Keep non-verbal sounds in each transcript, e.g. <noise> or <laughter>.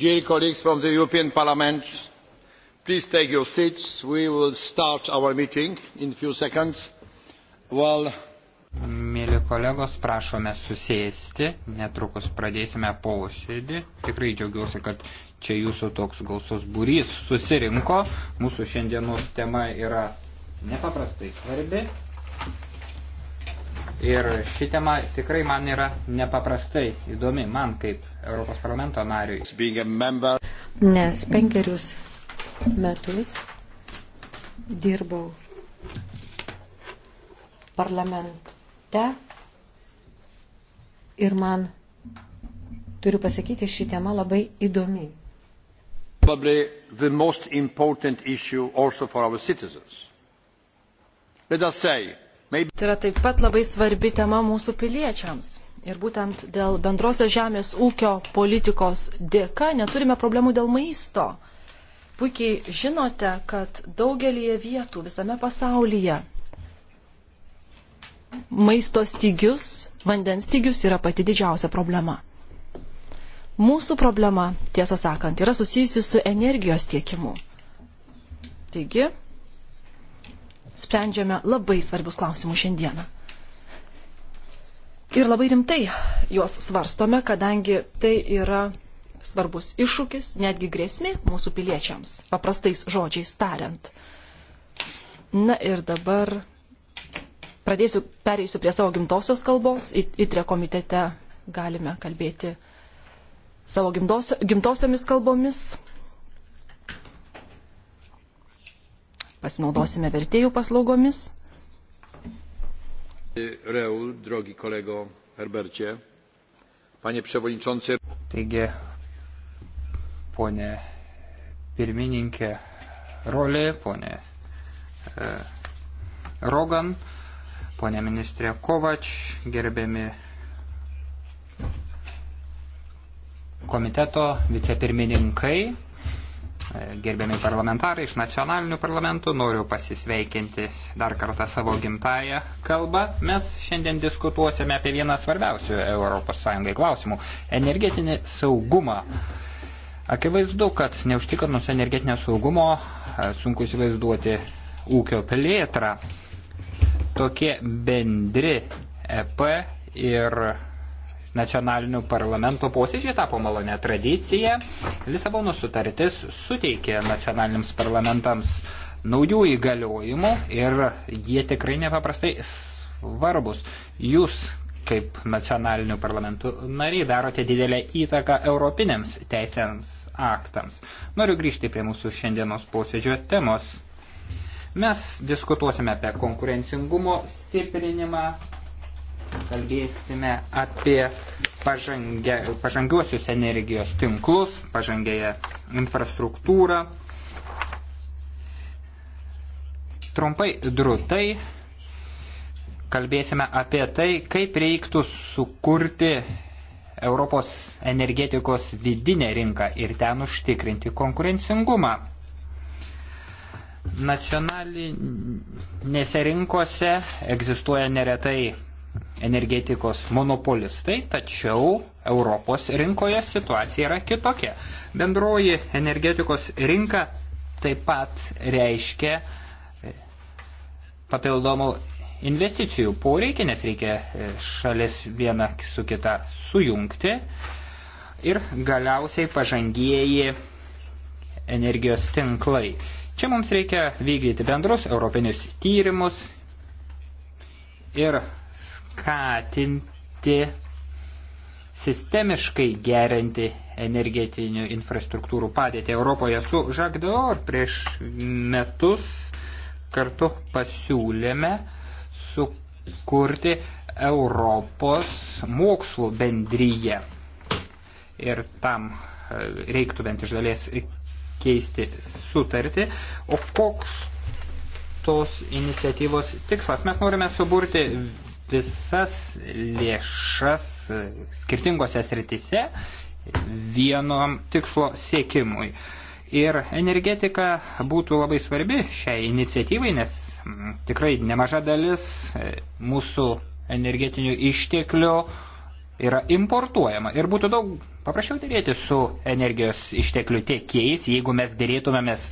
Dear colleagues from the European Parliament, please take your seats. We will start our meeting in few seconds. Well, Mėly kolegos, prašome susėsti, netrukus pradėsime posėdį. Tikrai džiaugiuosi, kad čia jūsų toks gausus būrys susirinko. Mūsų šiandienos tema yra nepaprastai svarbi. Ir ši tema tikrai man yra nepaprastai įdomi, man kaip Europos parlamento nariui. Nes penkerius metus dirbau parlamente ir man, turiu pasakyti, ši tema labai įdomi. Probably the most important issue also for our citizens. Let us say Tai yra taip pat labai svarbi tema mūsų piliečiams. Ir būtent dėl bendrosios žemės ūkio politikos dėka neturime problemų dėl maisto. Puikiai žinote, kad daugelie vietų visame pasaulyje maisto stygius, vandens stygius yra pati didžiausia problema. Mūsų problema, tiesą sakant, yra susijusi su energijos tiekimu. Taigi, sprendžiame labai svarbius klausimus šiandieną. Ir labai rimtai juos svarstome, kadangi tai yra svarbus iššūkis, netgi grėsmė mūsų piliečiams, paprastais žodžiais tariant. Na ir dabar pradėsiu, pereisiu prie savo gimtosios kalbos. ITRE komitete galime kalbėti savo gimtosio, gimtosiomis kalbomis. pasinaudosime vertėjų paslaugomis. Reul, drogi kolego Herbercie, panie przewodniczący. Taigi, ponė pirmininkė Rolė, ponė e, Rogan, ponė ministrė Kovač, gerbiami komiteto vicepirmininkai gerbiami parlamentarai iš nacionalinių parlamentų, noriu pasisveikinti dar kartą savo gimtają kalbą. Mes šiandien diskutuosime apie vieną svarbiausių ES klausimų - energetinį saugumą. Akivaizdu, kad neužtikrinus energetinio saugumo e, sunku įsivaizduoti ūkio plėtrą. Tokie bendri EP ir nacionalinių parlamentų posėdžiai tapo malonę tradiciją. Lisabono sutartis suteikė nacionaliniams parlamentams naujų įgaliojimų ir jie tikrai nepaprastai svarbus. Jūs kaip nacionalinių parlamentų nariai darote didelę įtaką europinėms teisėms aktams. Noriu grįžti prie mūsų šiandienos posėdžio temos. Mes diskutuosime apie konkurencingumo stiprinimą, kalbėsime apie pažangę, pažangiuosius energijos tinklus, pažangėją infrastruktūrą. Trumpai, drūtai kalbėsime apie tai, kaip reiktų sukurti Europos energetikos vidinę rinką ir ten užtikrinti konkurencingumą. Nacionalinėse rinkose egzistuoja neretai energetikos monopolistai, tačiau Europos rinkoje situacija yra kitokia. Bendroji energetikos rinka taip pat reiškia e, papildomų investicijų poreikį, nes reikia e, šalis vieną su kita sujungti ir galiausiai pažangieji energijos tinklai. Čia mums reikia vykdyti bendrus europinius tyrimus ir skatinti sistemiškai gerinti energetinių infrastruktūrų padėtį Europoje. Su Jacques Delors prieš metus kartu pasiūlėme sukurti Europos mokslų bendryje. Ir tam e, reiktų bent iš dalies keisti sutartį. O koks tos iniciatyvos tikslas? Mes norime suburti visas lėšas skirtingose sritise vienom tikslo siekimui. Ir energetika būtų labai svarbi šiai iniciatyvai, nes mm, tikrai nemaža dalis e, mūsų energetinių išteklių yra importuojama. Ir būtų daug paprasčiau dėrėti su energijos išteklių tiekėjais, jeigu mes dėrėtumėmės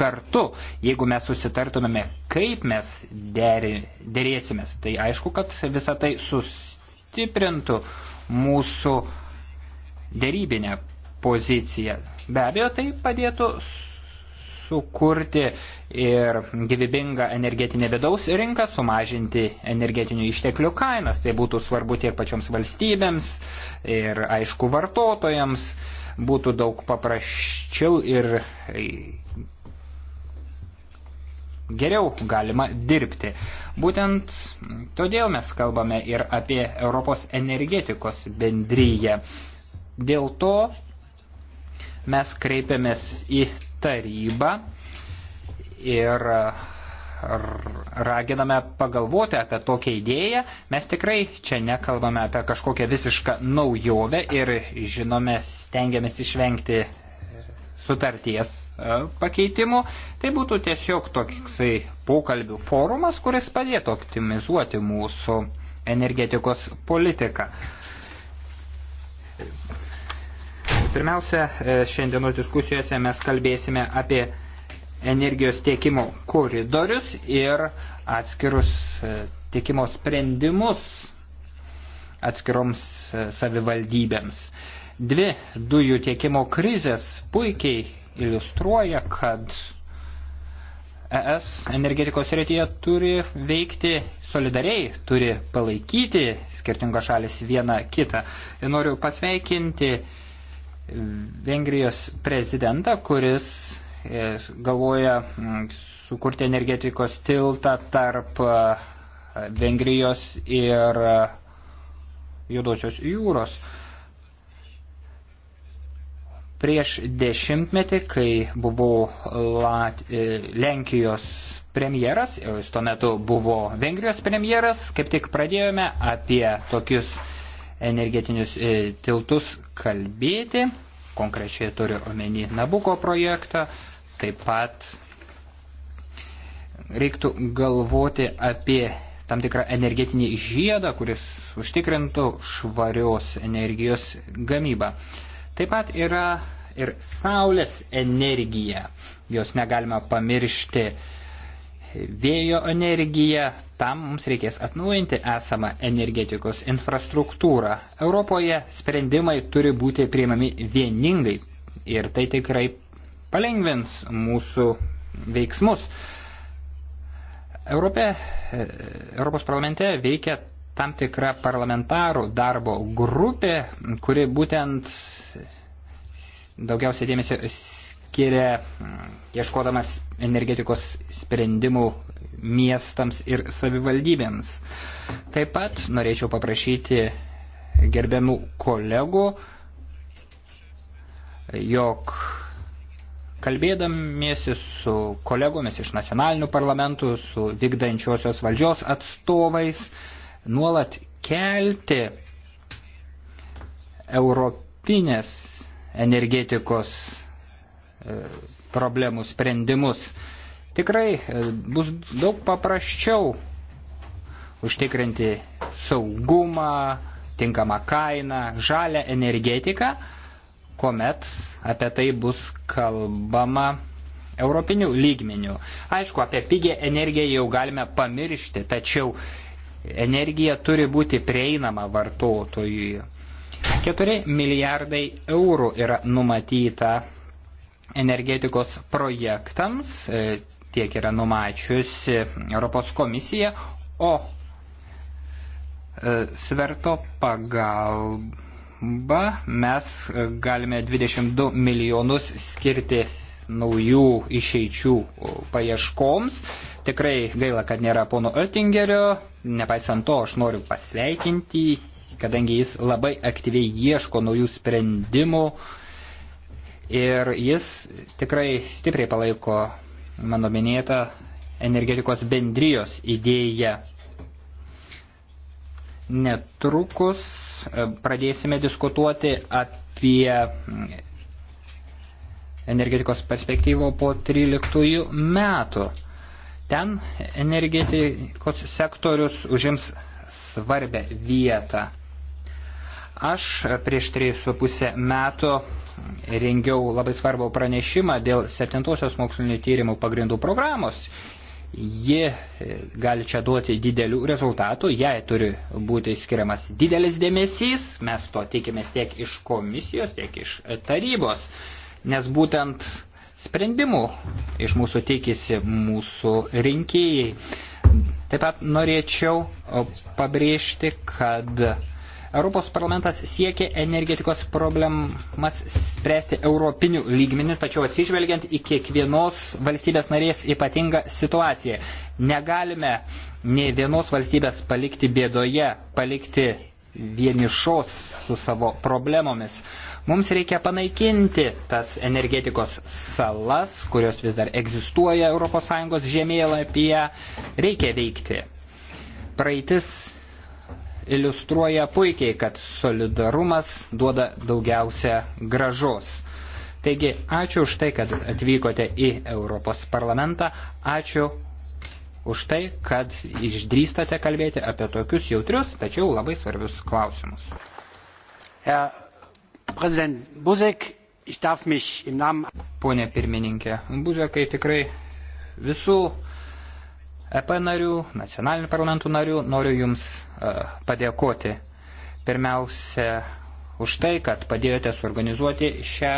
kartu. Jeigu mes susitartumėme, kaip mes deri, dėrėsimės, tai aišku, kad visą tai sustiprintų mūsų dėrybinę poziciją. Be abejo, tai padėtų sukurti ir gyvybingą energetinę vidaus rinką, sumažinti energetinių išteklių kainas. Tai būtų svarbu tiek pačioms valstybėms ir aišku vartotojams, būtų daug paprasčiau ir geriau galima dirbti. Būtent todėl mes kalbame ir apie Europos energetikos bendryje. Dėl to mes kreipiamės į tarybą ir raginame pagalvoti apie tokią idėją. Mes tikrai čia nekalbame apie kažkokią visišką naujovę ir žinome, stengiamės išvengti sutarties E, pakeitimų. Tai būtų tiesiog toksai pokalbių forumas, kuris padėtų optimizuoti mūsų energetikos politiką. Pirmiausia, e, šiandieno diskusijose mes kalbėsime apie energijos tiekimo koridorius ir atskirus e, tiekimo sprendimus atskiroms savivaldybėms. Dvi dujų tiekimo krizės puikiai iliustruoja, kad ES energetikos rytyje turi veikti solidariai, turi palaikyti skirtingos šalis vieną kitą. Ir noriu pasveikinti Vengrijos prezidentą, kuris e, galvoja sukurti energetikos tiltą tarp e, Vengrijos ir e, Judosios jūros. Prieš dešimtmetį, kai buvau Lat e, Lenkijos premjeras, jis tuo metu buvo Vengrijos premjeras, kaip tik pradėjome apie tokius energetinius e, tiltus kalbėti, konkrečiai turiu omeny Nabuko projektą, taip pat reiktų galvoti apie tam tikrą energetinį žiedą, kuris užtikrintų švarios energijos gamybą. Taip pat yra ir saulės energija. Jos negalima pamiršti. Vėjo energija, tam mums reikės atnaujinti esamą energetikos infrastruktūrą. Europoje sprendimai turi būti priimami vieningai ir tai tikrai palengvins mūsų veiksmus. Europė, e, Europos parlamente veikia tam tikra parlamentarų darbo grupė, kuri būtent daugiausia dėmesio skiria mm, ieškodamas energetikos sprendimų miestams ir savivaldybėms. Taip pat norėčiau paprašyti gerbiamų kolegų, jog kalbėdamiesi su kolegomis iš nacionalinių parlamentų, su vykdančiosios valdžios atstovais, nuolat kelti europinės energetikos e, problemų sprendimus. Tikrai e, bus daug paprasčiau užtikrinti saugumą, tinkamą kainą, žalę energetiką, kuomet apie tai bus kalbama europinių lygmenių. Aišku, apie pigę energiją jau galime pamiršti, tačiau Energija turi būti prieinama vartotojui. 4 milijardai eurų yra numatyta energetikos projektams, e, tiek yra numačiusi Europos komisija, o e, sverto pagalba mes e, galime 22 milijonus skirti naujų išeičių paieškoms. Tikrai gaila, kad nėra pono Oettingerio, nepaisant to aš noriu pasveikinti, kadangi jis labai aktyviai ieško naujų sprendimų ir jis tikrai stipriai palaiko mano minėtą energetikos bendrijos idėją. Netrukus e, pradėsime diskutuoti apie energetikos perspektyvo po 13 metų. Ten energetikos sektorius užims svarbę vietą. Aš prieš 3,5 metų rengiau labai svarbų pranešimą dėl 7-osios mokslinio tyrimų pagrindų programos. Ji e, gali čia duoti didelių rezultatų, jai turi būti skiriamas didelis dėmesys, mes to tikimės tiek iš komisijos, tiek iš tarybos nes būtent sprendimų iš mūsų tikisi mūsų rinkėjai. Taip pat norėčiau pabrėžti, kad Europos parlamentas siekia energetikos problemas spręsti europinių lygmenių, tačiau atsižvelgiant į kiekvienos valstybės narės ypatingą situaciją. Negalime nei vienos valstybės palikti bėdoje, palikti vienišos su savo problemomis. Mums reikia panaikinti tas energetikos salas, kurios vis dar egzistuoja ES žemėlapyje. Reikia veikti. Praeitis iliustruoja puikiai, kad solidarumas duoda daugiausia gražos. Taigi, ačiū už tai, kad atvykote į Europos parlamentą, ačiū už tai, kad išdrįstate kalbėti apie tokius jautrius, tačiau labai svarbius klausimus. Ja. Pone pirmininkė, Buzekai tikrai visų EP narių, nacionalinių parlamentų narių noriu Jums e, padėkoti. Pirmiausia, už tai, kad padėjote suorganizuoti šią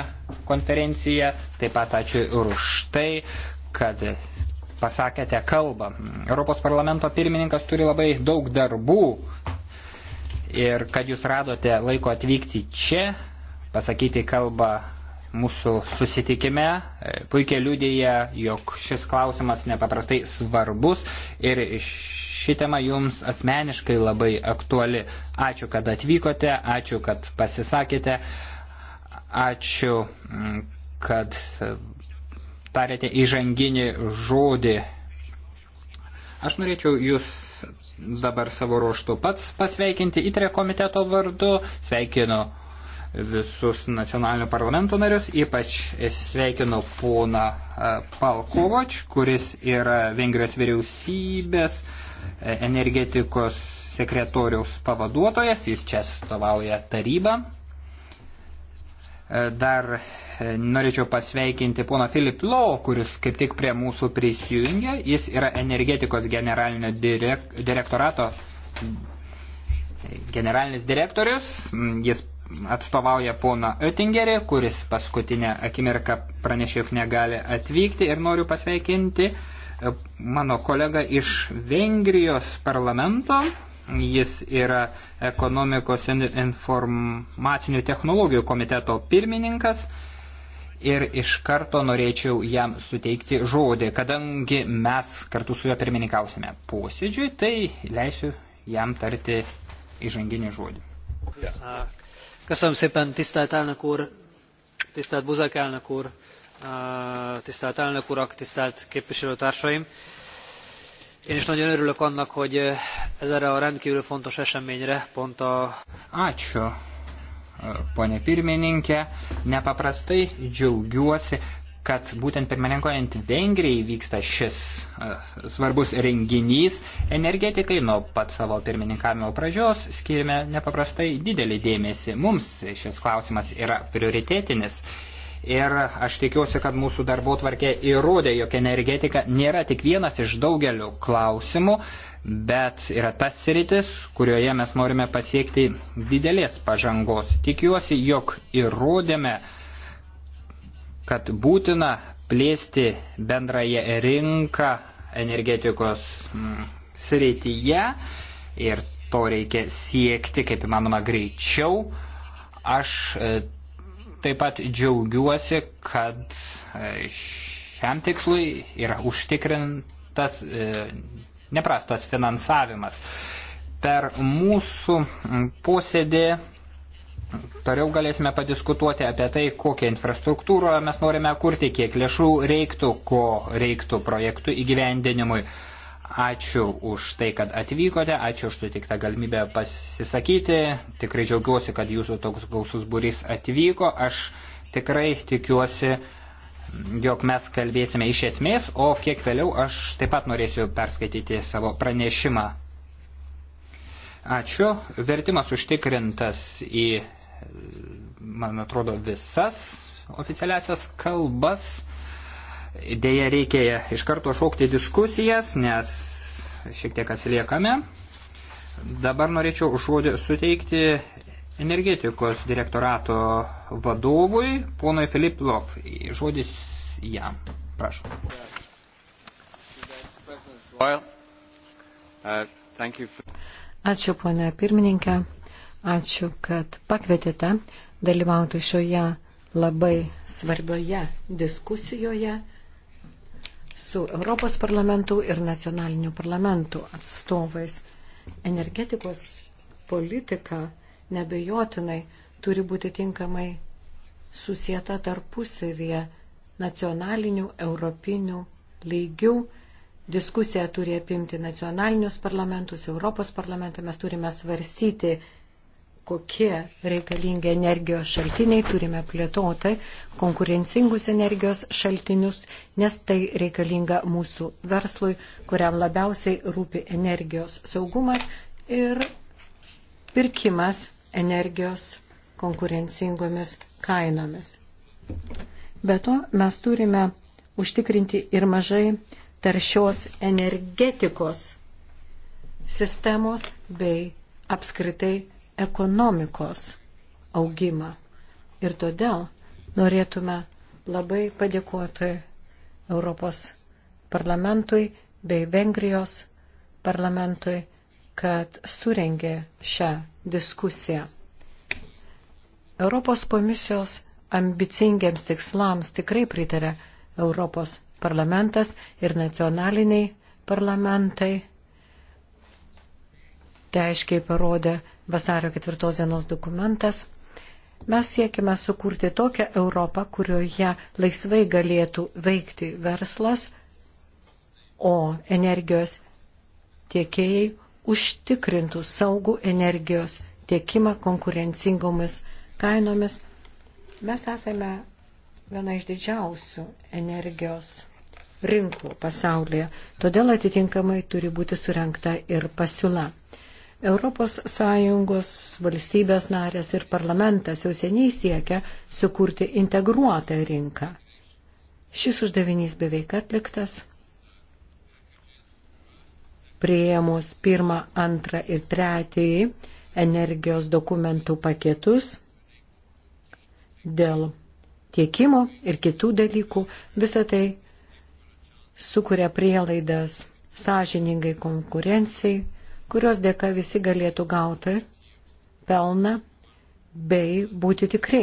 konferenciją. Taip pat ačiū ir už tai, kad pasakėte kalbą. Europos parlamento pirmininkas turi labai daug darbų ir kad jūs radote laiko atvykti čia pasakyti kalbą mūsų susitikime e, puikiai liudėja, jog šis klausimas nepaprastai svarbus ir ši tema jums asmeniškai labai aktuali. Ačiū, kad atvykote, ačiū, kad pasisakėte, ačiū, mm, kad e, tarėte įžanginį žodį. Aš norėčiau jūs dabar savo ruoštų pats pasveikinti įtrė e komiteto vardu. Sveikinu visus nacionalinio parlamento narius, ypač sveikinu poną e, Palkovač, kuris yra Vengrijos vyriausybės e, energetikos sekretoriaus pavaduotojas, jis čia atstovauja tarybą. E, dar norėčiau pasveikinti pono Filip Lo, kuris kaip tik prie mūsų prisijungia. Jis yra energetikos generalinio direk, direktorato generalinis direktorius. Jis atstovauja pona Oettingerį, kuris paskutinę akimirką pranešė, jog negali atvykti ir noriu pasveikinti e, mano kolega iš Vengrijos parlamento. Jis yra ekonomikos informacinių technologijų komiteto pirmininkas ir iš karto norėčiau jam suteikti žodį. Kadangi mes kartu su juo pirmininkausime posėdžiui, tai leisiu jam tarti įžanginį žodį. Yeah. Köszönöm szépen, tisztelt elnök úr, tisztelt Buzek elnök úr, eh, tisztelt elnök urak, tisztelt képviselőtársaim! Én is nagyon örülök annak, hogy eh, ez erre a rendkívül fontos eseményre pont a... Ačiū, eh, ponė pirmininkė, nepaprastai džiaugiuosi, kad būtent pirmininkojant Vengrijai vyksta šis uh, svarbus renginys. Energetikai nuo pat savo pirmininkavimo pradžios skirime nepaprastai didelį dėmesį. Mums šis klausimas yra prioritėtinis. Ir aš tikiuosi, kad mūsų darbo tvarkė įrodė, jog energetika nėra tik vienas iš daugelių klausimų, bet yra tas sritis, kurioje mes norime pasiekti didelės pažangos. Tikiuosi, jog įrodėme, uh, kad būtina plėsti bendrąją rinką energetikos mm, srityje ir to reikia siekti kaip įmanoma greičiau. Aš e, taip pat džiaugiuosi, kad e, šiam tikslui yra užtikrintas e, neprastas finansavimas. Per mūsų posėdį toliau galėsime padiskutuoti apie tai, kokią infrastruktūrą mes norime kurti, kiek lėšų reiktų, ko reiktų projektų įgyvendinimui. Ačiū už tai, kad atvykote, ačiū už sutiktą galimybę pasisakyti. Tikrai džiaugiuosi, kad jūsų toks gausus būrys atvyko. Aš tikrai tikiuosi, jog mes kalbėsime iš esmės, o kiek vėliau aš taip pat norėsiu perskaityti savo pranešimą. Ačiū. Vertimas užtikrintas į man atrodo, visas oficialiasias kalbas. Deja, reikia iš karto šaukti diskusijas, nes šiek tiek atsiliekame. Dabar norėčiau žodį suteikti energetikos direktorato vadovui, ponui Filip Lov. Žodis jam. Prašau. Uh, Ačiū, ponė pirmininkė. Ačiū, kad pakvietėte dalyvauti šioje labai svarbioje diskusijoje su Europos parlamentu ir nacionaliniu parlamentu atstovais. Energetikos politika nebejotinai turi būti tinkamai susieta tarpusavyje nacionalinių, europinių lygių diskusija turi apimti nacionalinius parlamentus, Europos parlamentą, mes turime svarstyti kokie reikalingi energijos šaltiniai, turime plėtoti konkurencingus energijos šaltinius, nes tai reikalinga mūsų verslui, kuriam labiausiai rūpi energijos saugumas ir pirkimas energijos konkurencingomis kainomis. Be to, mes turime užtikrinti ir mažai taršios energetikos sistemos bei apskritai ekonomikos augimą. Ir todėl norėtume labai padėkoti Europos parlamentui bei Vengrijos parlamentui, kad surengė šią diskusiją. Europos komisijos ambicingiams tikslams tikrai pritarė Europos parlamentas ir nacionaliniai parlamentai. Tai aiškiai parodė vasario ketvirtos dienos dokumentas. Mes siekime sukurti tokią Europą, kurioje laisvai galėtų veikti verslas, o energijos tiekėjai užtikrintų saugų energijos tiekimą konkurencingomis kainomis. Mes esame viena iš didžiausių energijos rinkų pasaulyje, todėl atitinkamai turi būti surenkta ir pasiūla. ES valstybės narės ir parlamentas jau seniai siekia sukurti integruotą rinką. Šis uždavinys beveik atliktas. Priėmus pirmą, antrą ir trečiąjį energijos dokumentų paketus dėl tiekimo ir kitų dalykų, visą tai sukuria prielaidas sąžiningai konkurencijai kurios dėka visi galėtų gauti pelną bei būti tikri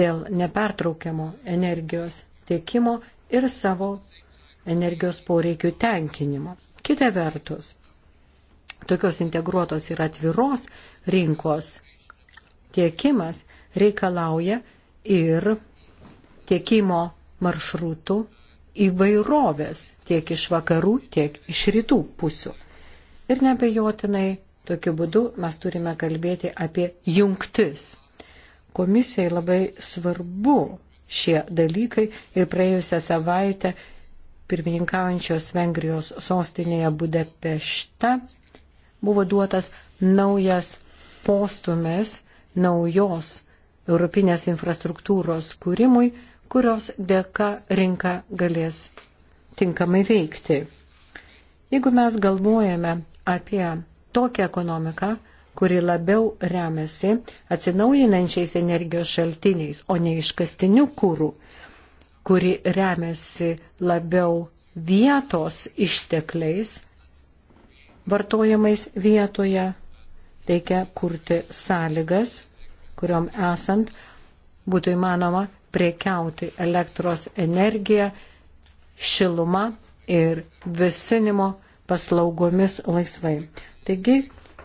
dėl nepertraukiamo energijos tiekimo ir savo energijos poreikių tenkinimo. Kita vertus, tokios integruotos ir atviros rinkos tiekimas reikalauja ir tiekimo maršrutų įvairovės tiek iš vakarų, tiek iš rytų pusių. Ir nebejotinai tokiu būdu mes turime kalbėti apie jungtis. Komisijai labai svarbu šie dalykai ir praėjusią savaitę pirmininkaujančios Vengrijos sostinėje Budapešta buvo duotas naujas postumis naujos europinės infrastruktūros kūrimui, kurios dėka rinka galės tinkamai veikti. Jeigu mes galvojame apie tokią ekonomiką, kuri labiau remiasi atsinaujinančiais energijos šaltiniais, o ne iškastiniu kūrų, kuri remiasi labiau vietos ištekliais vartojamais vietoje. Reikia kurti sąlygas, kuriom esant būtų įmanoma priekiauti elektros energiją, šilumą ir visinimo paslaugomis laisvai. Taigi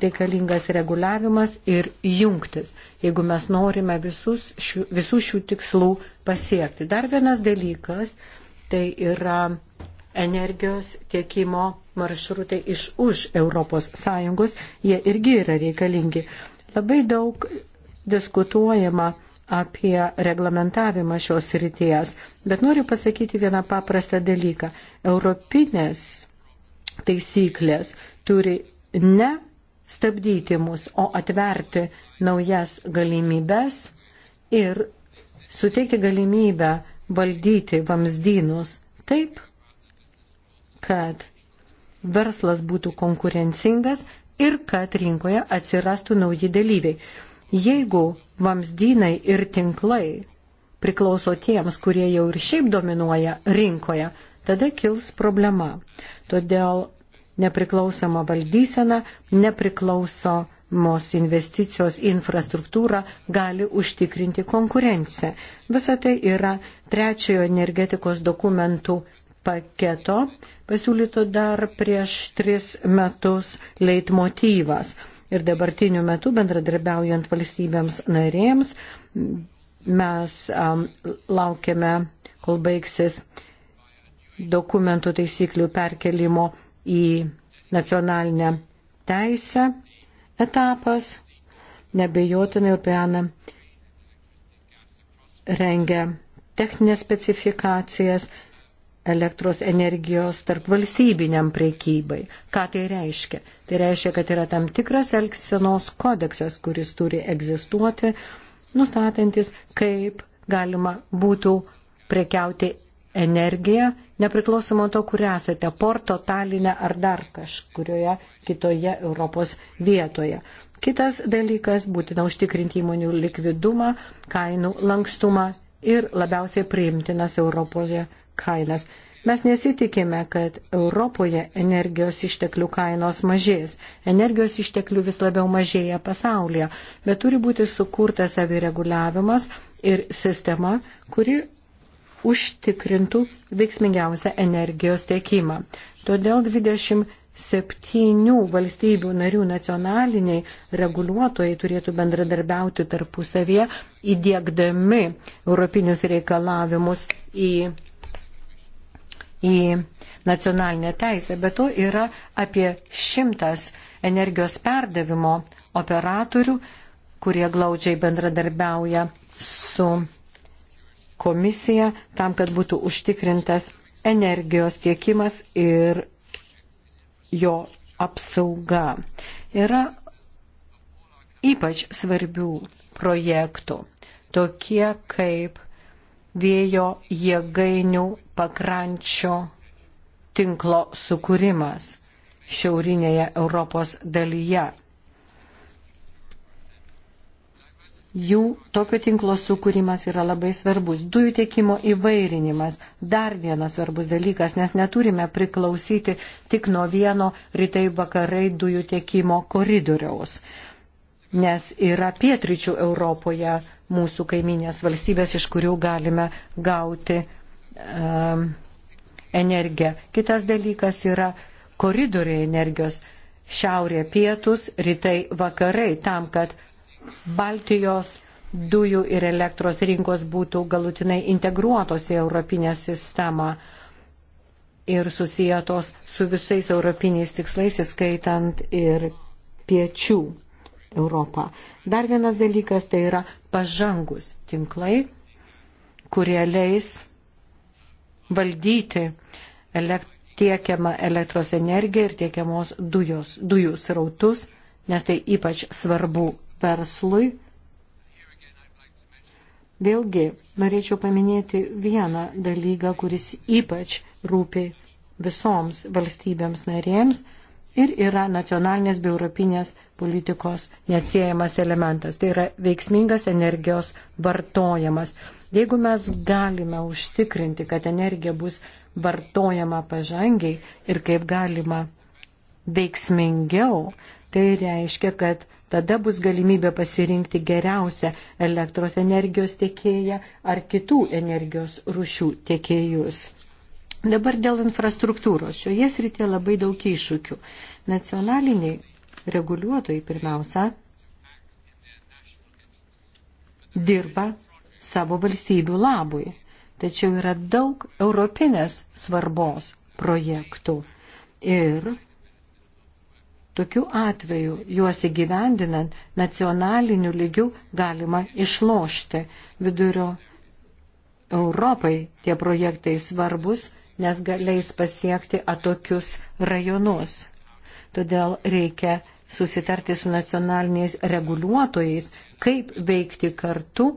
reikalingas reguliavimas ir jungtis, jeigu mes norime visus šių, visų šių tikslų pasiekti. Dar vienas dalykas tai yra energijos tiekimo maršrutai iš už ES, jie irgi yra reikalingi. Labai daug diskutuojama apie reglamentavimą šios ryties, bet noriu pasakyti vieną paprastą dalyką. Europinės taisyklės turi ne stabdyti mus, o atverti naujas galimybės ir suteikti galimybę valdyti vamzdynus taip, kad verslas būtų konkurencingas ir kad rinkoje atsirastų nauji dalyviai. Jeigu vamzdynai ir tinklai priklauso tiems, kurie jau ir šiaip dominuoja rinkoje, tada kils problema. Todėl nepriklausoma valdysena, nepriklausomos investicijos infrastruktūra gali užtikrinti konkurenciją. Visa tai yra trečiojo energetikos dokumentų paketo pasiūlyto dar prieš tris metus leitmotyvas. Ir dabartiniu metu, bendradarbiaujant valstybėms narėms, mes um, laukiame, kol baigsis dokumentų taisyklių perkelimo į nacionalinę teisę etapas. Nebejotinai Europeana rengia techninės specifikacijas elektros energijos tarp valstybiniam priekybai. Ką tai reiškia? Tai reiškia, kad yra tam tikras elgsenos kodeksas, kuris turi egzistuoti, nustatantis, kaip galima būtų prekiauti energiją, nepriklausomai to, kur esate, Porto, Taline ar dar kažkurioje kitoje Europos vietoje. Kitas dalykas - būtina užtikrinti įmonių likvidumą, kainų lankstumą ir labiausiai priimtinas Europoje kainas. Mes nesitikime, kad Europoje energijos išteklių kainos mažės. Energijos išteklių vis labiau mažėja pasaulyje, bet turi būti sukurtas savireguliavimas ir sistema, kuri užtikrintų veiksmingiausią energijos tiekimą. Todėl 27 valstybių narių nacionaliniai reguliuotojai turėtų bendradarbiauti tarpusavie, įdėkdami europinius reikalavimus į į nacionalinę teisę, bet to yra apie šimtas energijos perdavimo operatorių, kurie glaudžiai bendradarbiauja su komisiją tam, kad būtų užtikrintas energijos tiekimas ir jo apsauga. Yra ypač svarbių projektų, tokie kaip vėjo jėgainių pakrančio tinklo sukūrimas šiaurinėje Europos dalyje. jų tokio tinklo sukūrimas yra labai svarbus. Dujų tiekimo įvairinimas dar vienas svarbus dalykas, nes neturime priklausyti tik nuo vieno rytai vakarai dujų tiekimo koridoriaus, nes yra pietryčių Europoje mūsų kaiminės valstybės, iš kurių galime gauti um, energiją. Kitas dalykas yra koridoriai energijos šiaurė pietus, rytai vakarai, tam, kad Baltijos dujų ir elektros rinkos būtų galutinai integruotos į Europinę sistemą ir susijėtos su visais europiniais tikslais, įskaitant ir piečių Europą. Dar vienas dalykas tai yra pažangus tinklai, kurie leis valdyti elekt tiekiamą elektros energiją ir tiekiamos dujos, dujų srautus, nes tai ypač svarbu verslui. Vėlgi, norėčiau paminėti vieną dalyką, kuris ypač rūpi visoms valstybėms narėms ir yra nacionalinės bei europinės politikos neatsiejamas elementas. Tai yra veiksmingas energijos vartojamas. Jeigu mes galime užtikrinti, kad energija bus vartojama pažangiai ir kaip galima veiksmingiau, tai reiškia, kad Tada bus galimybė pasirinkti geriausią elektros energijos tiekėją ar kitų energijos rušių tiekėjus. Dabar dėl infrastruktūros. Šioje srityje labai daug iššūkių. Nacionaliniai reguliuotojai pirmiausia dirba savo valstybių labui, tačiau yra daug europinės svarbos projektų. Ir Tokiu atveju juos įgyvendinant nacionaliniu lygiu galima išlošti. Vidurio Europai tie projektai svarbus, nes leis pasiekti atokius rajonus. Todėl reikia susitarti su nacionaliniais reguliuotojais, kaip veikti kartu,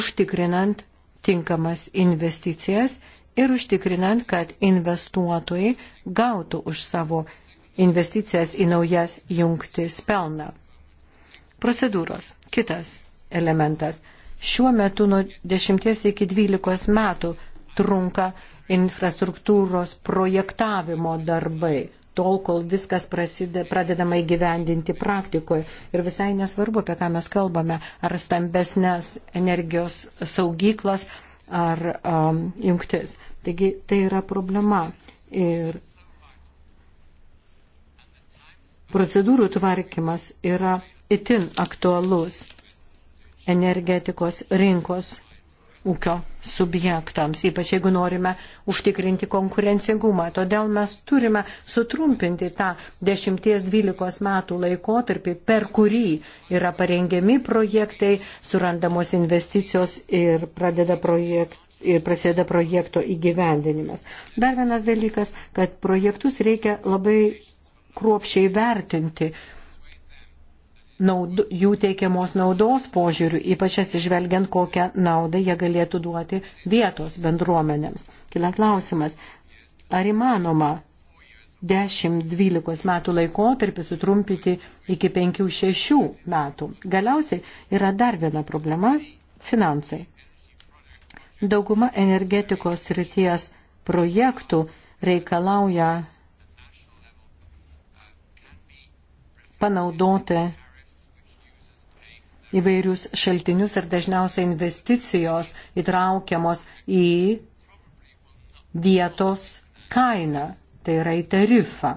užtikrinant tinkamas investicijas ir užtikrinant, kad investuotojai gautų už savo investicijas į naujas jungtis pelną. Procedūros. Kitas elementas. Šiuo metu nuo 10 iki 12 metų trunka infrastruktūros projektavimo darbai, tol, kol viskas prasideda, pradedama įgyvendinti praktikoje. Ir visai nesvarbu, apie ką mes kalbame, ar stambesnės energijos saugyklas, ar um, jungtis. Taigi tai yra problema. Ir Procedūrų tvarkymas yra itin aktualus energetikos rinkos ūkio subjektams, ypač jeigu norime užtikrinti konkurencingumą. Todėl mes turime sutrumpinti tą 10-12 metų laikotarpį, per kurį yra parengiami projektai, surandamos investicijos ir pradeda projektai. Ir prasideda projekto įgyvendinimas. Dar vienas dalykas, kad projektus reikia labai kruopšiai vertinti naud, jų teikiamos naudos požiūrių, ypač atsižvelgiant, kokią naudą jie galėtų duoti vietos bendruomenėms. Kila klausimas, ar įmanoma 10-12 metų laikotarpį sutrumpyti iki 5-6 metų? Galiausiai yra dar viena problema - finansai. Dauguma energetikos ryties projektų reikalauja panaudoti įvairius šaltinius ir dažniausiai investicijos įtraukiamos į vietos kainą, tai yra į tarifą.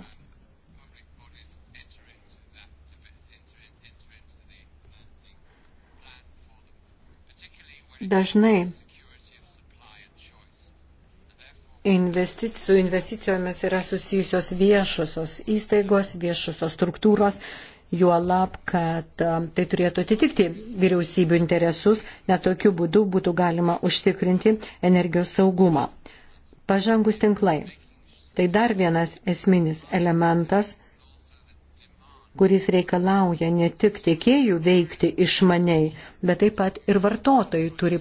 Dažnai investic, su investicijomis yra susijusios viešosios įstaigos, viešosios struktūros, juolab, kad tai turėtų atitikti vyriausybių interesus, nes tokiu būdu būtų galima užtikrinti energijos saugumą. Pažangus tinklai. Tai dar vienas esminis elementas, kuris reikalauja ne tik tiekėjų veikti išmaniai, bet taip pat ir vartotojai turi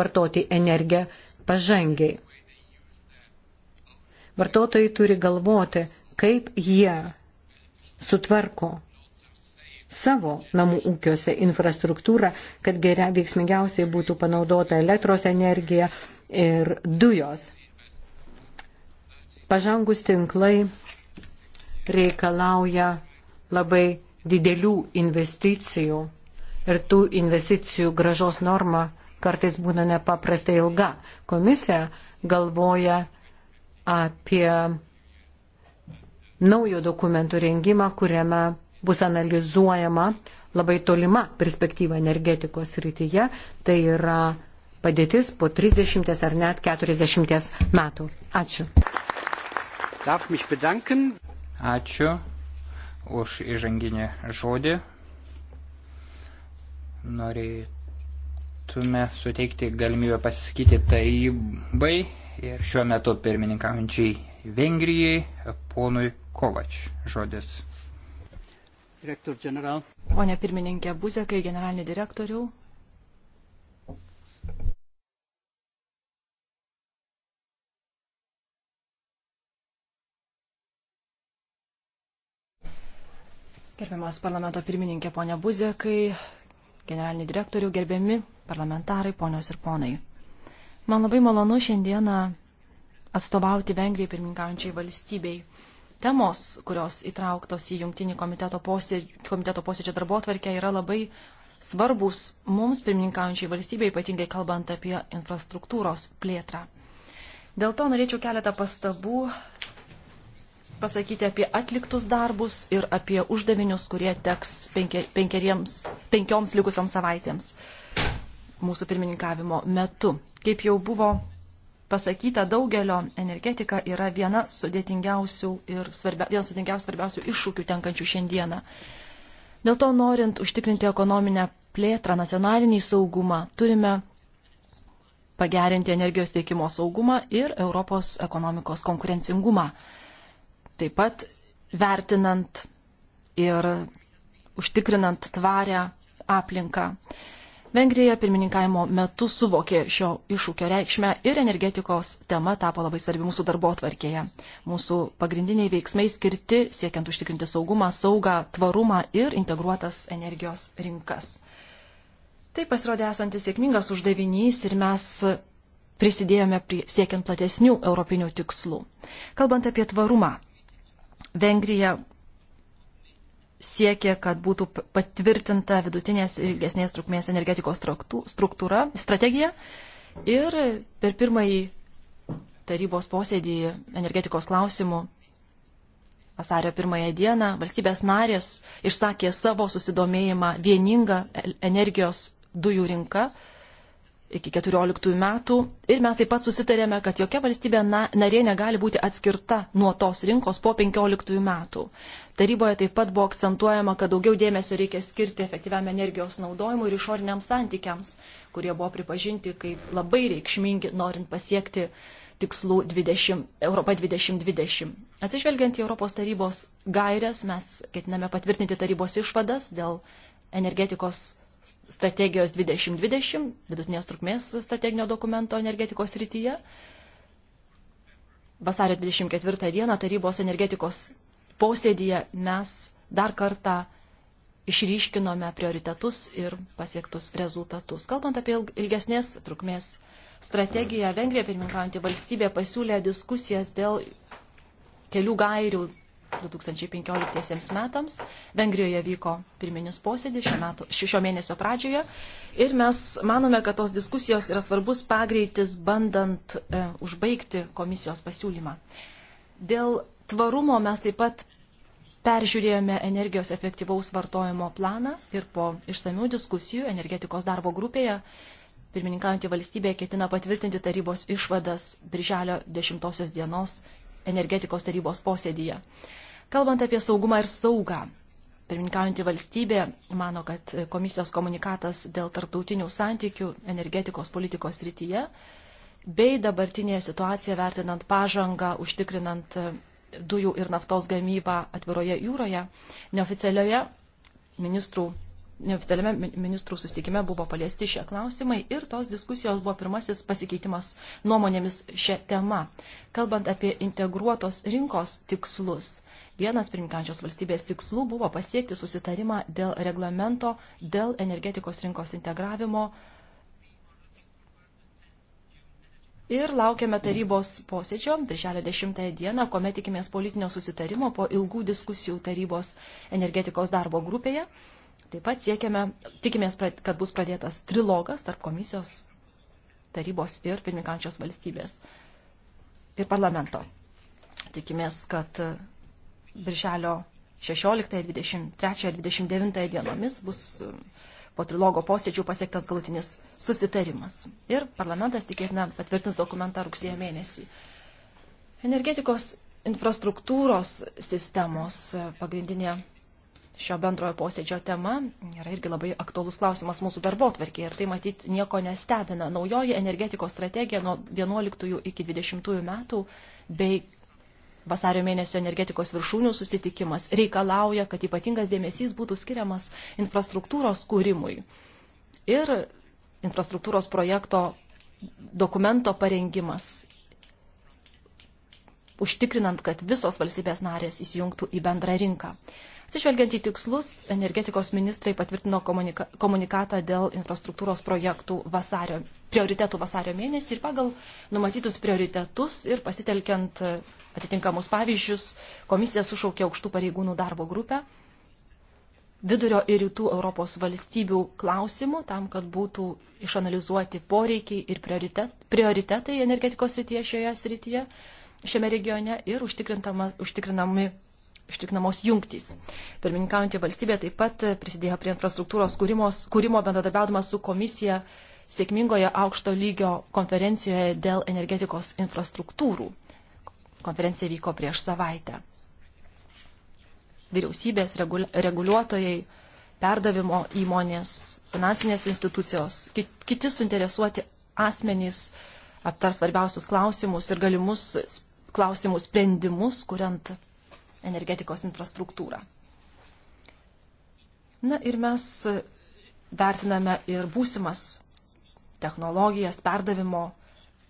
vartoti energiją pažangiai. Vartotojai turi galvoti, kaip jie sutvarko savo namų ūkiuose infrastruktūrą, kad geria, veiksmingiausiai būtų panaudota elektros energija ir dujos. Pažangus tinklai reikalauja labai didelių investicijų ir tų investicijų gražos norma kartais būna nepaprastai ilga. Komisija galvoja apie naujo dokumentų rengimą, kuriame bus analizuojama labai tolima perspektyva energetikos rytyje, tai yra padėtis po 30 ar net 40 metų. Ačiū. Ačiū už įžanginį žodį. Norėtume suteikti galimybę pasisakyti tarybai ir šiuo metu pirmininkaujančiai Vengrijai ponui Kovač žodis. Direktor general. Pone pirmininkė Buzekai, generalinį direktorių. Gerbiamas parlamento pirmininkė, ponia Buzekai, generalinį direktorių, gerbiami parlamentarai, ponios ir ponai. Man labai malonu šiandieną atstovauti Vengrijai pirmininkaujančiai valstybei. Temos, kurios įtrauktos į jungtinį komiteto, posėd... komiteto posėdžio darbo tvarkę, yra labai svarbus mums pirmininkaujančiai valstybei, ypatingai kalbant apie infrastruktūros plėtrą. Dėl to norėčiau keletą pastabų pasakyti apie atliktus darbus ir apie uždavinius, kurie teks penkeriems, penkioms likusiams savaitėms mūsų pirmininkavimo metu. Kaip jau buvo pasakyta, daugelio energetika yra viena sudėtingiausių ir svarbia, vienas sudėtingiausių svarbiausių iššūkių tenkančių šiandieną. Dėl to, norint užtikrinti ekonominę plėtrą, nacionalinį saugumą, turime pagerinti energijos tiekimo saugumą ir Europos ekonomikos konkurencingumą. Taip pat vertinant ir užtikrinant tvarę aplinką. Vengrija pirmininkavimo metu suvokė šio iššūkio reikšmę ir energetikos tema tapo labai svarbi mūsų darbo atvarkėje. Mūsų pagrindiniai veiksmai skirti siekiant užtikrinti saugumą, saugą, tvarumą ir integruotas energijos rinkas. Tai pasirodė esantis sėkmingas uždavinys ir mes prisidėjome prie siekiant platesnių europinių tikslų. Kalbant apie tvarumą, Vengrija siekė, kad būtų patvirtinta vidutinės ir ilgesnės trukmės energetikos struktūra, strategija. Ir per pirmąjį tarybos posėdį energetikos klausimų vasario pirmąją dieną valstybės narės išsakė savo susidomėjimą vieninga energijos dujų rinka iki 14 metų ir mes taip pat susitarėme, kad jokia valstybė na, narė negali būti atskirta nuo tos rinkos po 15 metų. Taryboje taip pat buvo akcentuojama, kad daugiau dėmesio reikia skirti efektyviam energijos naudojimui ir išoriniams santykiams, kurie buvo pripažinti kaip labai reikšmingi, norint pasiekti tikslų 20, Europa 2020. Atsižvelgiant į Europos tarybos gairias, mes ketiname patvirtinti tarybos išvadas dėl energetikos strategijos 2020, vidutinės trukmės strateginio dokumento energetikos rytyje. Vasario 24 dieną tarybos energetikos posėdėje mes dar kartą išryškinome prioritetus ir pasiektus rezultatus. Kalbant apie ilgesnės trukmės strategiją, Vengrija pirmininkaujantį valstybę pasiūlė diskusijas dėl kelių gairių 2015 metams. Vengrijoje vyko pirminis posėdis šio, metu, šio mėnesio pradžioje ir mes manome, kad tos diskusijos yra svarbus pagreitis bandant e, užbaigti komisijos pasiūlymą. Dėl tvarumo mes taip pat peržiūrėjome energijos efektyvaus vartojimo planą ir po išsamių diskusijų energetikos darbo grupėje pirmininkaujantį valstybę ketina patvirtinti tarybos išvadas Birželio 10 dienos energetikos tarybos posėdyje. Kalbant apie saugumą ir saugą, pirmininkaujantį valstybė mano, kad komisijos komunikatas dėl tarptautinių santykių energetikos politikos rytyje bei dabartinė situacija vertinant pažangą, užtikrinant e, dujų ir naftos gamybą atviroje jūroje, neoficialioje ministrų. Neoficialiame ministrų sustikime buvo paliesti šie klausimai ir tos diskusijos buvo pirmasis pasikeitimas nuomonėmis šią temą. Kalbant apie integruotos rinkos tikslus, Vienas pirmininkančios valstybės tikslų buvo pasiekti susitarimą dėl reglamento, dėl energetikos rinkos integravimo. Ir laukiame tarybos posėdžio, birželio 10 dieną, kuomet tikimės politinio susitarimo po ilgų diskusijų tarybos energetikos darbo grupėje. Taip pat siekiame, tikimės, kad bus pradėtas trilogas tarp komisijos tarybos ir pirmininkančios valstybės ir parlamento. Tikimės, kad birželio 16, 23, 29 dienomis bus um, po trilogo posėdžių pasiektas galutinis susitarimas. Ir parlamentas tikėtina patvirtins dokumentą rugsėjo mėnesį. Energetikos infrastruktūros sistemos uh, pagrindinė šio bendrojo posėdžio tema yra irgi labai aktuolus klausimas mūsų darbo tvarkėje ir tai matyt nieko nestebina. Naujoji energetikos strategija nuo 11 iki 20 metų bei vasario mėnesio energetikos viršūnių susitikimas reikalauja, kad ypatingas dėmesys būtų skiriamas infrastruktūros kūrimui ir infrastruktūros projekto dokumento parengimas, užtikrinant, kad visos valstybės narės įsijungtų į bendrą rinką. Atsižvelgiant į tikslus, energetikos ministrai patvirtino komunika komunikatą dėl infrastruktūros projektų vasario, prioritetų vasario mėnesį ir pagal numatytus prioritetus ir pasitelkiant e, atitinkamus pavyzdžius, komisija sušaukė aukštų pareigūnų darbo grupę vidurio ir rytų Europos valstybių klausimų, tam, kad būtų išanalizuoti poreikiai ir prioritet, prioritetai energetikos srityje šioje srityje, šiame regione ir užtikrinami ištiknamos jungtys. Pirmininkaujantį valstybę taip pat prisidėjo prie infrastruktūros kūrimos, kūrimo bendradarbiaudama su komisija sėkmingoje aukšto lygio konferencijoje dėl energetikos infrastruktūrų. Konferencija vyko prieš savaitę. Vyriausybės reguliuotojai, perdavimo įmonės, finansinės institucijos, kiti suinteresuoti asmenys aptars svarbiausius klausimus ir galimus klausimų sprendimus, kuriant energetikos infrastruktūrą. Na ir mes vertiname ir būsimas technologijas, perdavimo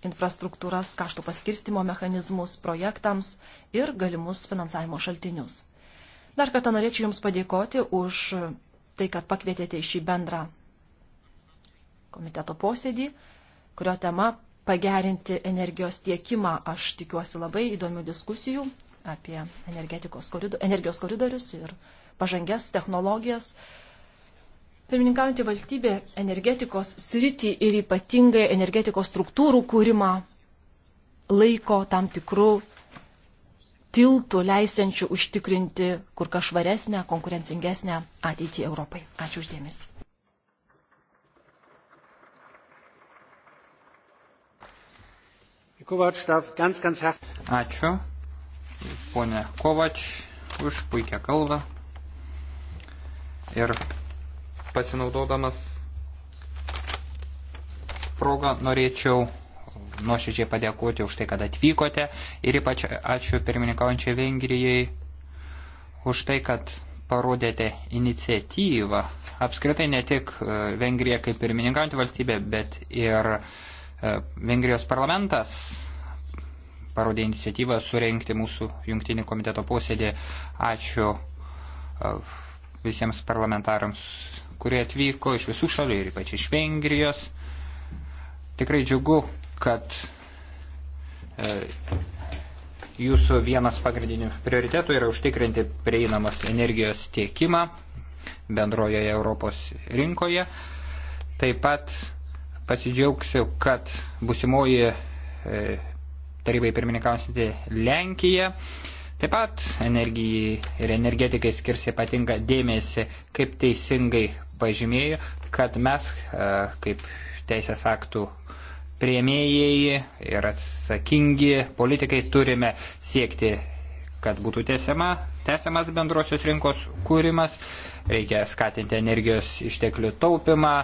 infrastruktūras, kaštų paskirstimo mechanizmus projektams ir galimus finansavimo šaltinius. Dar kartą norėčiau Jums padėkoti už tai, kad pakvietėte į šį bendrą komiteto posėdį, kurio tema pagerinti energijos tiekimą. Aš tikiuosi labai įdomių diskusijų apie koridor, energijos koridorius ir pažangias technologijas. Pirmininkaujantį valstybę energetikos sritį ir ypatingai energetikos struktūrų kūrimą laiko tam tikrų tiltų leisiančių užtikrinti kur kas švaresnę, konkurencingesnę ateitį Europai. Ačiū uždėmesi. Ačiū ponę Kovač už puikią kalbą ir pasinaudodamas progą norėčiau nuoširdžiai padėkoti už tai, kad atvykote ir ypač ačiū pirmininkaujančiai Vengrijai už tai, kad parodėte iniciatyvą. Apskritai ne tik e, Vengrija kaip pirmininkaujantį valstybę, bet ir e, Vengrijos parlamentas parodė iniciatyvą surenkti mūsų jungtinį komiteto posėdį. Ačiū e, visiems parlamentarams, kurie atvyko iš visų šalių ir ypač iš Vengrijos. Tikrai džiugu, kad e, jūsų vienas pagrindinių prioritetų yra užtikrinti prieinamos energijos tiekimą bendrojoje Europos rinkoje. Taip pat pasidžiaugsiu, kad busimoji e, tarybai pirmininkausinti Lenkija. Taip pat energijai ir energetikai skirs ypatingą dėmesį, kaip teisingai pažymėjo, kad mes e, kaip teisės aktų prieimėjai ir atsakingi politikai turime siekti, kad būtų tęsiama, tęsiamas bendrosios rinkos kūrimas, reikia skatinti energijos išteklių taupimą,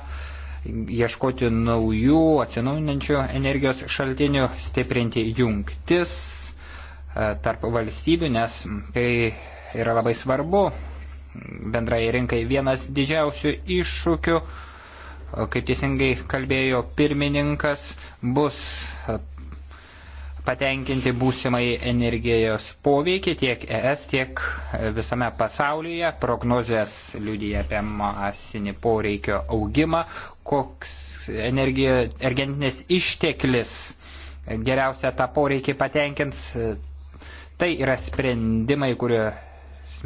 ieškoti naujų atsinaujinančių energijos šaltinių, stiprinti jungtis e, tarp valstybių, nes tai yra labai svarbu bendrai rinkai vienas didžiausių iššūkių, kaip teisingai kalbėjo pirmininkas, bus patenkinti būsimai energijos poveikį tiek ES, tiek visame pasaulyje. Prognozijas liudyja apie masinį poreikio augimą, koks energija, energetinis išteklis geriausia tą poreikį patenkins. Tai yra sprendimai, kurio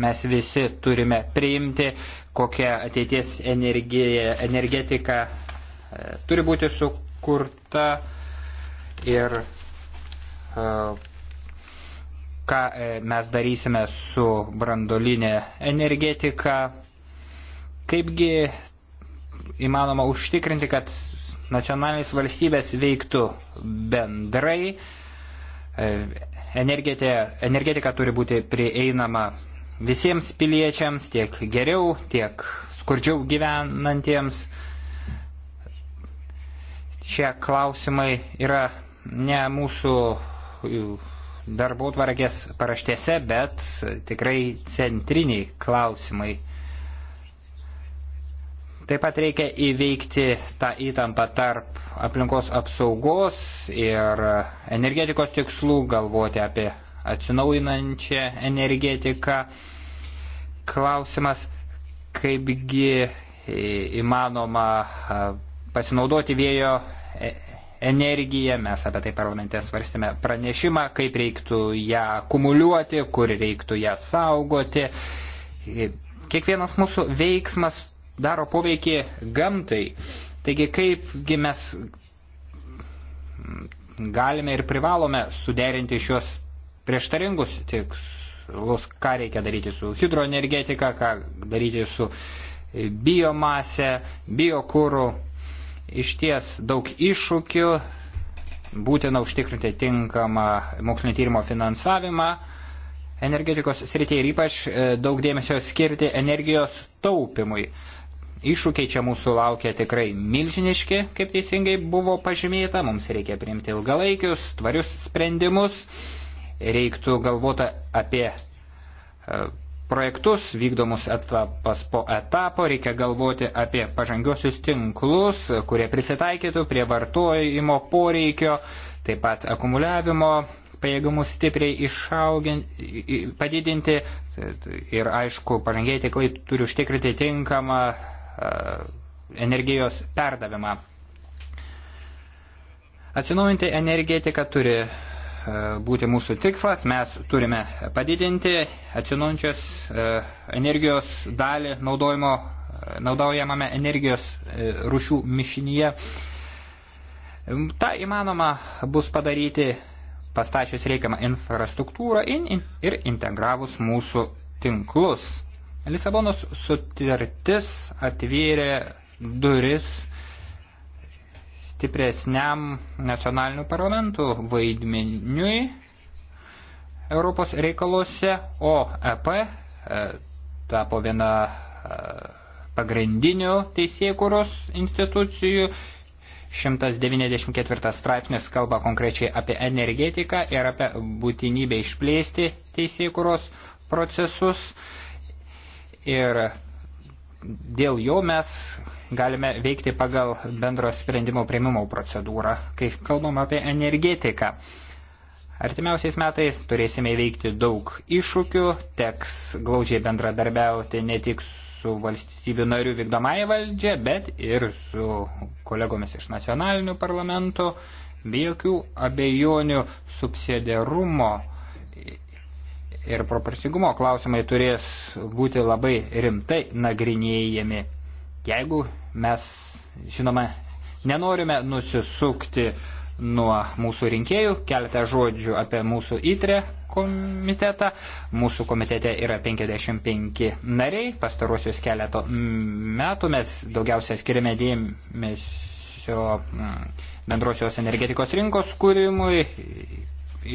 mes visi turime priimti, kokia ateities energija, energetika e, turi būti sukurta ir ką e, mes darysime su brandolinė energetika, kaipgi įmanoma užtikrinti, kad nacionalinės valstybės veiktų bendrai, e, energetika, energetika turi būti prieinama visiems piliečiams, tiek geriau, tiek skurdžiau gyvenantiems. Šie klausimai yra ne mūsų darbų tvarkės paraštėse, bet tikrai centriniai klausimai. Taip pat reikia įveikti tą įtampą tarp aplinkos apsaugos ir energetikos tikslų, galvoti apie atsinaujinančią energetiką. Klausimas, kaipgi įmanoma pasinaudoti vėjo energiją. Mes apie tai parlamente svarstėme pranešimą, kaip reiktų ją kumuliuoti, kur reiktų ją saugoti. Kiekvienas mūsų veiksmas daro poveikį gamtai. Taigi kaipgi mes galime ir privalome suderinti šios prieštaringus tikslus, ką reikia daryti su hidroenergetika, ką daryti su biomase, biokūru, iš ties daug iššūkių, būtina užtikrinti tinkamą mokslinio tyrimo finansavimą energetikos srityje ir ypač e, daug dėmesio skirti energijos taupimui. Iššūkiai čia mūsų laukia tikrai milžiniški, kaip teisingai buvo pažymėta, mums reikia priimti ilgalaikius, tvarius sprendimus, reiktų galvota apie e, projektus vykdomus etapas po etapo, reikia galvoti apie pažangiosius tinklus, kurie prisitaikytų prie vartojimo poreikio, taip pat akumuliavimo pajėgumus stipriai išauginti, padidinti ir aišku, pažangiai tiklai turi užtikrinti tinkamą energijos perdavimą. Atsinaujinti energetika turi E, būti mūsų tikslas. Mes turime padidinti atsinaujančios e, energijos dalį naudojimo, e, naudojamame energijos rušių mišinyje. Ta įmanoma bus padaryti pastačius reikiamą infrastruktūrą ir integravus mūsų tinklus. Lisabonos sutartis atvėrė duris stipresniam nacionalinių parlamentų vaidmeniui Europos reikaluose, o EP e, tapo viena e, pagrindinių teisėkuros institucijų. 194 straipsnis kalba konkrečiai apie energetiką ir apie būtinybę išplėsti teisėkuros procesus. Ir dėl jo mes galime veikti pagal bendro sprendimo prieimimo procedūrą, kai kalbam apie energetiką. Artimiausiais metais turėsime įveikti daug iššūkių, teks glaudžiai bendradarbiauti ne tik su valstybių narių vykdomąją valdžią, bet ir su kolegomis iš nacionalinių parlamentų, be jokių abejonių subsidiarumo ir proporcingumo klausimai turės būti labai rimtai nagrinėjami. Jeigu Mes, žinoma, nenorime nusisukti nuo mūsų rinkėjų. Keletą žodžių apie mūsų įtrę komitetą. Mūsų komitete yra 55 nariai. Pastaruosius keletą metų mes daugiausia skiriame dėmesio mm, bendrosios energetikos rinkos kūrimui,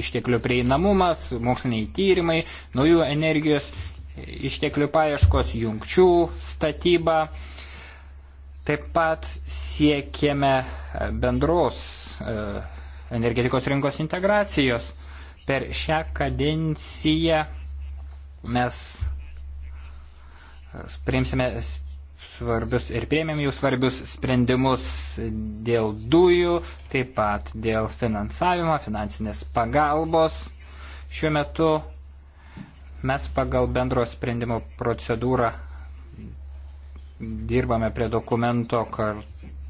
išteklių prieinamumas, moksliniai tyrimai, naujų energijos išteklių paieškos, jungčių statyba. Taip pat siekėme bendros e, energetikos rinkos integracijos. Per šią kadenciją mes e, priimsime svarbius ir priėmėm jų svarbius sprendimus dėl dujų, taip pat dėl finansavimo, finansinės pagalbos. Šiuo metu mes pagal bendro sprendimo procedūrą dirbame prie dokumento kar,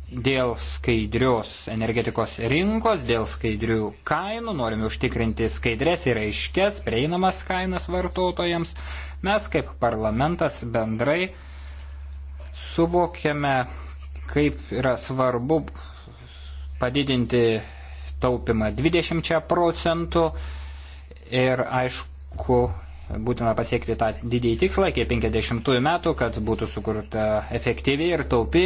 dėl skaidrios energetikos rinkos, dėl skaidrių kainų, norime užtikrinti skaidrės ir aiškės prieinamas kainas vartotojams. Mes kaip parlamentas bendrai suvokiame, kaip yra svarbu padidinti taupimą 20 procentų ir aišku, būtina pasiekti tą didįjį tikslą iki 50 metų, kad būtų sukurta efektyvi ir taupi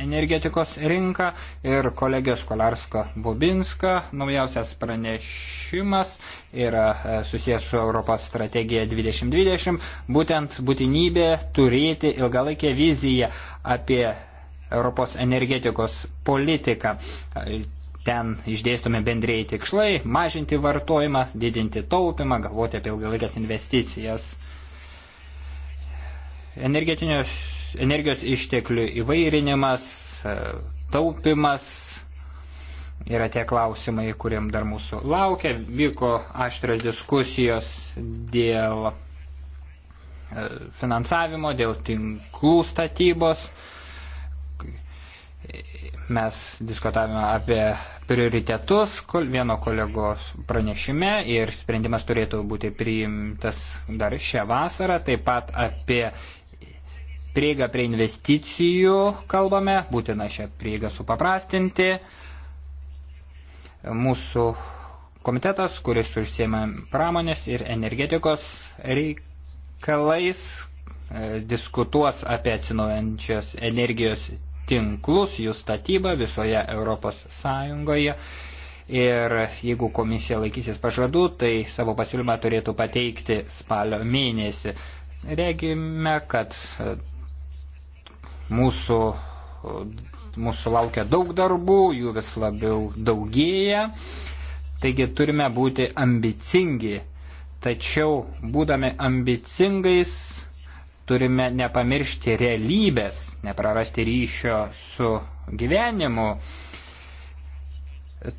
energetikos rinka ir kolegijos Kolarska Bobinska naujausias pranešimas yra e, susijęs su Europos strategija 2020, būtent būtinybė turėti ilgalaikę viziją apie Europos energetikos politiką ten išdėstomi bendrėjai tikslai - mažinti vartojimą, didinti taupimą, galvoti apie ilgalaikės investicijas, energijos išteklių įvairinimas, e, taupimas. Yra tie klausimai, kuriem dar mūsų laukia. Vyko aštrios diskusijos dėl e, finansavimo, dėl tinklų statybos mes diskutavome apie prioritetus vieno kolegos pranešime ir sprendimas turėtų būti priimtas dar šią vasarą. Taip pat apie prieigą prie investicijų kalbame, būtina šią prieigą supaprastinti. Mūsų komitetas, kuris užsiema pramonės ir energetikos reikalais, e, diskutuos apie atsinaujančios energijos tinklus, jų statybą visoje Europos Sąjungoje. Ir jeigu komisija laikysis pažadų, tai savo pasiūlymą turėtų pateikti spalio mėnesį. Regime, kad e, mūsų, e, mūsų laukia daug darbų, jų vis labiau daugėja. Taigi turime būti ambicingi. Tačiau būdami ambicingais turime nepamiršti realybės, neprarasti ryšio su gyvenimu.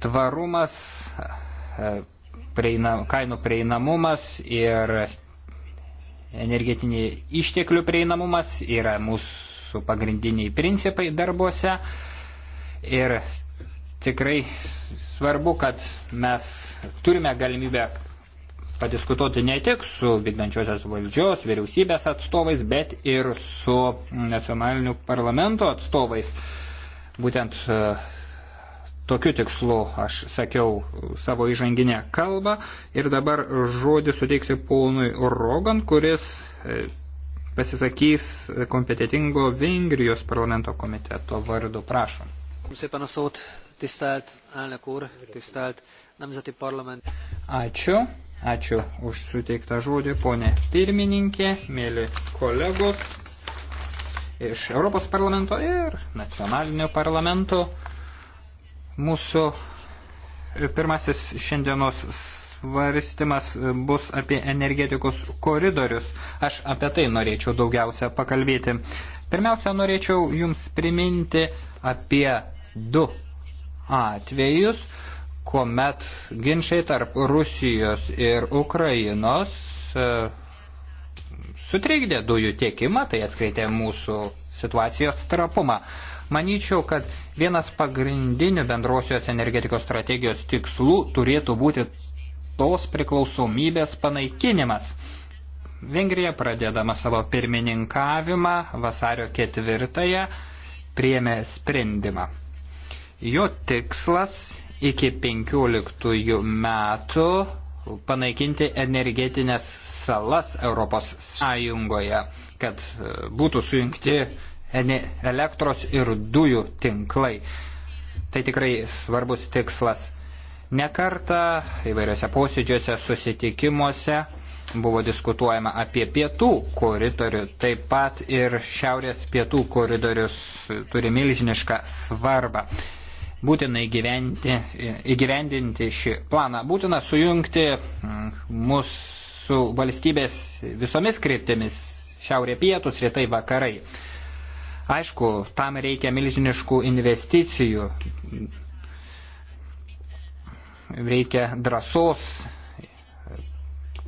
Tvarumas, e, prieina, kainų prieinamumas ir energetiniai išteklių prieinamumas yra mūsų pagrindiniai principai darbuose. Ir tikrai svarbu, kad mes turime galimybę padiskutuoti ne tik su vykdančiosios valdžios, vyriausybės atstovais, bet ir su nacionaliniu parlamento atstovais. Būtent e, tokiu tikslu aš sakiau savo įžanginę kalbą ir dabar žodį suteiksiu ponui Rogan, kuris e, pasisakys kompetitingo Vengrijos parlamento komiteto vardu. Prašom. Tisztelt elnök úr, tisztelt nemzeti parlament. Ačiū. Ačiū už suteiktą žodį, ponė pirmininkė, mėly kolegos iš Europos parlamento ir nacionalinio parlamento. Mūsų pirmasis šiandienos svarstymas bus apie energetikos koridorius. Aš apie tai norėčiau daugiausia pakalbėti. Pirmiausia, norėčiau Jums priminti apie du atvejus, kuomet ginčiai tarp Rusijos ir Ukrainos e, sutrikdė dujų tiekimą, tai atskleidė mūsų situacijos trapumą. Manyčiau, kad vienas pagrindinių bendrosios energetikos strategijos tikslų turėtų būti tos priklausomybės panaikinimas. Vengrija pradedama savo pirmininkavimą vasario ketvirtąją priėmė sprendimą. Jo tikslas iki 15 metų panaikinti energetinės salas Europos Sąjungoje, kad e, būtų sujungti elektros ir dujų tinklai. Tai tikrai svarbus tikslas. Nekarta įvairiose posėdžiuose, susitikimuose buvo diskutuojama apie pietų koridorių, taip pat ir šiaurės pietų koridorius turi milžinišką svarbą būtina įgyventi, įgyvendinti šį planą. Būtina sujungti mūsų mm, valstybės visomis kryptimis - šiaurė pietus, rytai vakarai. Aišku, tam reikia milžiniškų investicijų, reikia drąsos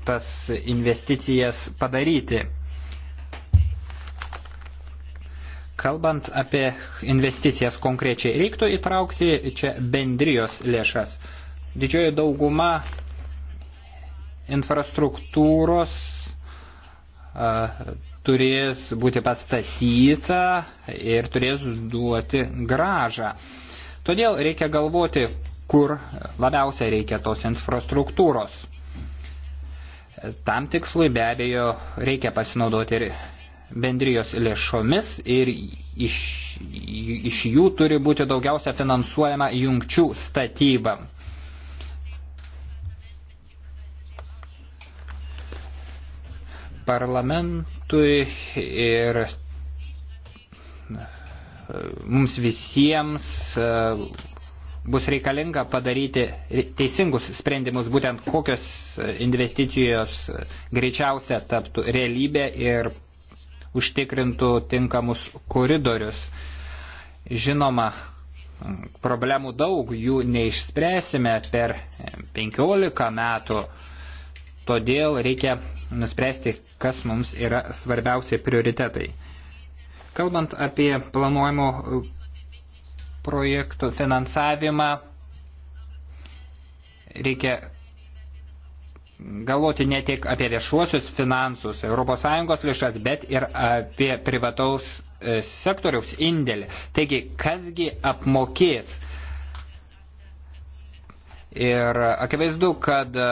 tas investicijas padaryti. Kalbant apie investicijas konkrečiai, reiktų įtraukti čia bendrijos lėšas. Didžioji dauguma infrastruktūros a, turės būti pastatyta ir turės duoti gražą. Todėl reikia galvoti, kur labiausiai reikia tos infrastruktūros. Tam tikslui be abejo reikia pasinaudoti ir bendrijos lėšomis ir iš, iš jų turi būti daugiausia finansuojama jungčių statyba. Parlamentui ir e, mums visiems e, bus reikalinga padaryti teisingus sprendimus, būtent kokios investicijos greičiausia taptų realybė ir užtikrintų tinkamus koridorius. Žinoma, problemų daug, jų neišspręsime per 15 metų, todėl reikia nuspręsti, kas mums yra svarbiausi prioritetai. Kalbant apie planuojimo projektų finansavimą, reikia galvoti ne tik apie viešuosius finansus, ES lėšas, bet ir apie privataus e, sektoriaus indėlį. Taigi, kasgi apmokės? Ir akivaizdu, kad e,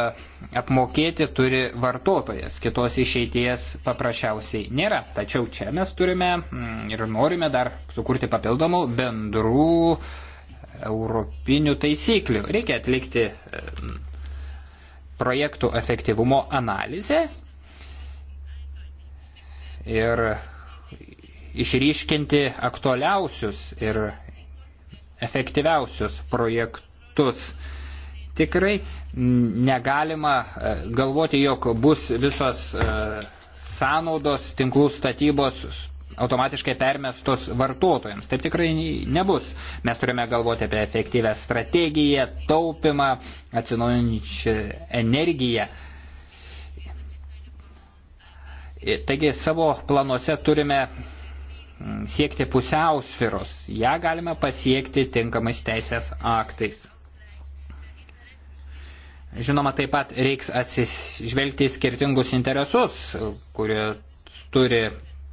apmokėti turi vartotojas, kitos išeities paprasčiausiai nėra. Tačiau čia mes turime mm, ir norime dar sukurti papildomų bendrų e, europinių taisyklių. Reikia atlikti projektų efektyvumo analizę ir išryškinti aktualiausius ir efektyviausius projektus. Tikrai negalima e, galvoti, jog bus visos e, sąnaudos tinklų statybos automatiškai permestos vartotojams. Taip tikrai nebus. Mes turime galvoti apie efektyvę strategiją, taupimą, atsinaujinčią energiją. Taigi savo planuose turime mm, siekti pusiausviros. Ja galime pasiekti tinkamais teisės aktais. Žinoma, taip pat reiks atsižvelgti skirtingus interesus, kurie turi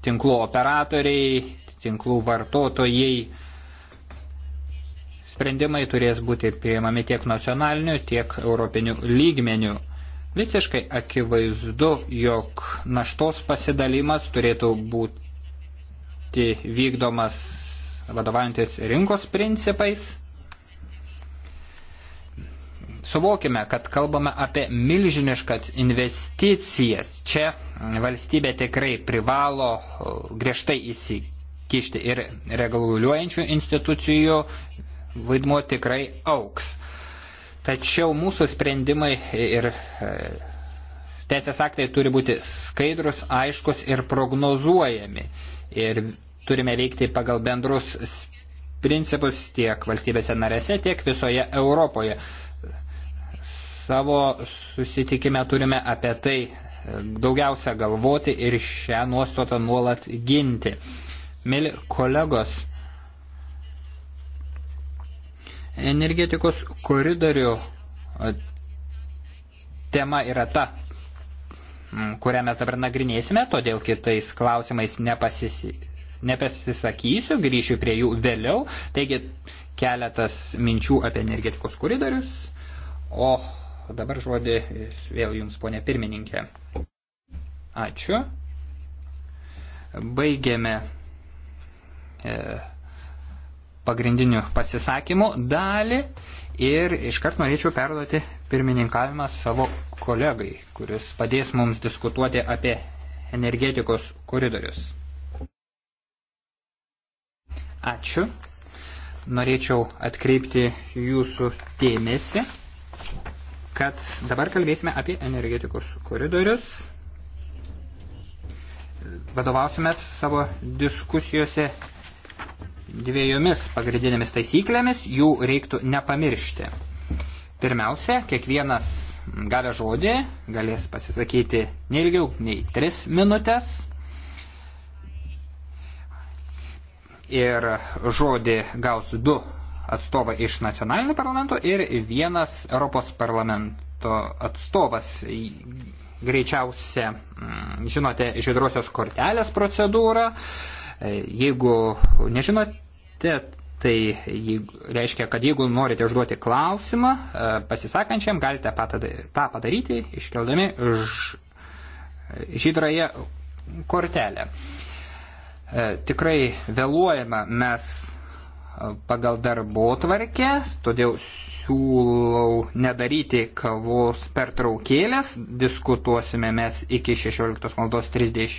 tinklų operatoriai, tinklų vartotojai. Sprendimai turės būti priimami tiek nacionaliniu, tiek europiniu lygmeniu. Visiškai akivaizdu, jog naštos pasidalimas turėtų būti vykdomas vadovantis rinkos principais Suvokime, kad kalbame apie milžiniškas investicijas. Čia valstybė tikrai privalo uh, griežtai įsikišti ir reguliuojančių institucijų vaidmuo tikrai auks. Tačiau mūsų sprendimai ir uh, teisės aktai turi būti skaidrus, aiškus ir prognozuojami. Ir turime veikti pagal bendrus principus tiek valstybėse narėse, tiek visoje Europoje savo susitikime turime apie tai e, daugiausia galvoti ir šią nuostatą nuolat ginti. Mėly kolegos, energetikos koridorių e, tema yra ta, kurią mes dabar nagrinėsime, todėl kitais klausimais nepasisi, nepasisakysiu, grįšiu prie jų vėliau. Taigi keletas minčių apie energetikos koridorius, o Dabar žodį vėl jums, ponė pirmininkė. Ačiū. Baigėme e, pagrindinių pasisakymų dalį ir iškart norėčiau perduoti pirmininkavimą savo kolegai, kuris padės mums diskutuoti apie energetikos koridorius. Ačiū. Norėčiau atkreipti jūsų dėmesį kad dabar kalbėsime apie energetikos koridorius. Vadovausimės savo diskusijose dviejomis pagrindinėmis taisyklėmis, jų reiktų nepamiršti. Pirmiausia, kiekvienas gavę žodį galės pasisakyti neilgiau nei 3 minutės. Ir žodį gaus du atstovą iš nacionalinio parlamento ir vienas Europos parlamento atstovas. Greičiausia, mm, žinote, žydrosios kortelės procedūrą. E, jeigu nežinote, tai reiškia, kad jeigu norite užduoti klausimą e, pasisakančiam, galite tą padaryti iškeldami žydrąją kortelę. E, tikrai vėluojame mes pagal darbo tvarkę, todėl siūlau nedaryti kavos pertraukėlės, diskutuosime mes iki 16.30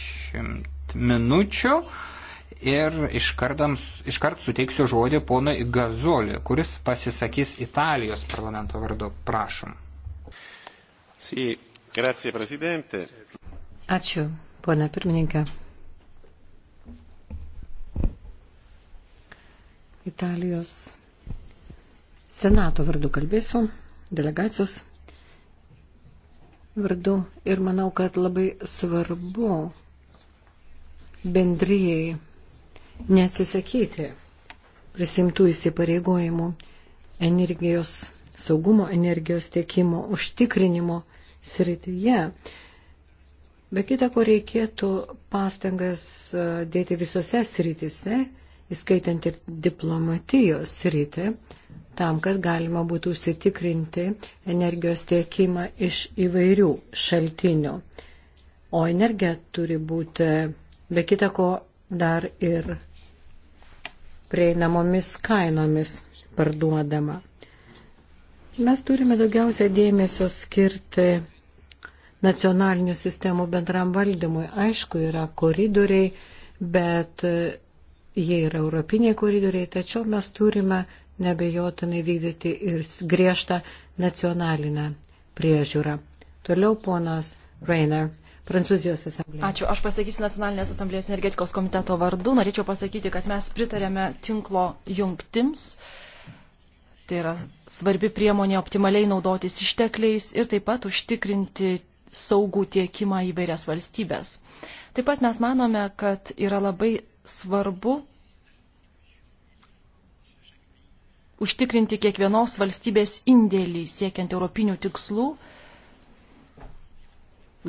minučių ir iškart iš suteiksiu žodį ponui Gazolį, kuris pasisakys Italijos parlamento vardu. Prašom. Sì, grazie, Ačiū, ponia pirmininkė. Italijos senato vardu kalbėsiu, delegacijos vardu ir manau, kad labai svarbu bendryjai neatsisakyti prisimtų įsipareigojimų energijos saugumo, energijos tiekimo, užtikrinimo srityje. Be kita ko reikėtų pastangas dėti visose srityse įskaitant ir diplomatijos rytį, tam, kad galima būtų užsitikrinti energijos tiekimą iš įvairių šaltinių. O energija turi būti, be kita ko, dar ir prieinamomis kainomis parduodama. Mes turime daugiausia dėmesio skirti nacionalinių sistemų bendram valdymui. Aišku, yra koridoriai, bet jie yra europiniai koridoriai, tačiau mes turime nebejotinai vykdyti ir griežtą nacionalinę priežiūrą. Toliau ponas Reiner. Prancūzijos asamblėje. Ačiū. Aš pasakysiu Nacionalinės asamblėjos energetikos komiteto vardu. Norėčiau pasakyti, kad mes pritarėme tinklo jungtims. Tai yra svarbi priemonė optimaliai naudotis ištekliais ir taip pat užtikrinti saugų tiekimą į vairias valstybės. Taip pat mes manome, kad yra labai svarbu užtikrinti kiekvienos valstybės indėlį siekiant europinių tikslų,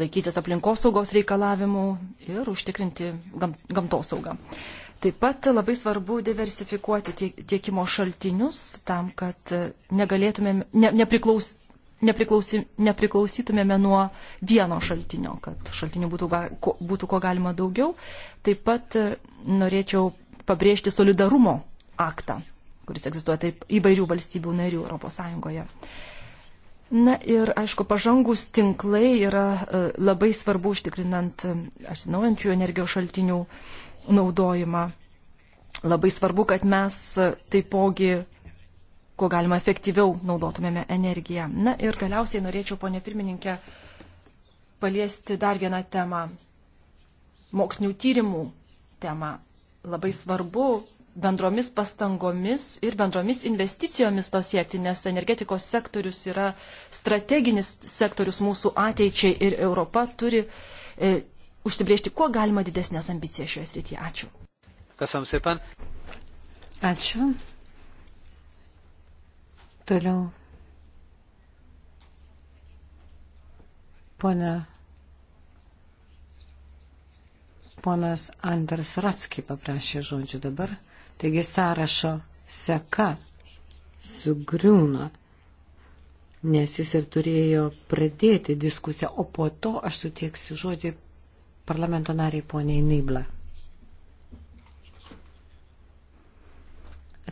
laikytis aplinkosaugos reikalavimų ir užtikrinti gam, gamtosaugą. Taip pat labai svarbu diversifikuoti tiekimo šaltinius tam, kad negalėtumėm, ne, nepriklaus, nepriklausy, nepriklausytumėme nuo vieno šaltinio, kad šaltinių būtų, ga, ko, būtų ko galima daugiau. Taip pat e, norėčiau pabrėžti solidarumo aktą, kuris egzistuoja taip įvairių valstybių narių ES. Na ir, aišku, pažangus tinklai yra e, labai svarbu užtikrinant e, atsinaujančių energijos šaltinių naudojimą. Labai svarbu, kad mes taipogi kuo galima efektyviau naudotumėme energiją. Na ir galiausiai norėčiau, ponė pirmininkė, paliesti dar vieną temą - mokslinių tyrimų temą. Labai svarbu bendromis pastangomis ir bendromis investicijomis to siekti, nes energetikos sektorius yra strateginis sektorius mūsų ateičiai ir Europa turi e, užsibriežti kuo galima didesnės ambicijas šioje srityje. Ačiū. Kasam sėpan. Ačiū. Toliau. Pone. Ponas Anders Ratski paprašė žodžių dabar. Taigi sąrašo seka sugriūna, nes jis ir turėjo pradėti diskusiją, o po to aš sutieksiu žodį parlamento nariai poniai Nibla.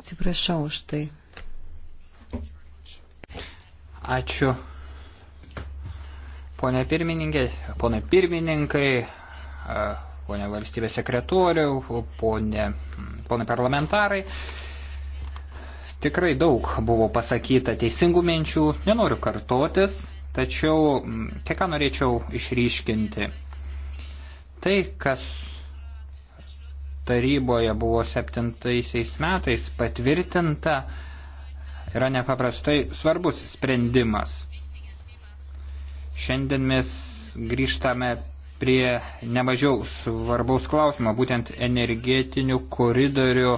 Atsiprašau už tai. Ačiū. Pone pirmininkė, pone pirmininkai, pone valstybės sekretoriau, pone, pone parlamentarai. Tikrai daug buvo pasakyta teisingų minčių, nenoriu kartotis, tačiau tai ką norėčiau išryškinti. Tai, kas taryboje buvo septintaisiais metais patvirtinta, yra nepaprastai svarbus sprendimas. Šiandien mes grįžtame prie nemažiau svarbaus klausimo, būtent energetinių koridorių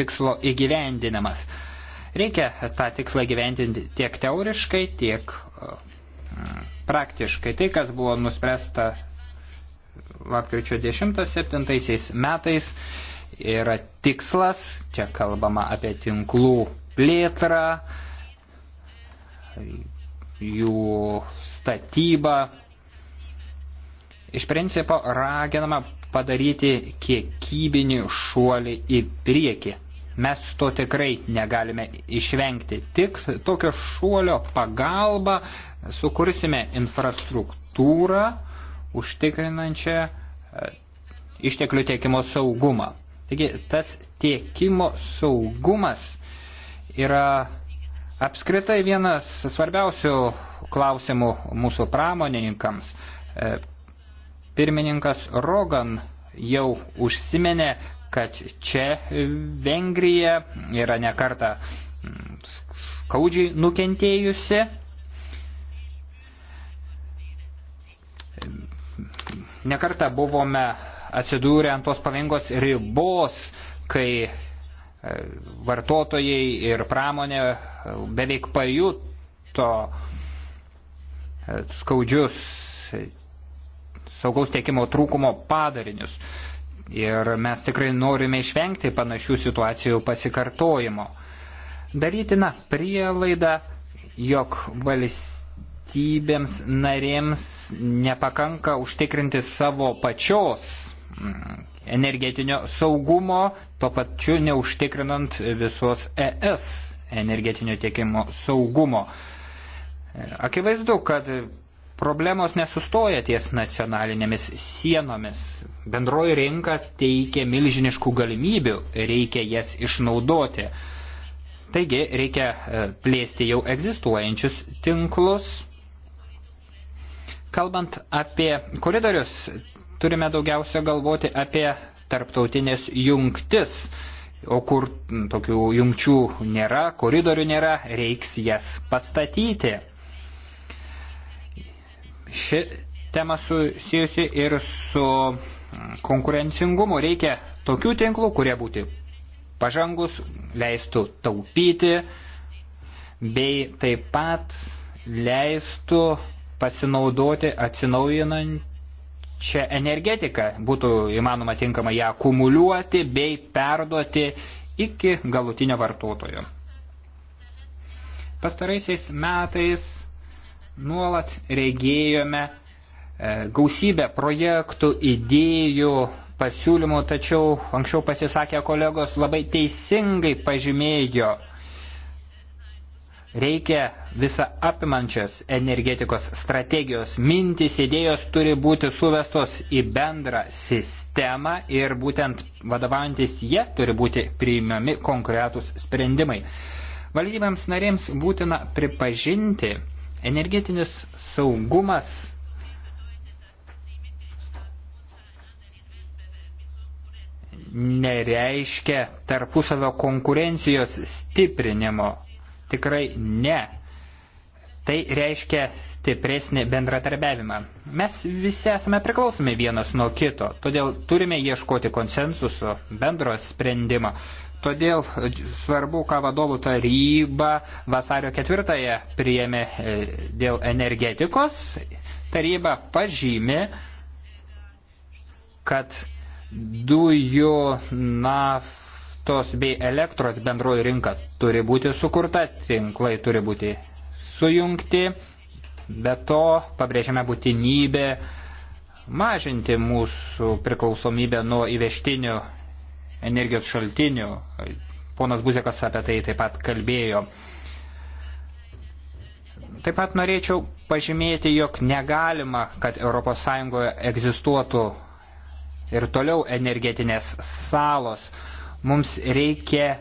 tikslo įgyvendinimas. Reikia tą tikslą įgyvendinti tiek teoriškai, tiek e, praktiškai. Tai, kas buvo nuspręsta lapkričio 10-7 metais, yra tikslas, čia kalbama apie tinklų plėtrą, jų statybą. Iš principo raginama padaryti kiekybinį šuolį į priekį. Mes to tikrai negalime išvengti. Tik tokio šuolio pagalba sukursime infrastruktūrą užtikrinančią e, išteklių tiekimo saugumą. Taigi tas tiekimo saugumas yra apskritai vienas svarbiausių klausimų mūsų pramonininkams. E, pirmininkas Rogan jau užsiminė, kad čia Vengrija yra nekarta mm, skaudžiai nukentėjusi. Nekarta buvome atsidūrę ant tos pavingos ribos, kai vartotojai ir pramonė e, beveik pajuto e, skaudžius e, saugaus tiekimo trūkumo padarinius. Ir mes tikrai norime išvengti panašių situacijų pasikartojimo. Darytina prielaida, jog valstybėms narėms nepakanka užtikrinti savo pačios mm, energetinio saugumo, tuo pačiu neužtikrinant visos ES energetinio tiekimo saugumo. Akivaizdu, kad problemos nesustoja ties nacionalinėmis sienomis. Bendroji rinka teikia milžiniškų galimybių, reikia jas išnaudoti. Taigi reikia e, plėsti jau egzistuojančius tinklus. Kalbant apie koridorius, turime daugiausia galvoti apie tarptautinės jungtis. O kur tokių jungčių nėra, koridorių nėra, reiks jas pastatyti. Ši tema susijusi ir su konkurencingumu. Reikia tokių tinklų, kurie būtų pažangus, leistų taupyti, bei taip pat leistų pasinaudoti atsinaujinant čia energetiką, būtų įmanoma tinkamai ją akumuliuoti bei perduoti iki galutinio vartotojo. Pastaraisiais metais nuolat regėjome e, gausybę projektų, idėjų, pasiūlymų, tačiau anksčiau pasisakę kolegos labai teisingai pažymėjo, reikia Visa apimančios energetikos strategijos mintis, idėjos turi būti suvestos į bendrą sistemą ir būtent vadovaujantis jie turi būti priimami konkretūs sprendimai. Valdybėms narėms būtina pripažinti energetinis saugumas nereiškia tarpusavio konkurencijos stiprinimo. Tikrai ne. Tai reiškia stipresnį bendradarbiavimą. Mes visi esame priklausomi vienas nuo kito, todėl turime ieškoti konsensuso, bendro sprendimo. Todėl svarbu, ką vadovų taryba vasario ketvirtąją priėmė e, dėl energetikos. Taryba pažymi, kad dujų naftos bei elektros bendroji rinka turi būti sukurta, tinklai turi būti sujungti, be to pabrėžiame būtinybę mažinti mūsų priklausomybę nuo įvežtinių energijos šaltinių. Ponas Buzekas apie tai taip pat kalbėjo. Taip pat norėčiau pažymėti, jog negalima, kad ES egzistuotų ir toliau energetinės salos. Mums reikia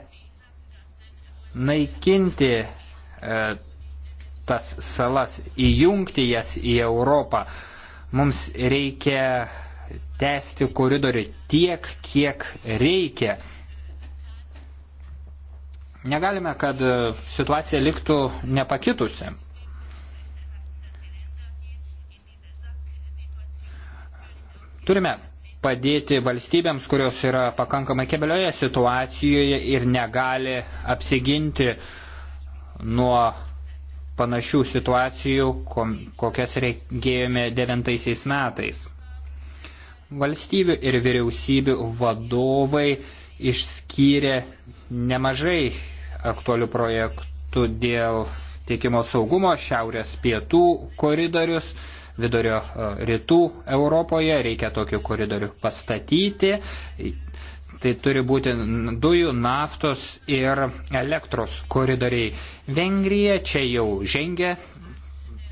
naikinti e, tas salas, įjungti jas į Europą. Mums reikia tęsti koridorių tiek, kiek reikia. Negalime, kad situacija liktų nepakitusi. Turime padėti valstybėms, kurios yra pakankamai kebelioje situacijoje ir negali apsiginti nuo panašių situacijų, kokias regėjome devintaisiais metais. Valstybių ir vyriausybių vadovai išskyrė nemažai aktualių projektų dėl tiekimo saugumo šiaurės pietų koridorius, vidurio e, rytų Europoje reikia tokių koridorių pastatyti. Tai turi būti dujų, naftos ir elektros koridoriai. Vengrija čia jau žengia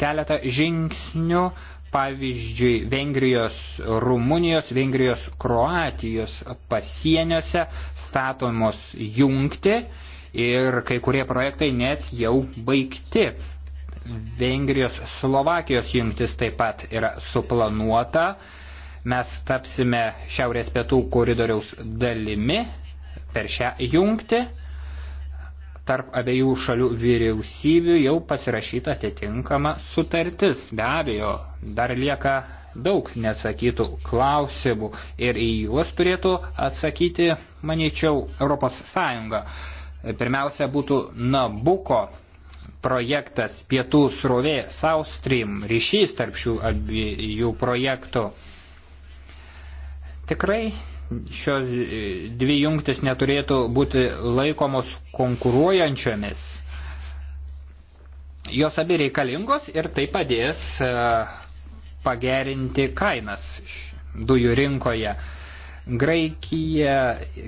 keletą žingsnių, pavyzdžiui, Vengrijos, Rumunijos, Vengrijos, Kroatijos pasieniuose statomos jungti ir kai kurie projektai net jau baigti. Vengrijos, Slovakijos jungtis taip pat yra suplanuota Mes tapsime šiaurės pietų koridoriaus dalimi per šią jungtį. Tarp abiejų šalių vyriausybių jau pasirašyta atitinkama sutartis. Be abejo, dar lieka daug neatsakytų klausimų ir į juos turėtų atsakyti, manyčiau, ES. Pirmiausia būtų Nabuko projektas pietų srovė South Stream, ryšys tarp šių abiejų projektų. Tikrai šios dvi jungtis neturėtų būti laikomos konkuruojančiomis. Jos abi reikalingos ir tai padės e, pagerinti kainas dujų rinkoje. Graikija,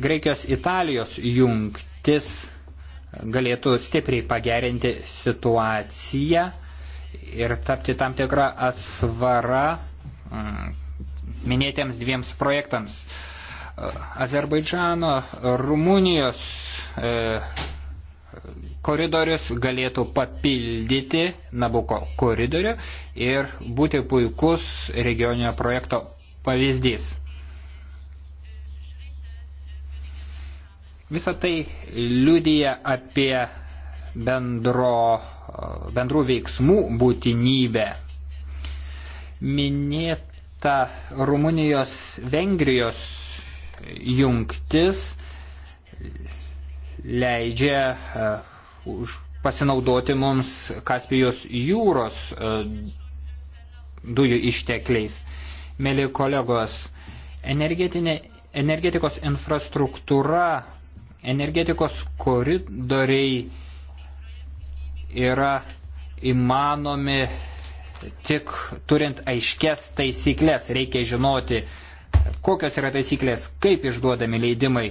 Graikijos Italijos jungtis galėtų stipriai pagerinti situaciją ir tapti tam tikrą atsvarą mm, minėtiems dviems projektams. Azerbaidžano, Rumunijos e, koridorius galėtų papildyti Nabuko koridorių ir būti puikus regioninio projekto pavyzdys. Visą tai liudyja apie bendro, e, bendrų veiksmų būtinybę. Minėt ta Rumunijos-Vengrijos jungtis leidžia e, pasinaudoti mums Kaspijos jūros e, dujų ištekliais. Mėly kolegos, energetikos infrastruktūra, energetikos koridoriai yra įmanomi tik turint aiškes taisyklės. Reikia žinoti, kokios yra taisyklės, kaip išduodami leidimai.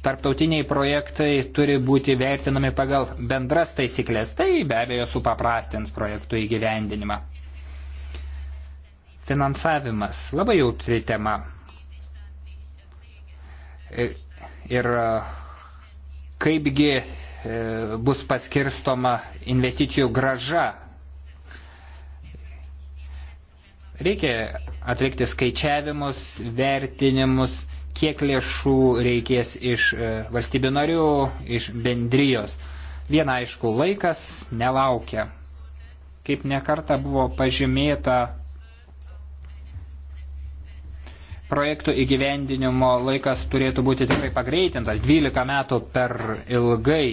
Tarptautiniai projektai turi būti vertinami pagal bendras taisyklės. Tai be abejo supaprastins projektų įgyvendinimą. Finansavimas. Labai jautri tema. E, ir e, kaipgi e, bus paskirstoma investicijų graža Reikia atlikti skaičiavimus, vertinimus, kiek lėšų reikės iš e, valstybių narių, iš bendrijos. Viena aišku, laikas nelaukia. Kaip nekarta buvo pažymėta, projektų įgyvendinimo laikas turėtų būti tikrai pagreitintas, 12 metų per ilgai.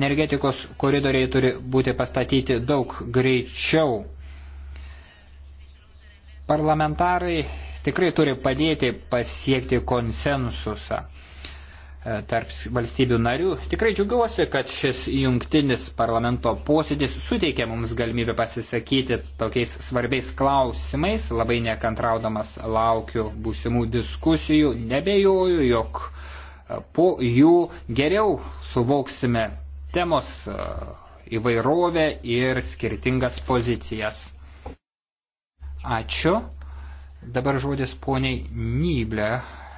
Energetikos koridoriai turi būti pastatyti daug greičiau. Parlamentarai tikrai turi padėti pasiekti konsensusą e, tarp valstybių narių. Tikrai džiugiuosi, kad šis jungtinis parlamento posėdis suteikė mums galimybę pasisakyti tokiais svarbiais klausimais. Labai nekantraudamas laukiu būsimų diskusijų. Nebejoju, jog e, po jų geriau suvoksime temos e, įvairovę ir skirtingas pozicijas. Ačiū. Dabar žodis poniai Nyblė,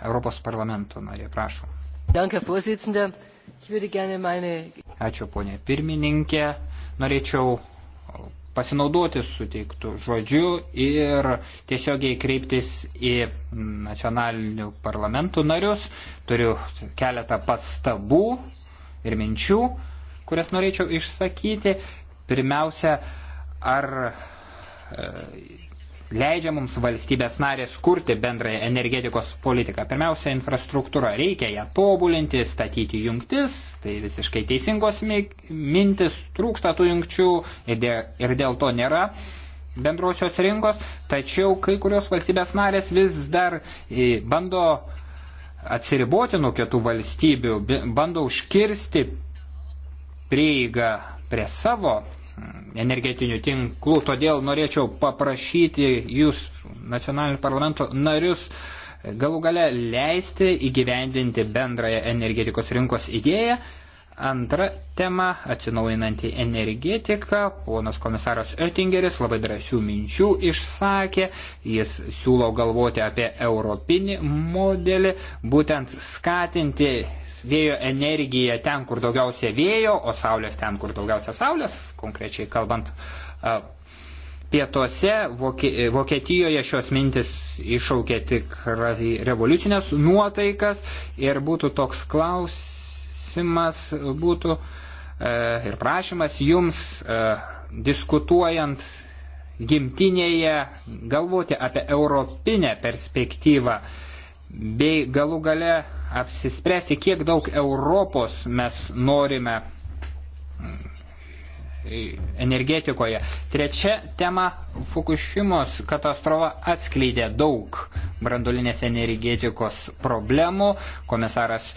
Europos parlamento narė, prašom. Ačiū ponė pirmininkė. Norėčiau pasinaudoti suteiktų žodžių ir tiesiogiai kreiptis į nacionalinių parlamentų narius. Turiu keletą pastabų ir minčių, kurias norėčiau išsakyti. Pirmiausia, ar e, leidžia mums valstybės narės kurti bendrąją energetikos politiką. Pirmiausia, infrastruktūra. Reikia ją tobulinti, statyti jungtis, tai visiškai teisingos mintis, trūksta tų jungčių ir dėl, ir dėl to nėra bendrosios rinkos, tačiau kai kurios valstybės narės vis dar e, bando atsiriboti nuo kitų valstybių, bando užkirsti prieigą prie savo energetinių tinklų. Todėl norėčiau paprašyti jūs, nacionalinių parlamento narius, galų gale leisti įgyvendinti bendrąją energetikos rinkos idėją. Antra tema - atsinaujinanti energetika. Ponas komisaras Oettingeris labai drąsių minčių išsakė. Jis siūlo galvoti apie europinį modelį, būtent skatinti vėjo energija ten, kur daugiausia vėjo, o saulės ten, kur daugiausia saulės, konkrečiai kalbant. Pietuose Vokietijoje šios mintis išaukė tik revoliucinės nuotaikas ir būtų toks klausimas būtų e, ir prašymas jums e, diskutuojant gimtinėje galvoti apie europinę perspektyvą bei galų gale apsispręsti, kiek daug Europos mes norime energetikoje. Trečia tema - Fukushimos katastrofa atskleidė daug brandolinės energetikos problemų. Komisaras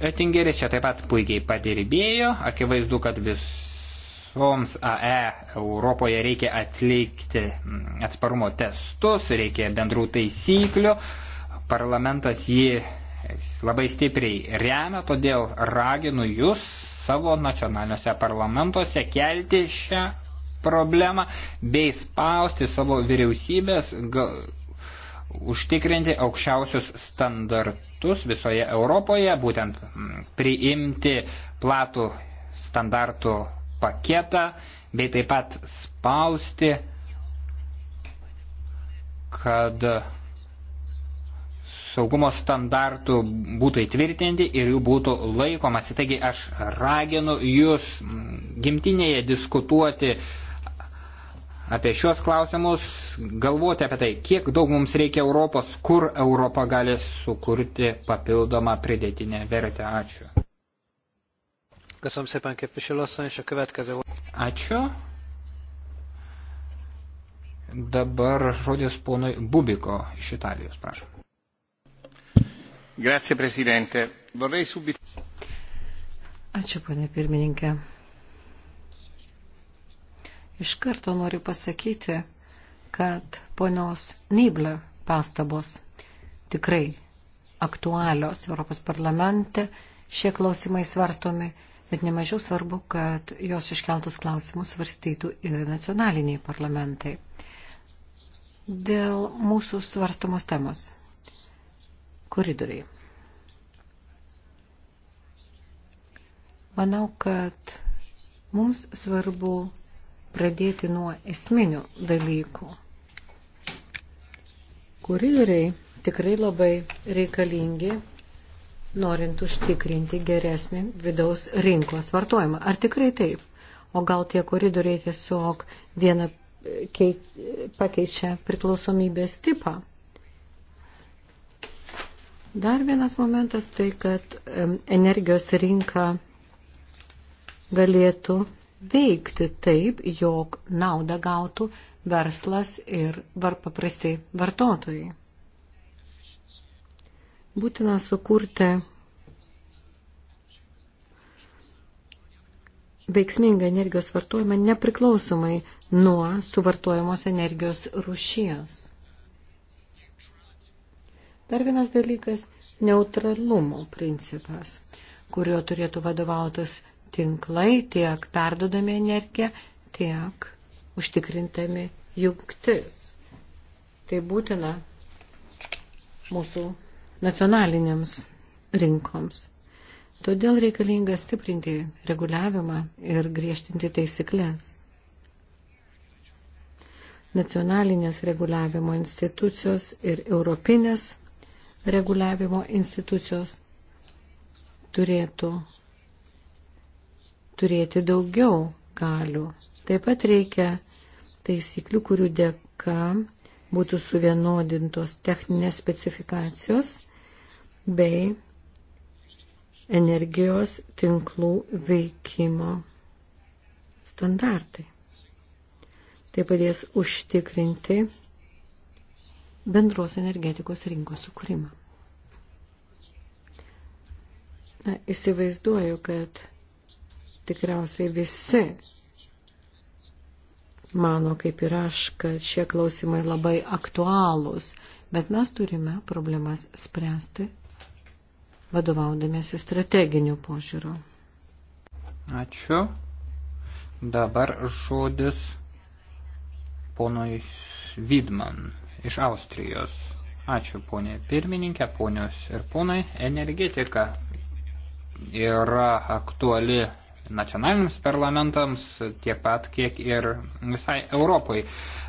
Oettingeris čia taip pat puikiai padirbėjo. Akivaizdu, kad visoms AE Europoje reikia atlikti mm, atsparumo testus, reikia bendrų taisyklių. Parlamentas jį labai stipriai remia, todėl raginu jūs savo nacionaliniuose parlamentuose kelti šią problemą bei spausti savo vyriausybės, gal, užtikrinti aukščiausius standartus visoje Europoje, būtent priimti platų standartų paketą bei taip pat spausti, kad saugumo standartų būtų įtvirtinti ir jų būtų laikomasi. Taigi aš raginu jūs gimtinėje diskutuoti apie šios klausimus, galvoti apie tai, kiek daug mums reikia Europos, kur Europa gali sukurti papildomą pridėtinę vertę. Ačiū. Ačiū. Dabar žodis ponui Bubiko iš Italijos, prašom. Grazie, prezidente. Vorrei subito. Ačiū, ponė pirmininkė. Iš karto noriu pasakyti, kad ponios Nibler pastabos tikrai aktualios Europos parlamente. Šie klausimai svarstomi, bet nemažiau svarbu, kad jos iškeltus klausimus svarstytų ir nacionaliniai parlamentai. Dėl mūsų svarstomos temos koridoriai. Manau, kad mums svarbu pradėti nuo esminių dalykų. Koridoriai tikrai labai reikalingi, norint užtikrinti geresnį vidaus rinkos vartojimą. Ar tikrai taip? O gal tie koridoriai tiesiog vieną pakeičia priklausomybės tipą? Dar vienas momentas tai, kad energijos rinka galėtų veikti taip, jog naudą gautų verslas ir var paprasti vartotojai. Būtina sukurti veiksmingą energijos vartojimą nepriklausomai nuo suvartojamos energijos rušies. Dar vienas dalykas - neutralumo principas, kurio turėtų vadovautas tinklai tiek perdodami energiją, tiek užtikrintami jungtis. Tai būtina mūsų nacionalinėms rinkoms. Todėl reikalinga stiprinti reguliavimą ir griežtinti taisyklės. Nacionalinės reguliavimo institucijos ir europinės reguliavimo institucijos turėtų turėti daugiau galių. Taip pat reikia taisyklių, kurių dėka būtų suvienodintos techninės specifikacijos bei energijos tinklų veikimo standartai. Tai padės užtikrinti bendros energetikos rinkos sukūrimą. Na, įsivaizduoju, kad tikriausiai visi mano, kaip ir aš, kad šie klausimai labai aktualūs, bet mes turime problemas spręsti vadovaudamėsi strateginiu požiūriu. Ačiū. Dabar žodis ponui Vidman iš Austrijos. Ačiū ponė pirmininkė, ponios ir ponai. Energetika yra aktuali nacionaliniams parlamentams tiek pat, kiek ir visai Europai.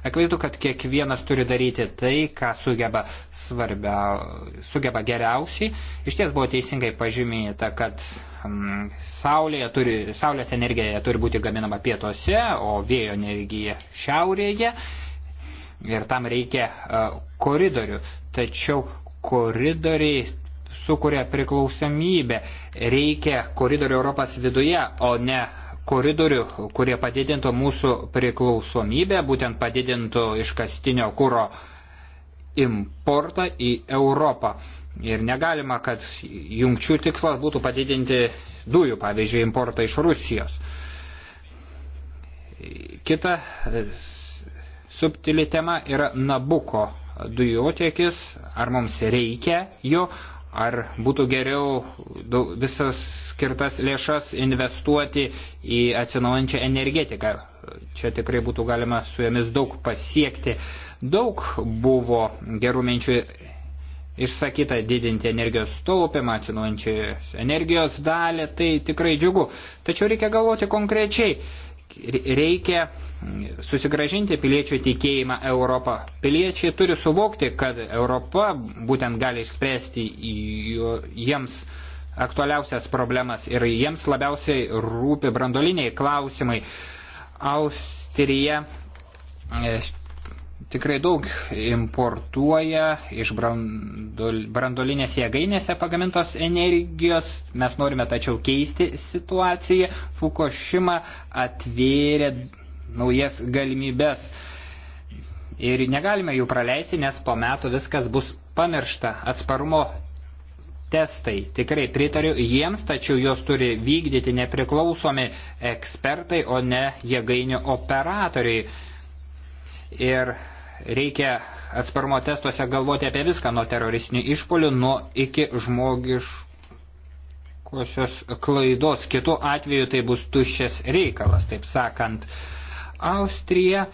Akivaizdu, kad kiekvienas turi daryti tai, ką sugeba, svarbia, sugeba geriausiai. Iš ties buvo teisingai pažymėta, kad mm, saulėje turi, saulės energija turi būti gaminama pietuose, o vėjo energija šiaurėje ir tam reikia e, koridorių. Tačiau koridoriai sukuria priklausomybę. Reikia koridorių Europos viduje, o ne koridorių, kurie padidintų mūsų priklausomybę, būtent padidintų iškastinio kūro importą į Europą. Ir negalima, kad jungčių tikslas būtų padidinti dujų, pavyzdžiui, importą iš Rusijos. Kita subtili tema yra Nabuko dujotiekis, ar mums reikia jo, ar būtų geriau visas skirtas lėšas investuoti į atsinaujančią energetiką. Čia tikrai būtų galima su jomis daug pasiekti. Daug buvo gerų minčių išsakyta didinti energijos taupimą, atsinaujančią energijos dalį, tai tikrai džiugu. Tačiau reikia galvoti konkrečiai reikia mm, susigražinti piliečių tikėjimą Europą. Piliečiai turi suvokti, kad Europa būtent gali išspręsti jiems aktualiausias problemas ir jiems labiausiai rūpi brandoliniai klausimai. Austrija e, tikrai daug importuoja iš brandol, brandolinės jėgainėse pagamintos energijos. Mes norime tačiau keisti situaciją. Fukushima atvėrė naujas galimybės ir negalime jų praleisti, nes po metų viskas bus pamiršta. Atsparumo testai tikrai pritariu jiems, tačiau juos turi vykdyti nepriklausomi ekspertai, o ne jėgainių operatoriai. Ir reikia atsparumo testuose galvoti apie viską nuo teroristinių išpolių, nuo iki žmogiškosios klaidos. Kitu atveju tai bus tuščias reikalas, taip sakant. Austrija e,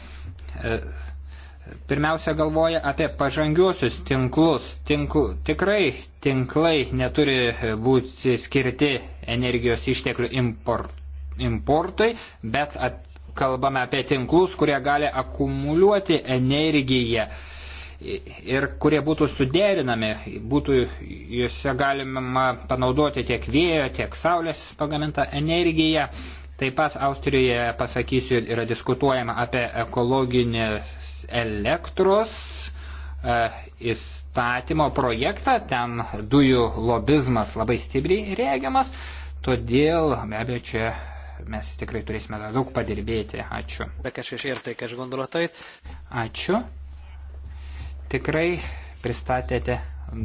pirmiausia galvoja apie pažangiuosius tinklus. Tinkl, tikrai tinklai neturi būti skirti energijos išteklių import, importui, bet at, kalbame apie tinklus, kurie gali akumuliuoti energiją ir kurie būtų suderinami, būtų juose galima panaudoti tiek vėjo, tiek saulės pagamintą energiją. Taip pat Austrijoje, pasakysiu, yra diskutuojama apie ekologinės elektros e, įstatymo projektą, ten dujų lobizmas labai stipriai rėgiamas, todėl be abejo čia mes tikrai turėsime daug padirbėti. Ačiū. Ačiū. Tikrai pristatėte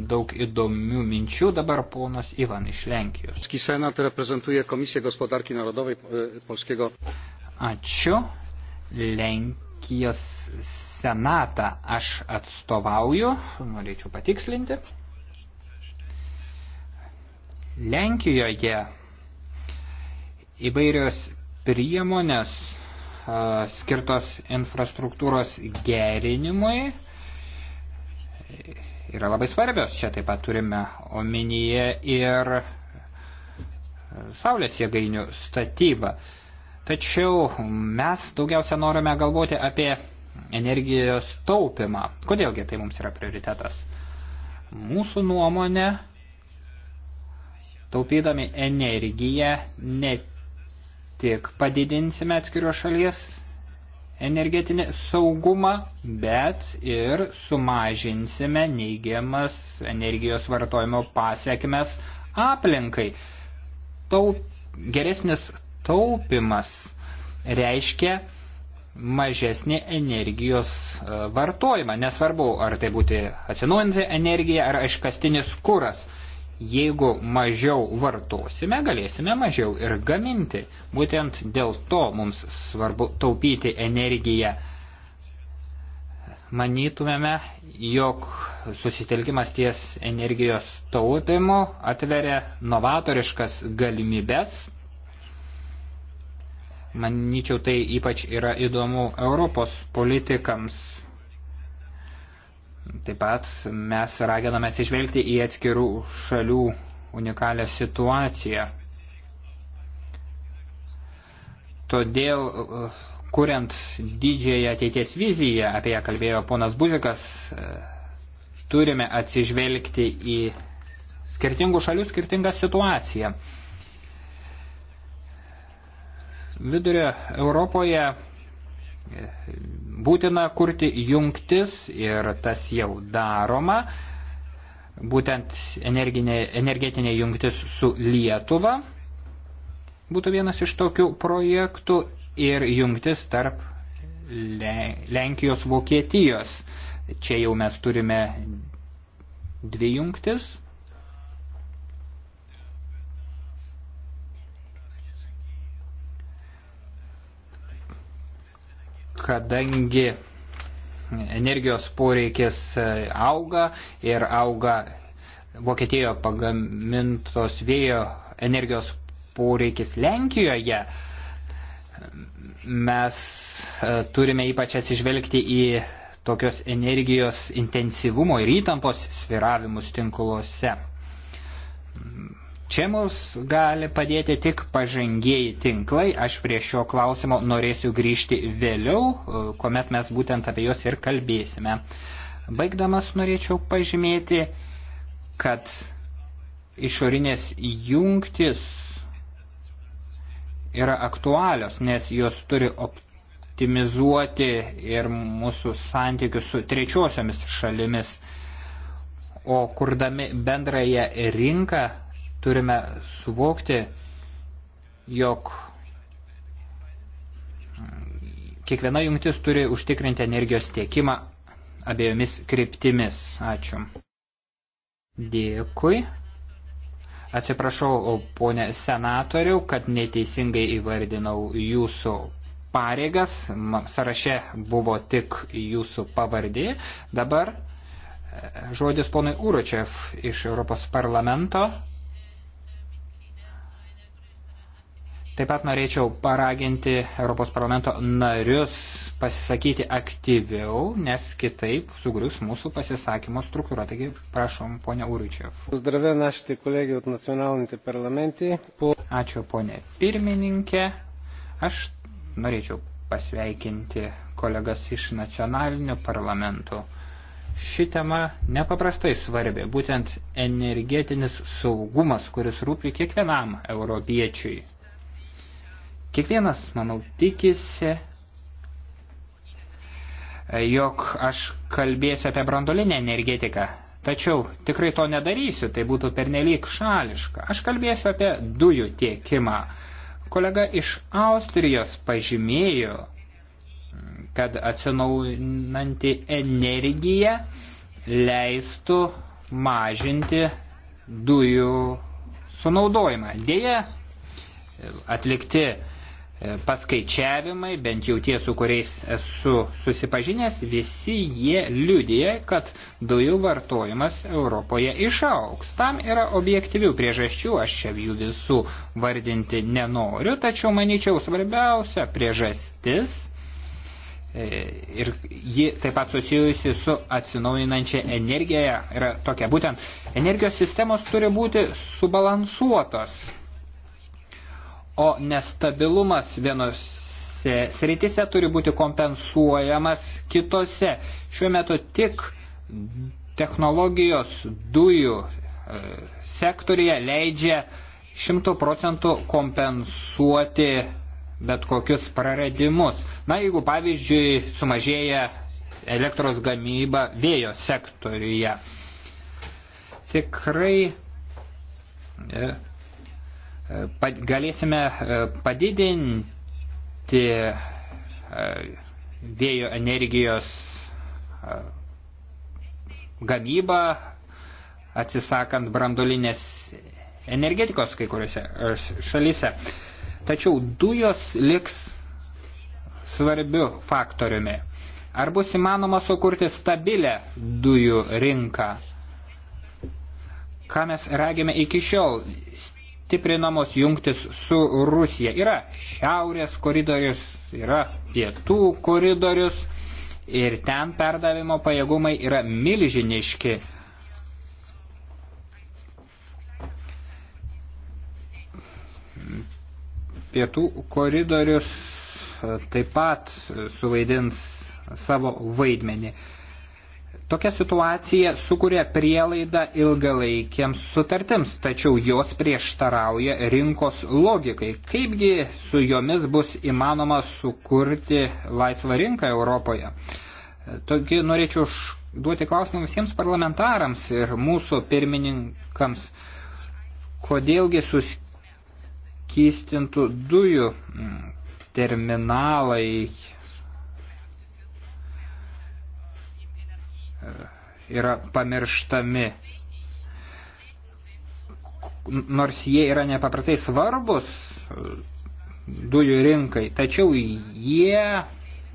daug įdomių minčių dabar ponas Ivan iš Lenkijos. Ski senat reprezentuje Komisiją Gospodarki Narodowej e, Polskiego. Ačiū. Lenkijos senatą aš atstovauju, norėčiau patikslinti. Lenkijoje įvairios priemonės skirtos infrastruktūros gerinimui yra labai svarbios. Čia taip pat turime omenyje ir saulės jėgainių statybą. Tačiau mes daugiausia norime galvoti apie energijos taupimą. Kodėlgi tai mums yra prioritetas? Mūsų nuomonė, taupydami energiją, ne tik padidinsime atskirio šalies energetinį saugumą, bet ir sumažinsime neigiamas energijos vartojimo pasiekmes aplinkai. Taup, geresnis taupimas reiškia mažesnį energijos e, vartojimą. Nesvarbu, ar tai būtų atsinaujinti energija ar iškastinis kuras. Jeigu mažiau vartosime, galėsime mažiau ir gaminti. Būtent dėl to mums svarbu taupyti energiją. Manytumėme, jog susitelkimas ties energijos taupimu atveria novatoriškas galimybes. Manyčiau, tai ypač yra įdomu Europos politikams Taip pat mes raginame atsižvelgti į atskirų šalių unikalią situaciją. Todėl, kuriant didžiąją ateities viziją, apie ją kalbėjo ponas Buzikas, turime atsižvelgti į skirtingų šalių skirtingą situaciją. Vidurio Europoje būtina kurti jungtis ir tas jau daroma. Būtent energetinė jungtis su Lietuva būtų vienas iš tokių projektų ir jungtis tarp Lenkijos Vokietijos. Čia jau mes turime dvi jungtis. kadangi energijos poreikis e, auga ir auga Vokietijoje pagamintos vėjo energijos poreikis Lenkijoje, mes e, turime ypač atsižvelgti į tokios energijos intensyvumo ir įtampos sviravimus tinkluose. Čia mums gali padėti tik pažangieji tinklai, aš prie šio klausimo norėsiu grįžti vėliau, e, kuomet mes būtent apie juos ir kalbėsime. Baigdamas norėčiau pažymėti, kad išorinės jungtis yra aktualios, nes jos turi optimizuoti ir mūsų santykius su trečiosiomis šalimis. O kurdami bendrąją rinką Turime suvokti, jog kiekviena jungtis turi užtikrinti energijos tiekimą abiejomis kryptimis. Ačiū. Dėkui. Atsiprašau, ponė senatoriau, kad neteisingai įvardinau jūsų pareigas. Saraše buvo tik jūsų pavardė. Dabar e, žodis ponui Uročev iš Europos parlamento. Taip pat norėčiau paraginti Europos parlamento narius pasisakyti aktyviau, nes kitaip sugrius mūsų pasisakymo struktūra. Taigi prašom, ponia Uručiev. Ačiū, ponė pirmininkė. Aš norėčiau pasveikinti kolegas iš nacionalinių parlamentų. Ši tema nepaprastai svarbi, būtent energetinis saugumas, kuris rūpi kiekvienam europiečiui. Kiekvienas, manau, tikisi, e, jog aš kalbėsiu apie brandolinę energetiką, tačiau tikrai to nedarysiu, tai būtų pernelyg šališka. Aš kalbėsiu apie dujų tiekimą. Kolega iš Austrijos pažymėjo, kad atsinaujinanti energija leistų mažinti dujų sunaudojimą. Deja, atlikti E, paskaičiavimai, bent jau tie, su kuriais esu susipažinęs, visi jie liudija, kad dujų vartojimas Europoje išauks. Tam yra objektyvių priežasčių, aš čia jų visų vardinti nenoriu, tačiau manyčiau svarbiausia priežastis e, ir ji taip pat susijusi su atsinaujinančia energija yra tokia. Būtent energijos sistemos turi būti subalansuotos o nestabilumas vienose sritise turi būti kompensuojamas kitose. Šiuo metu tik technologijos dujų e, sektorija leidžia šimtų procentų kompensuoti bet kokius praradimus. Na, jeigu pavyzdžiui sumažėja elektros gamyba vėjo sektoriuje. Tikrai e, galėsime e, padidinti e, vėjo energijos e, gamybą, atsisakant brandolinės energetikos kai kuriuose šalyse. Tačiau dujos liks svarbiu faktoriumi. Ar bus įmanoma sukurti stabilę dujų rinką? Ką mes ragėme iki šiol? stiprinamos jungtis su Rusija. Yra šiaurės koridorius, yra pietų koridorius ir ten perdavimo pajėgumai yra milžiniški. Pietų koridorius taip pat suvaidins savo vaidmenį. Tokia situacija sukuria prielaidą ilgalaikiams sutartims, tačiau jos prieštarauja rinkos logikai. Kaipgi su jomis bus įmanoma sukurti laisvą rinką Europoje? Tokį norėčiau duoti klausimą visiems parlamentarams ir mūsų pirmininkams, kodėlgi suskystintų dujų mm, terminalai yra pamirštami. Nors jie yra nepaprastai svarbus e, dujų rinkai, tačiau jie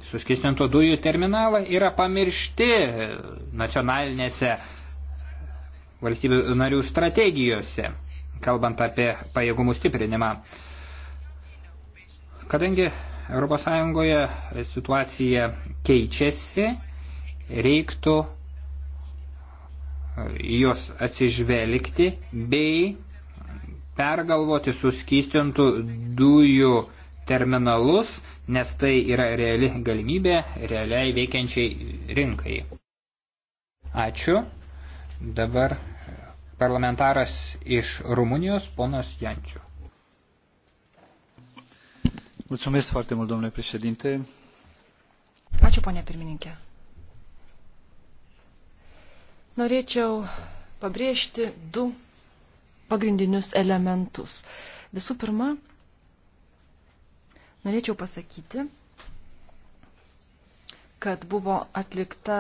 suskistintų dujų terminalą yra pamiršti nacionalinėse valstybių narių strategijose, kalbant apie pajėgumų stiprinimą. Kadangi ES situacija keičiasi, reiktų juos atsižvelgti bei pergalvoti suskystintų dujų terminalus, nes tai yra reali galimybė realiai veikiančiai rinkai. Ačiū. Dabar parlamentaras iš Rumunijos, ponas Jančių. Mulțumesc foarte mult, domnule președinte. Ačiū, ponė pirmininkė. Norėčiau pabrėžti du pagrindinius elementus. Visų pirma, norėčiau pasakyti, kad buvo atlikta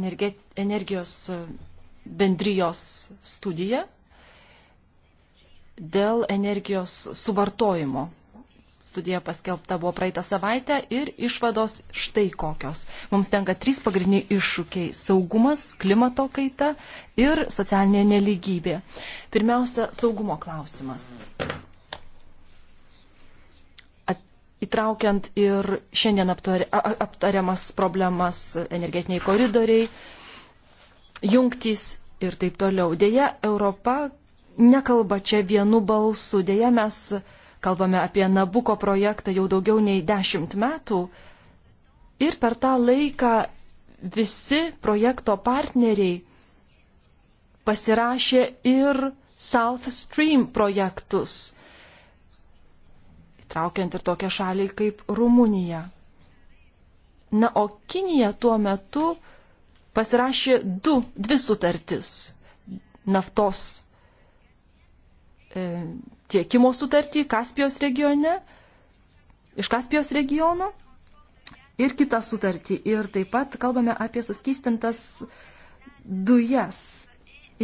energijos bendrijos studija dėl energijos suvartojimo Studija paskelbta buvo praeitą savaitę ir išvados štai kokios. Mums tenka trys pagrindiniai iššūkiai - saugumas, klimato kaita ir socialinė neligybė. Pirmiausia, saugumo klausimas. At, įtraukiant ir šiandien aptari, aptariamas problemas energetiniai koridoriai, jungtys ir taip toliau. Deja, Europa nekalba čia vienu balsu. Deja, mes Kalbame apie Nabuko projektą jau daugiau nei dešimt metų. Ir per tą laiką visi projekto partneriai pasirašė ir South Stream projektus, įtraukiant ir tokią šalį kaip Rumunija. Na, o Kinija tuo metu pasirašė du, dvi sutartis naftos e, tiekimo sutartį Kaspijos regione, iš Kaspijos regiono ir kitą sutartį. Ir taip pat kalbame apie suskystintas dujas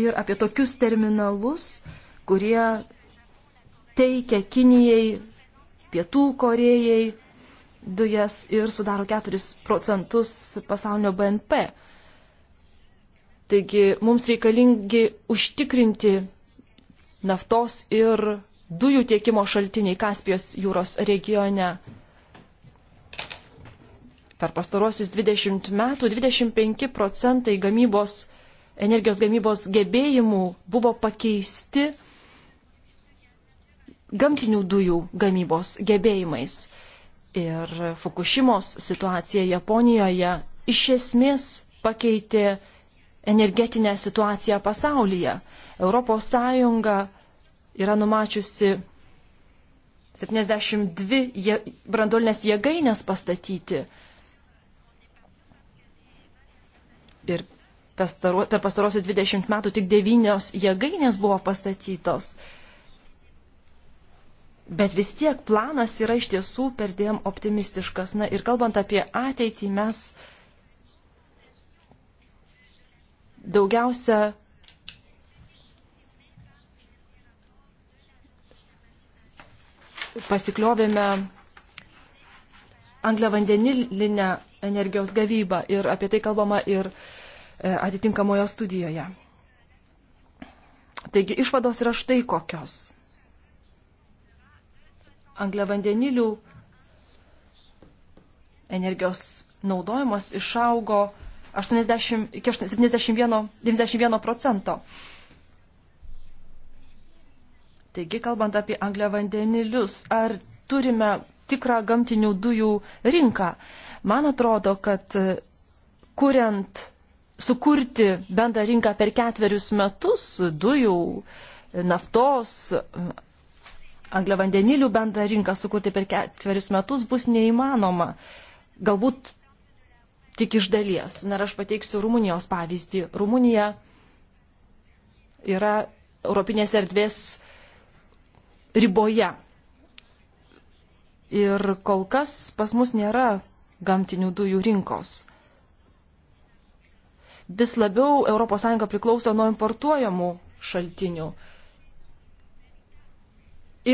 ir apie tokius terminalus, kurie teikia Kinijai, Pietų Korejai dujas ir sudaro 4 procentus pasaulio BNP. Taigi mums reikalingi užtikrinti naftos ir dujų tiekimo šaltiniai Kaspijos jūros regione. Per pastarosius 20 metų 25 procentai gamybos, energijos gamybos gebėjimų buvo pakeisti gamtinių dujų gamybos gebėjimais. Ir Fukushimos situacija Japonijoje iš esmės pakeitė energetinę situaciją pasaulyje. Europos Sąjunga yra numačiusi 72 brandolinės jėgainės pastatyti. Ir pastaro, per pastarosius 20 metų tik 9 jėgainės buvo pastatytos. Bet vis tiek planas yra iš tiesų perdėm optimistiškas. Na ir kalbant apie ateitį, mes daugiausia pasikliovėme angliavandenilinę energijos gavybą ir apie tai kalbama ir e, atitinkamoje studijoje. Taigi išvados yra štai kokios. Angliavandenilių energijos naudojimas išaugo 80, iki 71, 91 procento. Taigi, kalbant apie angliavandenilius, ar turime tikrą gamtinių dujų rinką? Man atrodo, kad e, kuriant, sukurti bendrą rinką per ketverius metus dujų, e, naftos, e, angliavandenilių bendrą rinką sukurti per ketverius metus bus neįmanoma. Galbūt tik iš dalies. Na ir aš pateiksiu Rumunijos pavyzdį. Rumunija yra Europinės erdvės riboje. Ir kol kas pas mus nėra gamtinių dujų rinkos. Vis labiau ES priklauso nuo importuojamų šaltinių.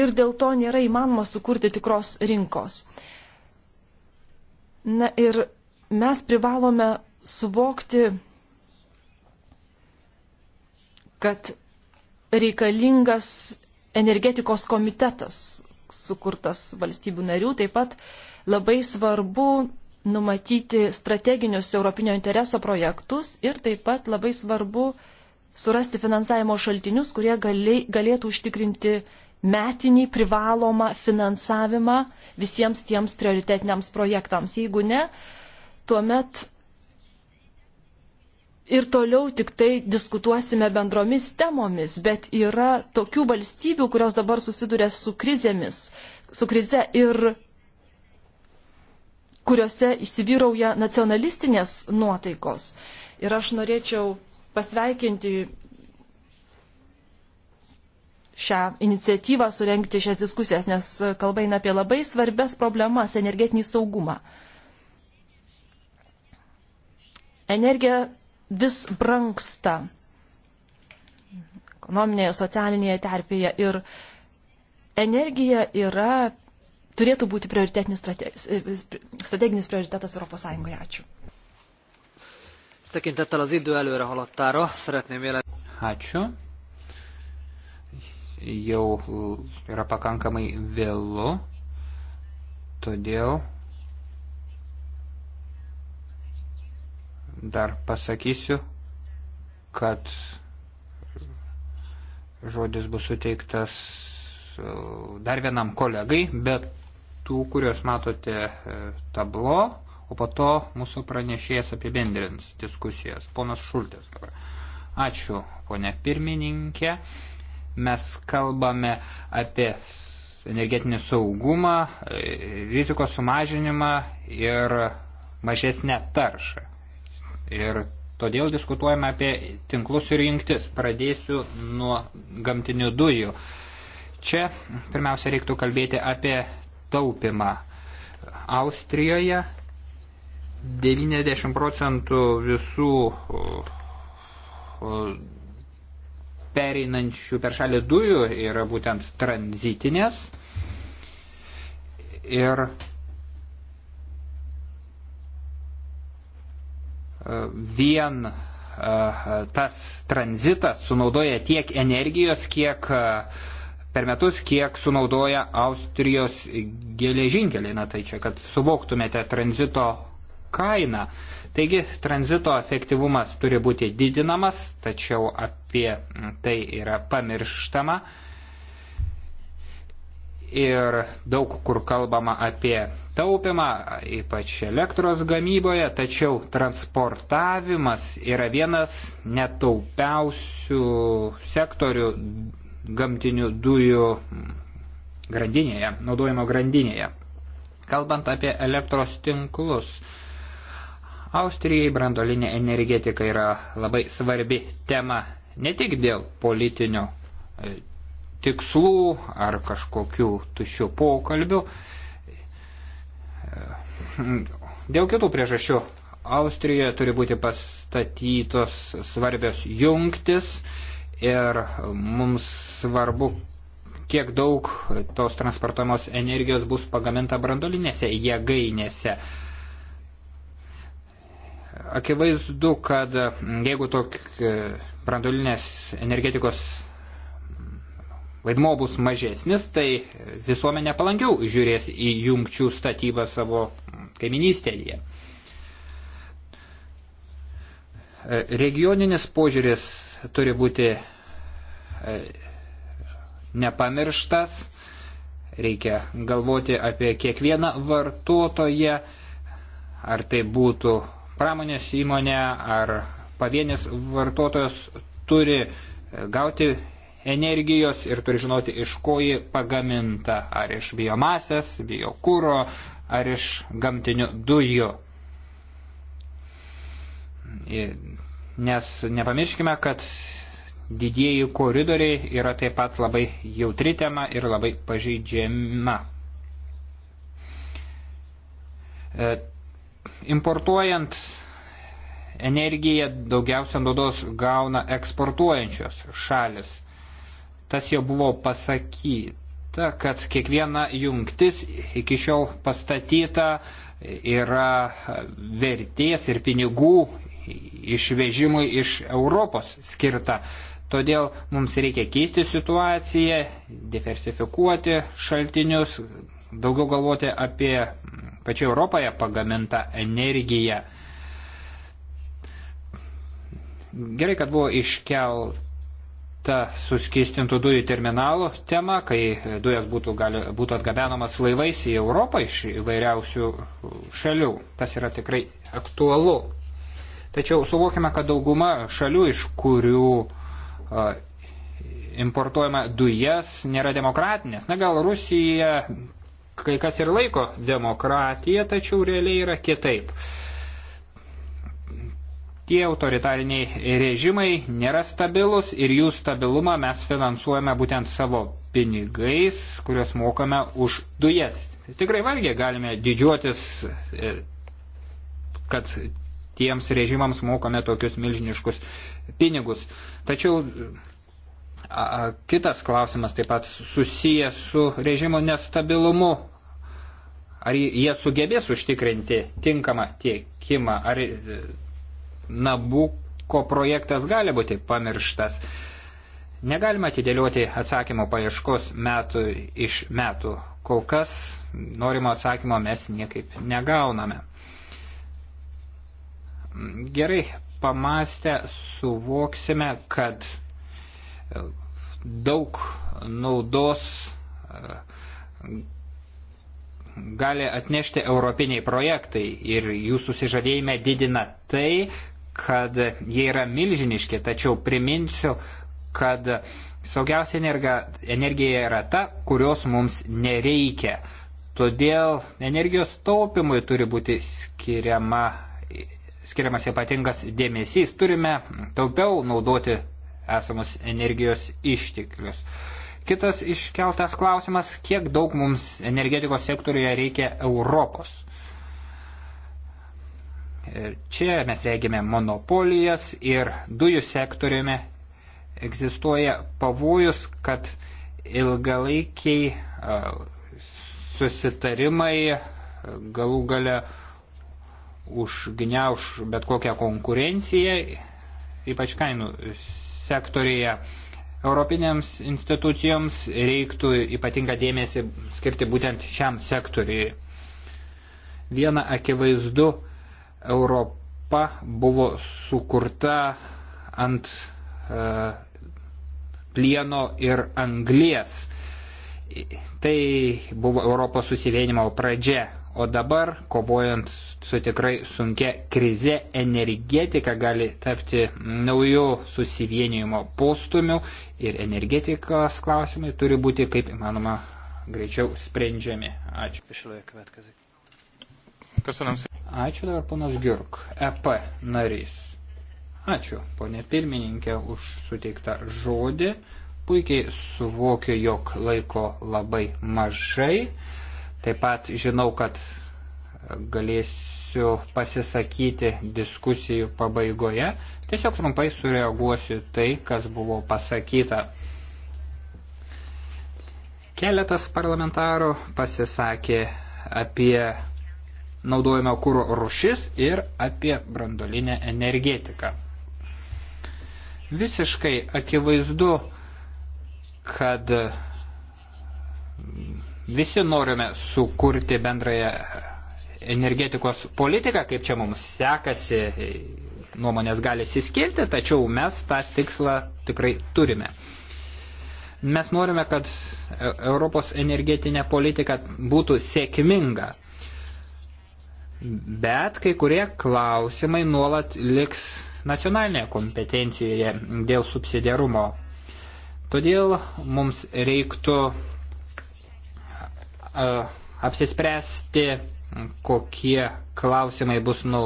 Ir dėl to nėra įmanoma sukurti tikros rinkos. Na ir mes privalome suvokti, kad reikalingas energetikos komitetas sukurtas valstybių narių. Taip pat labai svarbu numatyti strateginius europinio intereso projektus ir taip pat labai svarbu surasti finansavimo šaltinius, kurie galėtų užtikrinti metinį privalomą finansavimą visiems tiems prioritetiniams projektams. Jeigu ne, tuomet ir toliau tik tai diskutuosime bendromis temomis, bet yra tokių valstybių, kurios dabar susiduria su krizėmis, su krize ir kuriuose įsivyrauja nacionalistinės nuotaikos. Ir aš norėčiau pasveikinti šią iniciatyvą surenkti šias diskusijas, nes kalba eina apie labai svarbias problemas - energetinį saugumą. Energija vis branksta ekonominėje, socialinėje terpėje ir energija yra, turėtų būti prioritetinis strateginis prioritetas ES. Ačiū. Tekintettel az idő előre haladtára szeretném jelezni. Ačiū. Jau yra pakankamai vėlu, todėl dar pasakysiu, kad žodis bus suteiktas e, dar vienam kolegai, bet tų, kuriuos matote e, tablo, o po to mūsų pranešėjas apibendrins diskusijas. Ponas Šultės. Ačiū, ponė pirmininkė. Mes kalbame apie energetinį saugumą, e, rizikos sumažinimą ir mažesnę taršą ir todėl diskutuojame apie tinklus ir jungtis. Pradėsiu nuo gamtinių dujų. Čia pirmiausia reiktų kalbėti apie taupimą. Austrijoje 90 procentų visų pereinančių per šalį dujų yra būtent tranzitinės. Ir vien e, tas tranzitas sunaudoja tiek energijos, kiek e, per metus, kiek sunaudoja Austrijos geležinkeliai. Na tai čia, kad suvoktumėte tranzito kainą. Taigi tranzito efektyvumas turi būti didinamas, tačiau apie tai yra pamirštama ir daug kur kalbama apie taupimą, ypač elektros gamyboje, tačiau transportavimas yra vienas netaupiausių sektorių gamtinių dujų grandinėje, naudojimo grandinėje. Kalbant apie elektros tinklus, Austrijai brandolinė energetika yra labai svarbi tema ne tik dėl politinio e, tikslų ar kažkokių tuščių pokalbių. Dėl kitų priežasčių Austrijoje turi būti pastatytos svarbios jungtis ir mums svarbu, kiek daug tos transportuojamos energijos bus pagaminta brandolinėse jėgainėse. Akivaizdu, kad jeigu tok brandolinės energetikos vaidmo bus mažesnis, tai visuomenė palankiau žiūrės į jungčių statybą savo kaiminystėje. Regioninis požiūris turi būti e, nepamirštas, reikia galvoti apie kiekvieną vartotoją, ar tai būtų pramonės įmonė, ar pavienis vartotojas turi gauti energijos ir turi žinoti, iš ko ji pagaminta, ar iš biomasės, biokūro, ar iš gamtinių dujų. Nes nepamirškime, kad didieji koridoriai yra taip pat labai jautri tema ir labai pažeidžiama. E, importuojant energiją daugiausia naudos gauna eksportuojančios šalis – tas jau buvo pasakyta, kad kiekviena jungtis iki šiol pastatyta yra vertės ir pinigų išvežimui iš Europos skirta. Todėl mums reikia keisti situaciją, diversifikuoti šaltinius, daugiau galvoti apie pačią Europoje pagamintą energiją. Gerai, kad buvo iškelt ta suskistintų dujų terminalų tema, kai dujas būtų, gali, būtų atgabenamas laivais į Europą iš įvairiausių šalių. Tas yra tikrai aktualu. Tačiau suvokime, kad dauguma šalių, iš kurių a, importuojama dujas, nėra demokratinės. Na gal Rusija kai kas ir laiko demokratija, tačiau realiai yra kitaip. A, Tie autoritariniai režimai nėra stabilus ir jų stabilumą mes finansuojame būtent savo pinigais, kuriuos mokame už dujas. Tikrai valgiai galime didžiuotis, e, kad tiems režimams mokame tokius milžiniškus pinigus. Tačiau a, kitas klausimas taip pat susijęs su režimo nestabilumu. Ar jie sugebės užtikrinti tinkamą tiekimą, ar e, Nabuko projektas gali būti pamirštas. Negalima atidėlioti atsakymo paieškos metų iš metų. Kol kas norimo atsakymo mes niekaip negauname. Gerai, pamastę suvoksime, kad e, daug naudos e, gali atnešti europiniai projektai ir jų susižadėjime didina tai, kad jie yra milžiniški, tačiau priminsiu, kad saugiausia energa, energija yra ta, kurios mums nereikia. Todėl energijos taupimui turi būti skiriama, skiriamas ypatingas dėmesys. Turime taupiau naudoti esamus energijos išteklius. Kitas iškeltas klausimas, kiek daug mums energetikos sektoriuje reikia Europos. Čia mes regime monopolijas ir dujų sektoriumi egzistuoja pavojus, kad ilgalaikiai susitarimai galų gale užgniauš bet kokią konkurenciją, ypač kainų sektorija. Europinėms institucijoms reiktų ypatingą dėmesį skirti būtent šiam sektoriui. Viena akivaizdu Europa buvo sukurta ant e, plieno ir anglies. Tai buvo Europos susivienimo pradžia. O dabar, kovojant su tikrai sunkia krize, energetika gali tapti naujų susivienijimo postumių ir energetikos klausimai turi būti kaip įmanoma greičiau sprendžiami. Ačiū. Köszönöm szépen. Ačiū dabar ponas Girk, EP narys. Ačiū, ponė pirmininkė, už suteiktą žodį. Puikiai suvokiu, jog laiko labai mažai. Taip pat žinau, kad galėsiu pasisakyti diskusijų pabaigoje. Tiesiog trumpai sureaguosiu tai, kas buvo pasakyta. Keletas parlamentarų pasisakė apie naudojame kūro rušis ir apie brandolinę energetiką. Visiškai akivaizdu, kad visi norime sukurti bendrąją energetikos politiką, kaip čia mums sekasi, nuomonės gali įsiskirti, tačiau mes tą tikslą tikrai turime. Mes norime, kad Europos energetinė politika būtų sėkminga bet kai kurie klausimai nuolat liks nacionalinėje kompetencijoje dėl subsidiarumo. Todėl mums reiktų apsispręsti, kokie klausimai bus nu,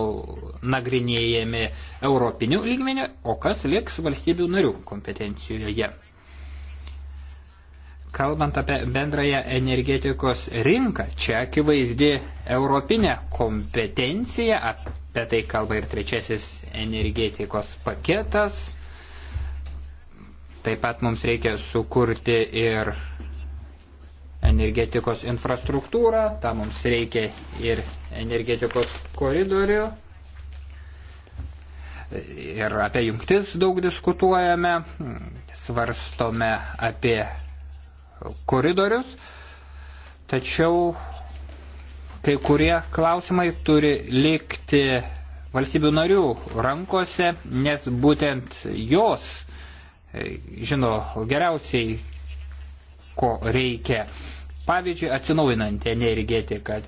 nagrinėjami europinių lygmenių, o kas liks valstybių narių kompetencijoje. Kalbant apie bendrąją energetikos rinką, čia akivaizdi europinė kompetencija, apie tai kalba ir trečiasis energetikos paketas. Taip pat mums reikia sukurti ir energetikos infrastruktūrą, tam mums reikia ir energetikos koridorių. Ir apie jungtis daug diskutuojame, svarstome apie koridorius, tačiau kai kurie klausimai turi likti valstybių narių rankose, nes būtent jos e, žino geriausiai, ko reikia. Pavyzdžiui, atsinaujinanti energetika.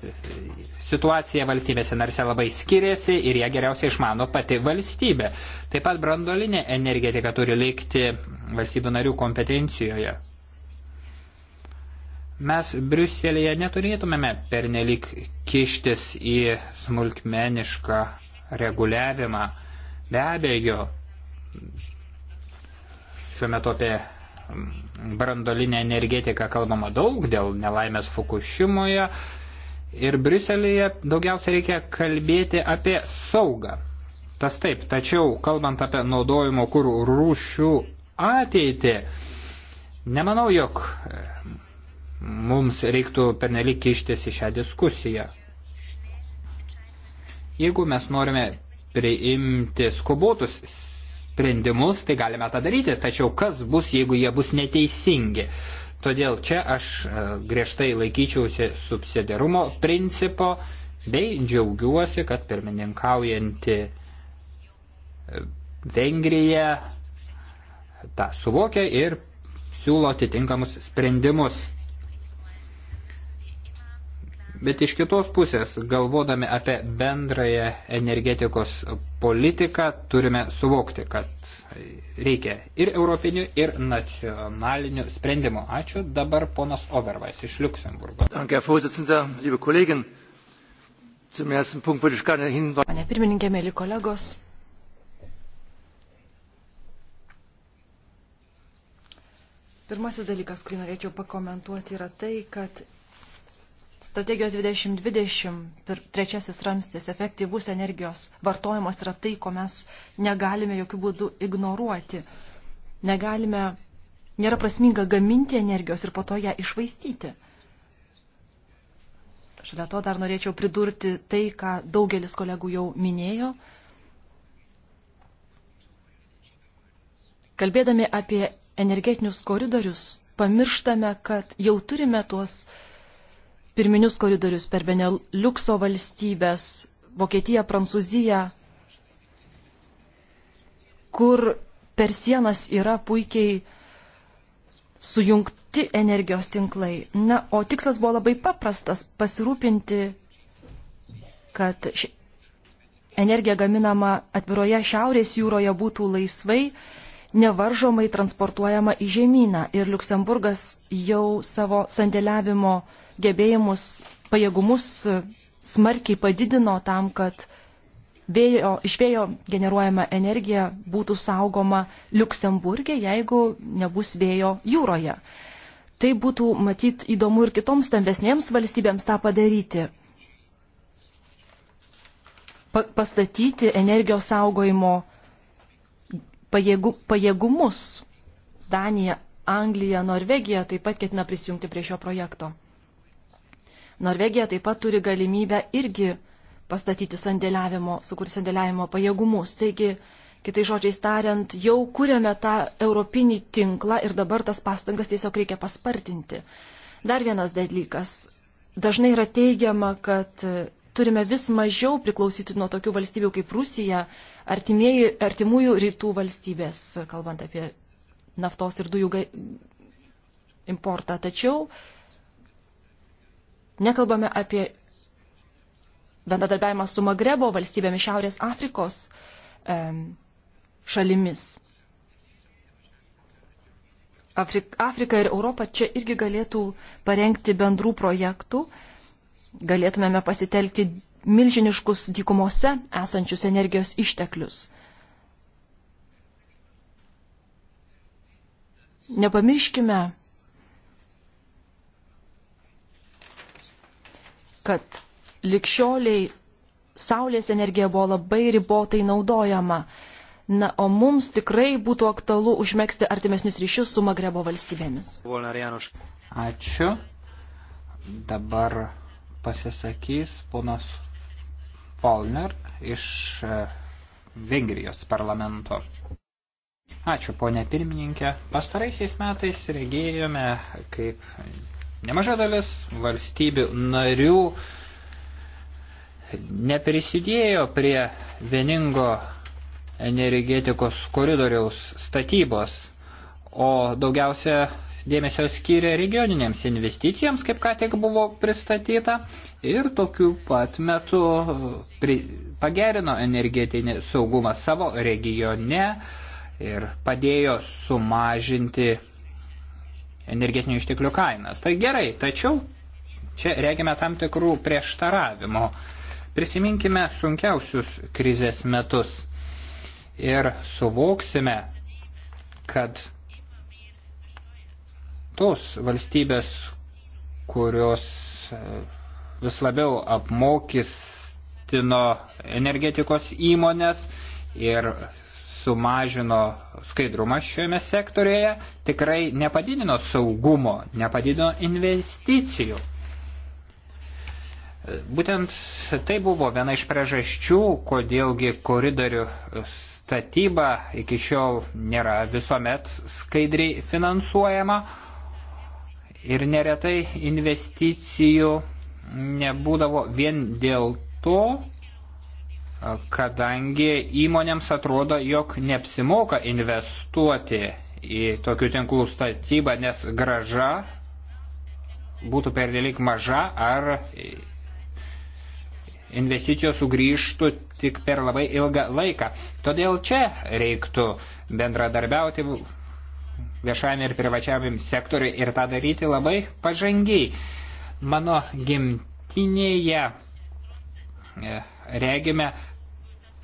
Situacija valstybėse narse labai skiriasi ir ją geriausiai išmano pati valstybė. Taip pat brandolinė energetika turi likti valstybių narių kompetencijoje mes Briuselėje neturėtumėme pernelik kištis į smulkmenišką reguliavimą. Be abejo, šiuo metu apie mm, brandolinę energetiką kalbama daug dėl nelaimės Fukushimoje ir Briuselėje daugiausia reikia kalbėti apie saugą. Tas taip, tačiau kalbant apie naudojimo kūrų rūšių ateitį, nemanau, jog mums reiktų pernelik kištis į šią diskusiją. Jeigu mes norime priimti skubotus sprendimus, tai galime tą daryti, tačiau kas bus, jeigu jie bus neteisingi? Todėl čia aš e, griežtai laikyčiausi subsidiarumo principo bei džiaugiuosi, kad pirmininkaujanti e, Vengrija tą suvokia ir siūlo atitinkamus sprendimus. Bet iš kitos pusės, galvodami apie bendrąją energetikos politiką, turime suvokti, kad reikia ir europinių, ir nacionalinių sprendimų. Ačiū. Dabar ponas Overvais iš Luxemburgo. Pane pirmininkė, mėly kolegos. Pirmasis dalykas, kurį norėčiau pakomentuoti, yra tai, kad Strategijos 2020 trečiasis ramstis - efektyvus energijos vartojimas yra tai, ko mes negalime jokių būdų ignoruoti. Negalime, nėra prasminga gaminti energijos ir po to ją išvaistyti. Šalia to dar norėčiau pridurti tai, ką daugelis kolegų jau minėjo. Kalbėdami apie energetinius koridorius, pamirštame, kad jau turime tuos koridorius pirminius koridorius per Beneliukso valstybės, Vokietiją, Prancūziją, kur per sienas yra puikiai sujungti energijos tinklai. Na, o tikslas buvo labai paprastas - pasirūpinti, kad ši... energija gaminama atviroje Šiaurės jūroje būtų laisvai nevaržomai transportuojama į žemyną ir Luksemburgas jau savo sandėliavimo gebėjimus, pajėgumus smarkiai padidino tam, kad vėjo, iš vėjo generuojama energija būtų saugoma Luksemburgė, jeigu nebus vėjo jūroje. Tai būtų matyt įdomu ir kitoms stambesnėms valstybėms tą padaryti. Pa pastatyti energijos saugojimo pajėgu, pajėgumus. Danija, Anglija, Norvegija taip pat ketina prisijungti prie šio projekto. Norvegija taip pat turi galimybę irgi pastatyti sandėliavimo, sukurti sandėliavimo pajėgumus. Taigi, kitai žodžiais tariant, jau kuriame tą europinį tinklą ir dabar tas pastangas tiesiog reikia paspartinti. Dar vienas dalykas. Dažnai yra teigiama, kad turime vis mažiau priklausyti nuo tokių valstybių kaip Rusija, artimieji, artimųjų rytų valstybės, kalbant apie naftos ir dujų importą. Tačiau Nekalbame apie bendradarbiavimą su Magrebo valstybėmis Šiaurės Afrikos šalimis. Afrika ir Europa čia irgi galėtų parengti bendrų projektų. Galėtumėme pasitelkti milžiniškus dykumose esančius energijos išteklius. Nepamirškime, kad likščioliai saulės energija buvo labai ribotai naudojama. Na, o mums tikrai būtų aktualu užmėgsti artimesnius ryšius su Magrebo valstybėmis. Ačiū. Dabar pasisakys ponas Polner iš e, Vengrijos parlamento. Ačiū, ponė pirmininkė. Pastaraisiais metais regėjome, kaip Nemaža dalis valstybių narių neprisidėjo prie vieningo energetikos koridoriaus statybos, o daugiausia dėmesio skyrė regioninėms investicijoms, kaip ką tik buvo pristatyta, ir tokiu pat metu uh, pri, pagerino energetinį saugumą savo regione ir padėjo sumažinti energetinių išteklių kainas. Tai gerai, tačiau čia regime tam tikrų prieštaravimo. Prisiminkime sunkiausius krizės metus ir suvoksime, kad tos valstybės, kurios e, vis labiau apmokistino energetikos įmonės ir sumažino skaidrumą šiame sektorėje, tikrai nepadidino saugumo, nepadidino investicijų. Būtent tai buvo viena iš priežasčių, kodėlgi koridorių statyba iki šiol nėra visuomet skaidriai finansuojama ir neretai investicijų nebūdavo vien dėl to, kadangi įmonėms atrodo, jog neapsimoka investuoti į tokių tinklų statybą, nes graža būtų pernelik maža ar investicijos sugrįžtų tik per labai ilgą laiką. Todėl čia reiktų bendradarbiauti viešajame ir privačiame sektoriui ir tą daryti labai pažangiai. Mano gimtinėje e, regime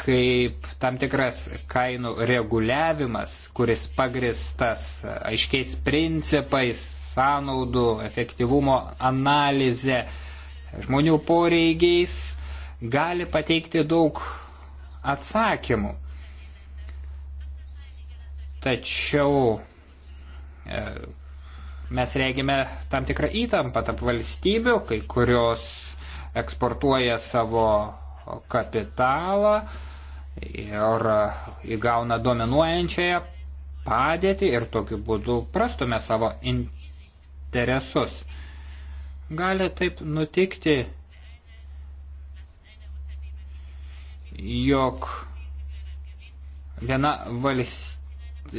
kaip tam tikras kainų reguliavimas, kuris pagristas aiškiais principais, sąnaudų, efektyvumo analizė, žmonių poreigiais, gali pateikti daug atsakymų. Tačiau e, mes reagime tam tikrą įtampą tarp valstybių, kai kurios eksportuoja savo kapitalą, ir įgauna dominuojančiąją padėtį ir tokiu būdu prastume savo interesus. Gali taip nutikti, jog viena valstybė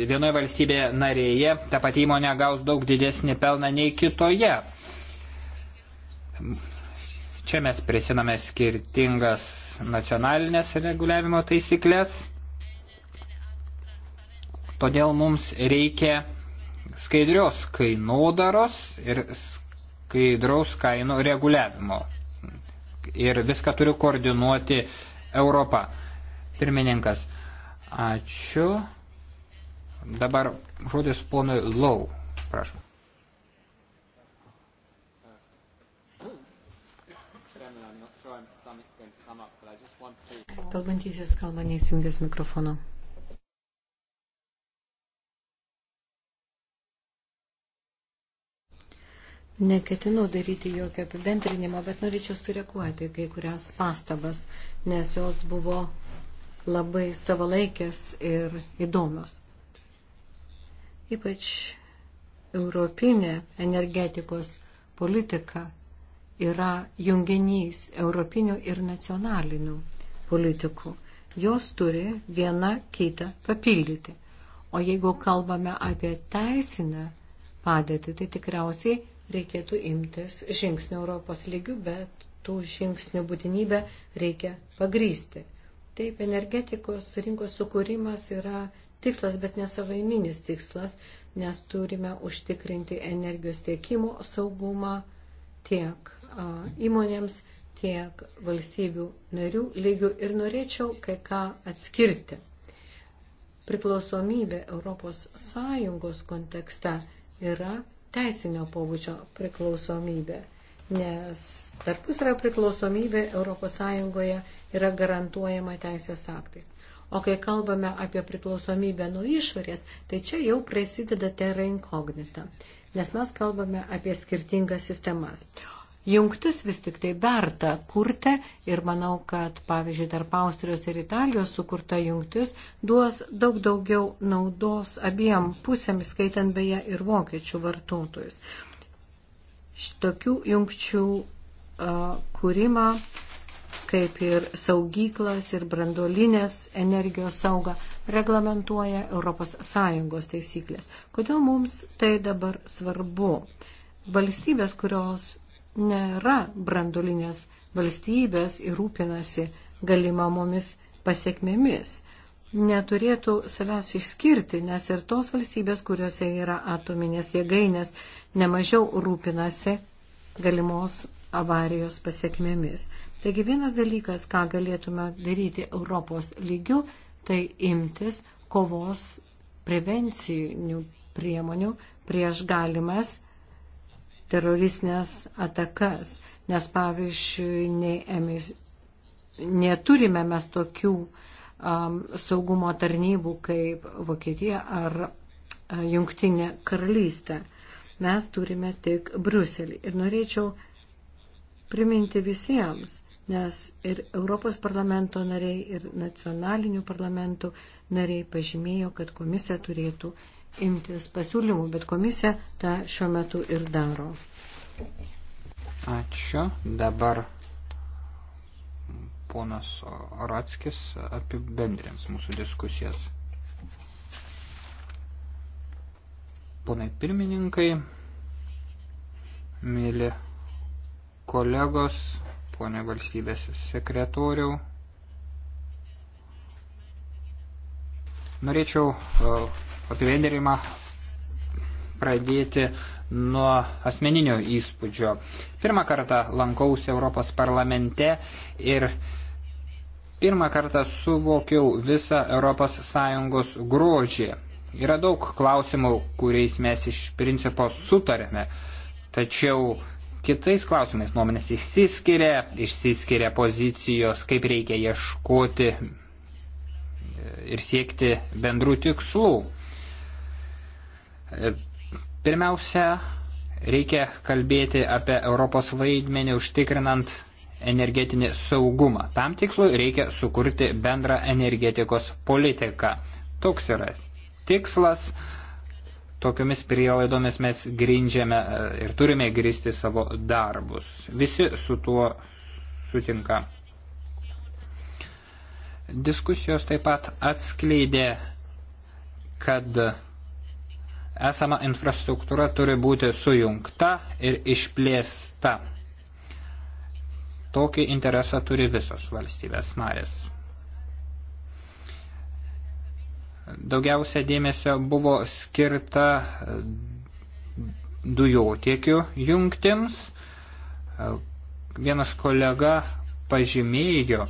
vienoje valstybėje narėje ta pati įmonė gaus daug didesnį pelną nei kitoje. Čia mes prisiname skirtingas nacionalinės reguliavimo taisyklės, todėl mums reikia skaidrios kainodaros ir skaidraus kainų reguliavimo. Ir viską turi koordinuoti Europą. Pirmininkas, ačiū. Dabar žodis ponui Lau. Prašom. Kalbantysis kalba neįsijungęs mikrofono. Neketinau daryti jokio apibendrinimo, bet norėčiau sureaguoti kai kurias pastabas, nes jos buvo labai savalaikės ir įdomios. Ypač europinė energetikos politika yra junginys europinių ir nacionalinių politikų. Jos turi viena kitą papildyti. O jeigu kalbame apie teisinę padėtį, tai tikriausiai reikėtų imtis žingsnių Europos lygių, bet tų žingsnių būtinybę reikia pagrysti. Taip, energetikos rinkos sukūrimas yra tikslas, bet nesavaiminis tikslas, nes turime užtikrinti energijos tiekimo saugumą tiek a, įmonėms, tiek valstybių narių lygių ir norėčiau kai ką atskirti. Priklausomybė Europos Sąjungos kontekste yra teisinio pobūdžio priklausomybė, nes tarpusavio priklausomybė Europos Sąjungoje yra garantuojama teisės aktais. O kai kalbame apie priklausomybę nuo išorės, tai čia jau prasideda terra incognita, nes mes kalbame apie skirtingas sistemas jungtis vis tik tai verta kurti ir manau, kad pavyzdžiui tarp Austrijos ir Italijos sukurta jungtis duos daug daugiau naudos abiem pusėm, skaitant beje ir vokiečių vartotojus. Šitokių jungčių uh, kūrimą kaip ir saugyklas ir brandolinės energijos saugą reglamentuoja ES taisyklės. Kodėl mums tai dabar svarbu? Valstybės, kurios nėra brandulinės valstybės ir rūpinasi galimamomis pasiekmėmis. Neturėtų savęs išskirti, nes ir tos valstybės, kuriuose yra atominės jėgainės, nemažiau rūpinasi galimos avarijos pasiekmėmis. Taigi vienas dalykas, ką galėtume daryti Europos lygių, tai imtis kovos prevencinių priemonių prieš galimas teroristinės atakas, nes pavyzdžiui, nei emis, neturime mes tokių um, saugumo tarnybų kaip Vokietija ar uh, Jungtinė karalystė. Mes turime tik Bruselį. Ir norėčiau priminti visiems, nes ir Europos parlamento nariai, ir nacionalinių parlamentų nariai pažymėjo, kad komisija turėtų imtis pasiūlymų, bet komisija tą šiuo metu ir daro. Ačiū. Dabar ponas Ratskis apibendrins mūsų diskusijas. Ponai pirmininkai, mėly kolegos, ponė valstybės sekretoriau, Norėčiau e, apibendrimą pradėti nuo asmeninio įspūdžio. Pirmą kartą lankausi Europos parlamente ir pirmą kartą suvokiau visą ES grožį. Yra daug klausimų, kuriais mes iš principo sutarėme, tačiau kitais klausimais nuomonės išsiskiria, išsiskiria pozicijos, kaip reikia ieškoti ir siekti bendrų tikslų. Pirmiausia, reikia kalbėti apie Europos vaidmenį užtikrinant energetinį saugumą. Tam tikslui reikia sukurti bendrą energetikos politiką. Toks yra tikslas. Tokiomis prielaidomis mes grindžiame e, ir turime grįsti savo darbus. Visi su tuo sutinka. Diskusijos taip pat atskleidė, kad esama infrastruktūra turi būti sujungta ir išplėsta. Tokį interesą turi visos valstybės narės. Daugiausia dėmesio buvo skirta dujotiekių jungtims. Vienas kolega pažymėjo,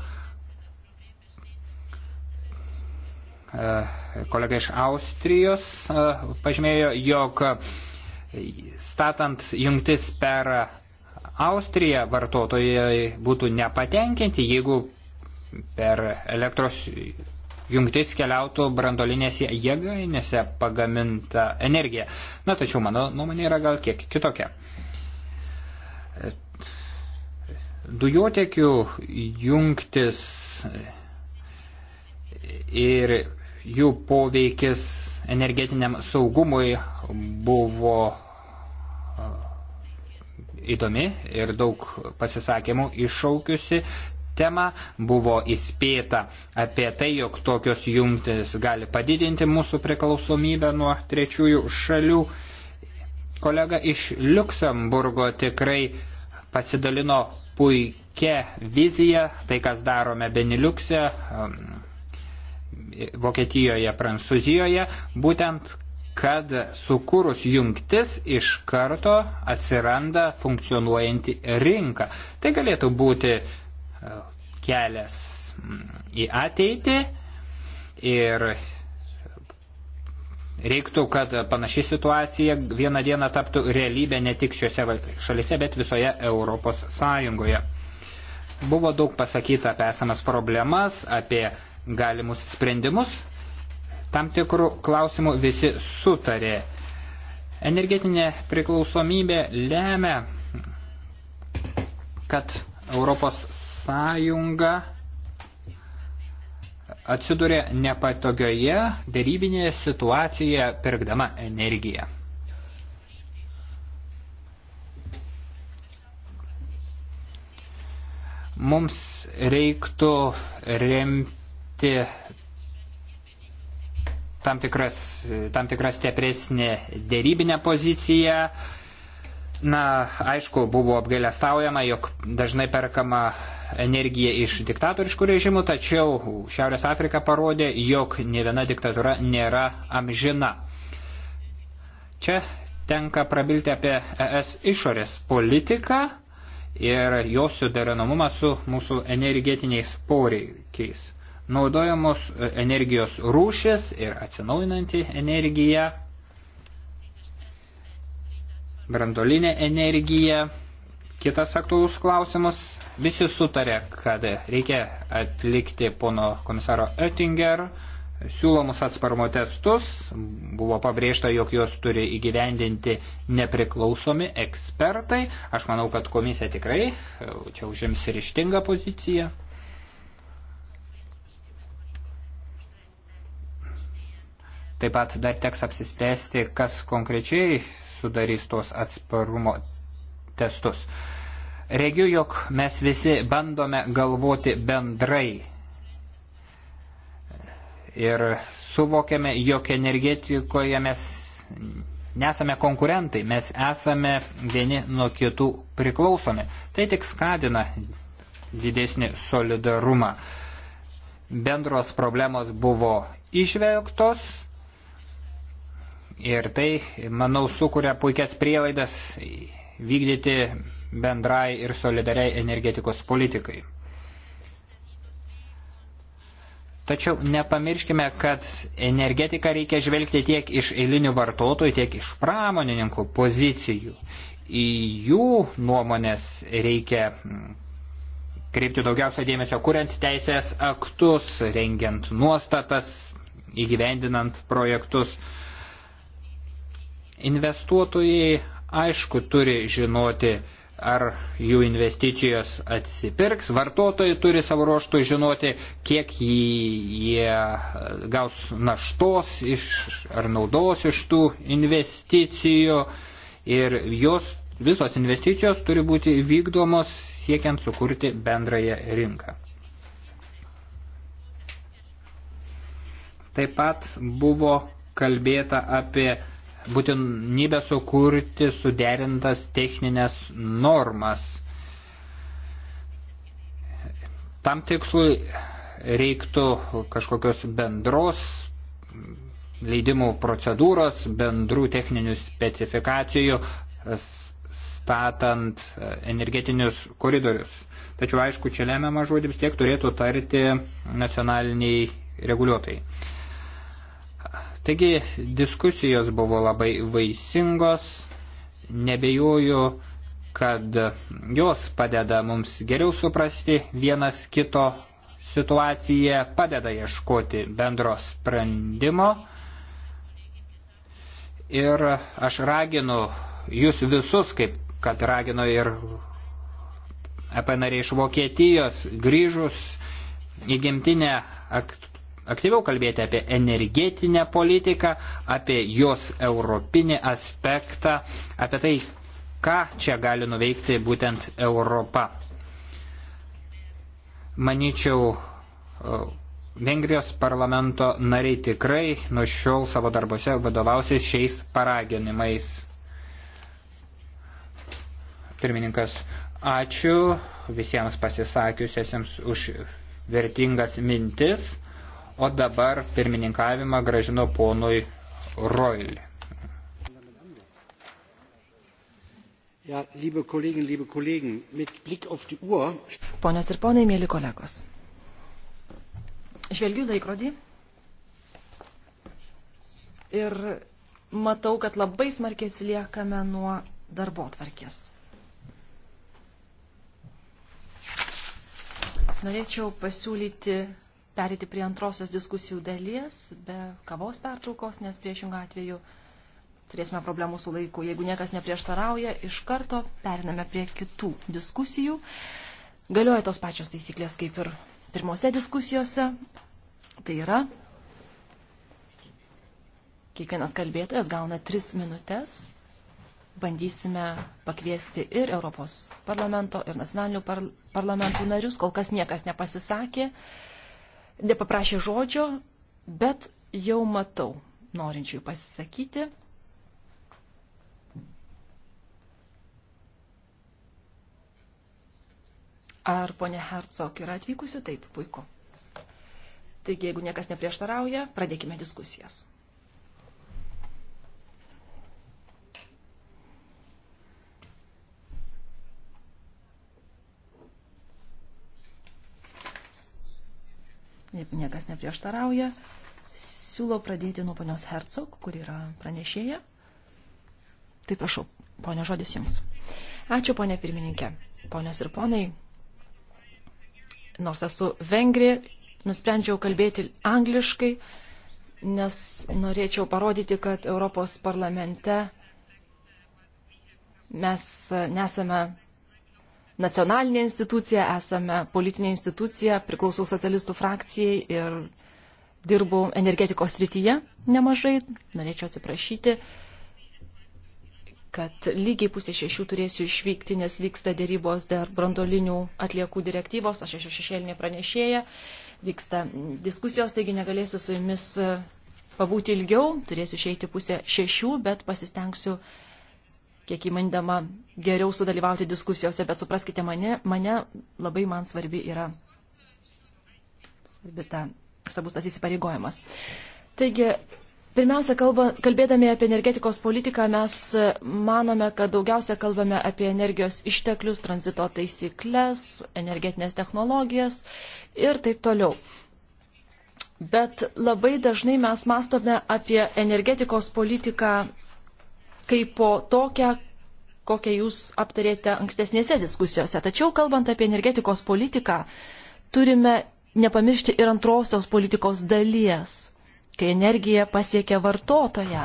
E, kolega iš Austrijos e, pažymėjo, jog statant jungtis per Austriją vartotojai būtų nepatenkinti, jeigu per elektros jungtis keliautų brandolinėse jėgainėse pagaminta energija. Na, tačiau mano nuomonė yra gal kiek kitokia. Dujotiekių jungtis ir jų poveikis energetiniam saugumui buvo įdomi ir daug pasisakymų iššaukiusi temą. Buvo įspėta apie tai, jog tokios jungtis gali padidinti mūsų priklausomybę nuo trečiųjų šalių. Kolega iš Luksemburgo tikrai pasidalino puikia vizija, tai kas darome Beniliukse, Vokietijoje, Prancūzijoje, būtent kad sukūrus jungtis iš karto atsiranda funkcionuojanti rinka. Tai galėtų būti e, kelias mm, į ateitį ir reiktų, kad panaši situacija vieną dieną taptų realybė ne tik šiuose šalise, bet visoje Europos Sąjungoje. Buvo daug pasakyta apie esamas problemas, apie galimus sprendimus. Tam tikrų klausimų visi sutarė. Energetinė priklausomybė lemia, kad Europos Sąjunga atsiduria nepatogioje dėrybinėje situacijoje pirkdama energiją. Mums reiktų remti patirti tam, tikras, tam tikras stipresnė dėrybinė pozicija. Na, aišku, buvo apgailestaujama, jog dažnai perkama energija iš diktatoriškų režimų, tačiau Šiaurės Afrika parodė, jog ne viena diktatūra nėra amžina. Čia tenka prabilti apie ES išorės politiką ir jos suderinamumą su mūsų energetiniais poreikiais naudojamos energijos rūšis ir atsinaujinanti energija, brandolinė energija, kitas aktualus klausimas. Visi sutarė, kad reikia atlikti pono komisaro Oettinger siūlomus atsparumo testus. Buvo pabrėžta, jog juos turi įgyvendinti nepriklausomi ekspertai. Aš manau, kad komisija tikrai e, čia užims ryštingą poziciją. Taip pat dar teks apsispręsti, kas konkrečiai sudarys tos atsparumo testus. Regiu, jog mes visi bandome galvoti bendrai ir suvokiame, jog energetikoje mes nesame konkurentai, mes esame vieni nuo kitų priklausomi. Tai tik skatina didesnį solidarumą. Bendros problemos buvo išvelgtos, Ir tai, manau, sukuria puikias prielaidas vykdyti bendrai ir solidariai energetikos politikai. Tačiau nepamirškime, kad energetiką reikia žvelgti tiek iš eilinių vartotojų, tiek iš pramonininkų pozicijų. Į jų nuomonės reikia kreipti daugiausia dėmesio, kuriant teisės aktus, rengiant nuostatas, įgyvendinant projektus. Investuotojai aišku turi žinoti, ar jų investicijos atsipirks. Vartotojai turi savo ruoštų žinoti, kiek jie gaus naštos iš, ar naudos iš tų investicijų. Ir jos visos investicijos turi būti vykdomos siekiant sukurti bendrąją rinką. Taip pat buvo kalbėta apie būtinybę sukurti suderintas techninės normas. Tam tikslui reiktų kažkokios bendros leidimų procedūros, bendrų techninių specifikacijų, statant e, energetinius koridorius. Tačiau aišku, čia lemiamą žodį vis tiek turėtų tarti nacionaliniai reguliuotojai. Taigi diskusijos buvo labai vaisingos, nebejoju, kad jos padeda mums geriau suprasti vienas kito situaciją, padeda ieškoti bendro sprendimo. Ir aš raginu jūs visus, kaip kad ragino ir EP nariai iš Vokietijos, grįžus į gimtinę aktyviau kalbėti apie energetinę politiką, apie jos europinį aspektą, apie tai, ką čia gali nuveikti būtent Europa. Maničiau, Vengrijos parlamento nariai tikrai nuo šiol savo darbose vadovausis šiais paraginimais. Pirmininkas, ačiū visiems pasisakiusiesiems už vertingas mintis o dabar pirmininkavimą gražino ponui Roil. Ja, liebe Kolleginnen, liebe Kollegen, mit Blick auf die Uhr. Ponios ir ponai, mėly kolegos. Žvelgiu laikrodį ir matau, kad labai smarkiai atsiliekame nuo darbo tvarkės. Norėčiau pasiūlyti perėti prie antrosios diskusijų dalies be kavos pertraukos, nes priešingą atveju turėsime problemų su laiku. Jeigu niekas neprieštarauja, iš karto periname prie kitų diskusijų. Galioja tos pačios taisyklės kaip ir pirmose diskusijose. Tai yra, kiekvienas kalbėtojas gauna tris minutės. Bandysime pakviesti ir Europos parlamento, ir nacionalinių par parlamentų narius. Kol kas niekas nepasisakė. Uh, nepaprašė žodžio, bet jau matau norinčiųjų pasisakyti. Ar ponė Hercog yra atvykusi? Taip, puiku. Taigi, jeigu niekas neprieštarauja, pradėkime diskusijas. niekas neprieštarauja. Siūlau pradėti nuo ponios Hercog, kur yra pranešėja. Tai prašau, ponio žodis jums. Ačiū, ponė pirmininkė. Ponios ir ponai, nors esu vengrė, nusprendžiau kalbėti angliškai, nes norėčiau parodyti, kad Europos parlamente mes nesame nacionalinė institucija, esame politinė institucija, priklausau socialistų frakcijai ir dirbu energetikos srityje nemažai. Norėčiau atsiprašyti, kad lygiai pusė šešių turėsiu išvykti, nes vyksta dėrybos dėl brandolinių atliekų direktyvos, aš esu šešėlinė pranešėja, vyksta diskusijos, taigi negalėsiu su jumis pabūti ilgiau, turėsiu išeiti pusę šešių, bet pasistengsiu kiek įmandama geriau sudalyvauti diskusijose, bet supraskite mane, mane labai man svarbi yra svarbi ta, svarbus tas įsipareigojimas. Taigi, pirmiausia, kalba, kalbėdami apie energetikos politiką, mes manome, kad daugiausia kalbame apie energijos išteklius, tranzito taisyklės, energetinės technologijas ir taip toliau. Bet labai dažnai mes mastome apie energetikos politiką kaip po tokią, kokią jūs aptarėte ankstesnėse diskusijose. Tačiau, kalbant apie energetikos politiką, turime nepamiršti ir antrosios politikos dalies, kai energija pasiekia vartotoją.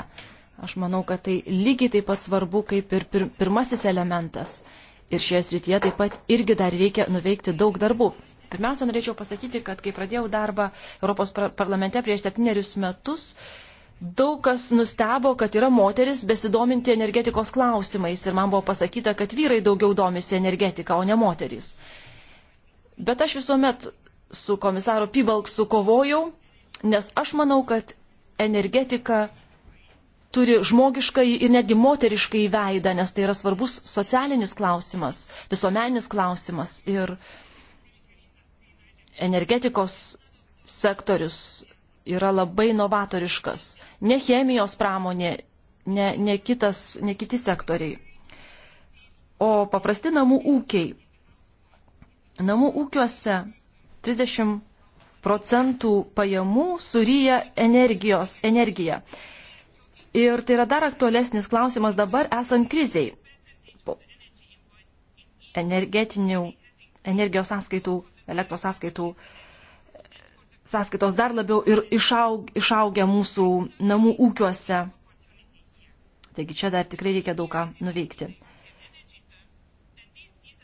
Aš manau, kad tai lygiai taip pat svarbu kaip ir pir pirmasis elementas. Ir šioje srityje taip pat irgi dar reikia nuveikti daug darbų. Pirmiausia, norėčiau pasakyti, kad kai pradėjau darbą Europos parlamente prieš septynerius metus, uh, daug kas nustebo, kad yra moteris besidominti energetikos klausimais ir man buvo pasakyta, kad vyrai daugiau domisi energetika, o ne moterys. Bet aš visuomet su komisaro Pibalksu kovojau, nes aš manau, kad energetika turi žmogišką ir netgi moterišką įveidą, nes tai yra svarbus socialinis klausimas, visuomeninis klausimas ir energetikos sektorius yra labai novatoriškas. Ne chemijos pramonė, ne, ne, kitas, ne kiti sektoriai, o paprasti namų ūkiai. Namų ūkiuose 30 procentų pajamų suryja energijos, energiją. Ir tai yra dar aktualesnis klausimas dabar esant kriziai. Energetinių, energijos sąskaitų, elektros sąskaitų uh, sąskaitos dar labiau ir išaug, išaugia mūsų namų ūkiuose. Taigi čia dar tikrai reikia daug ką nuveikti.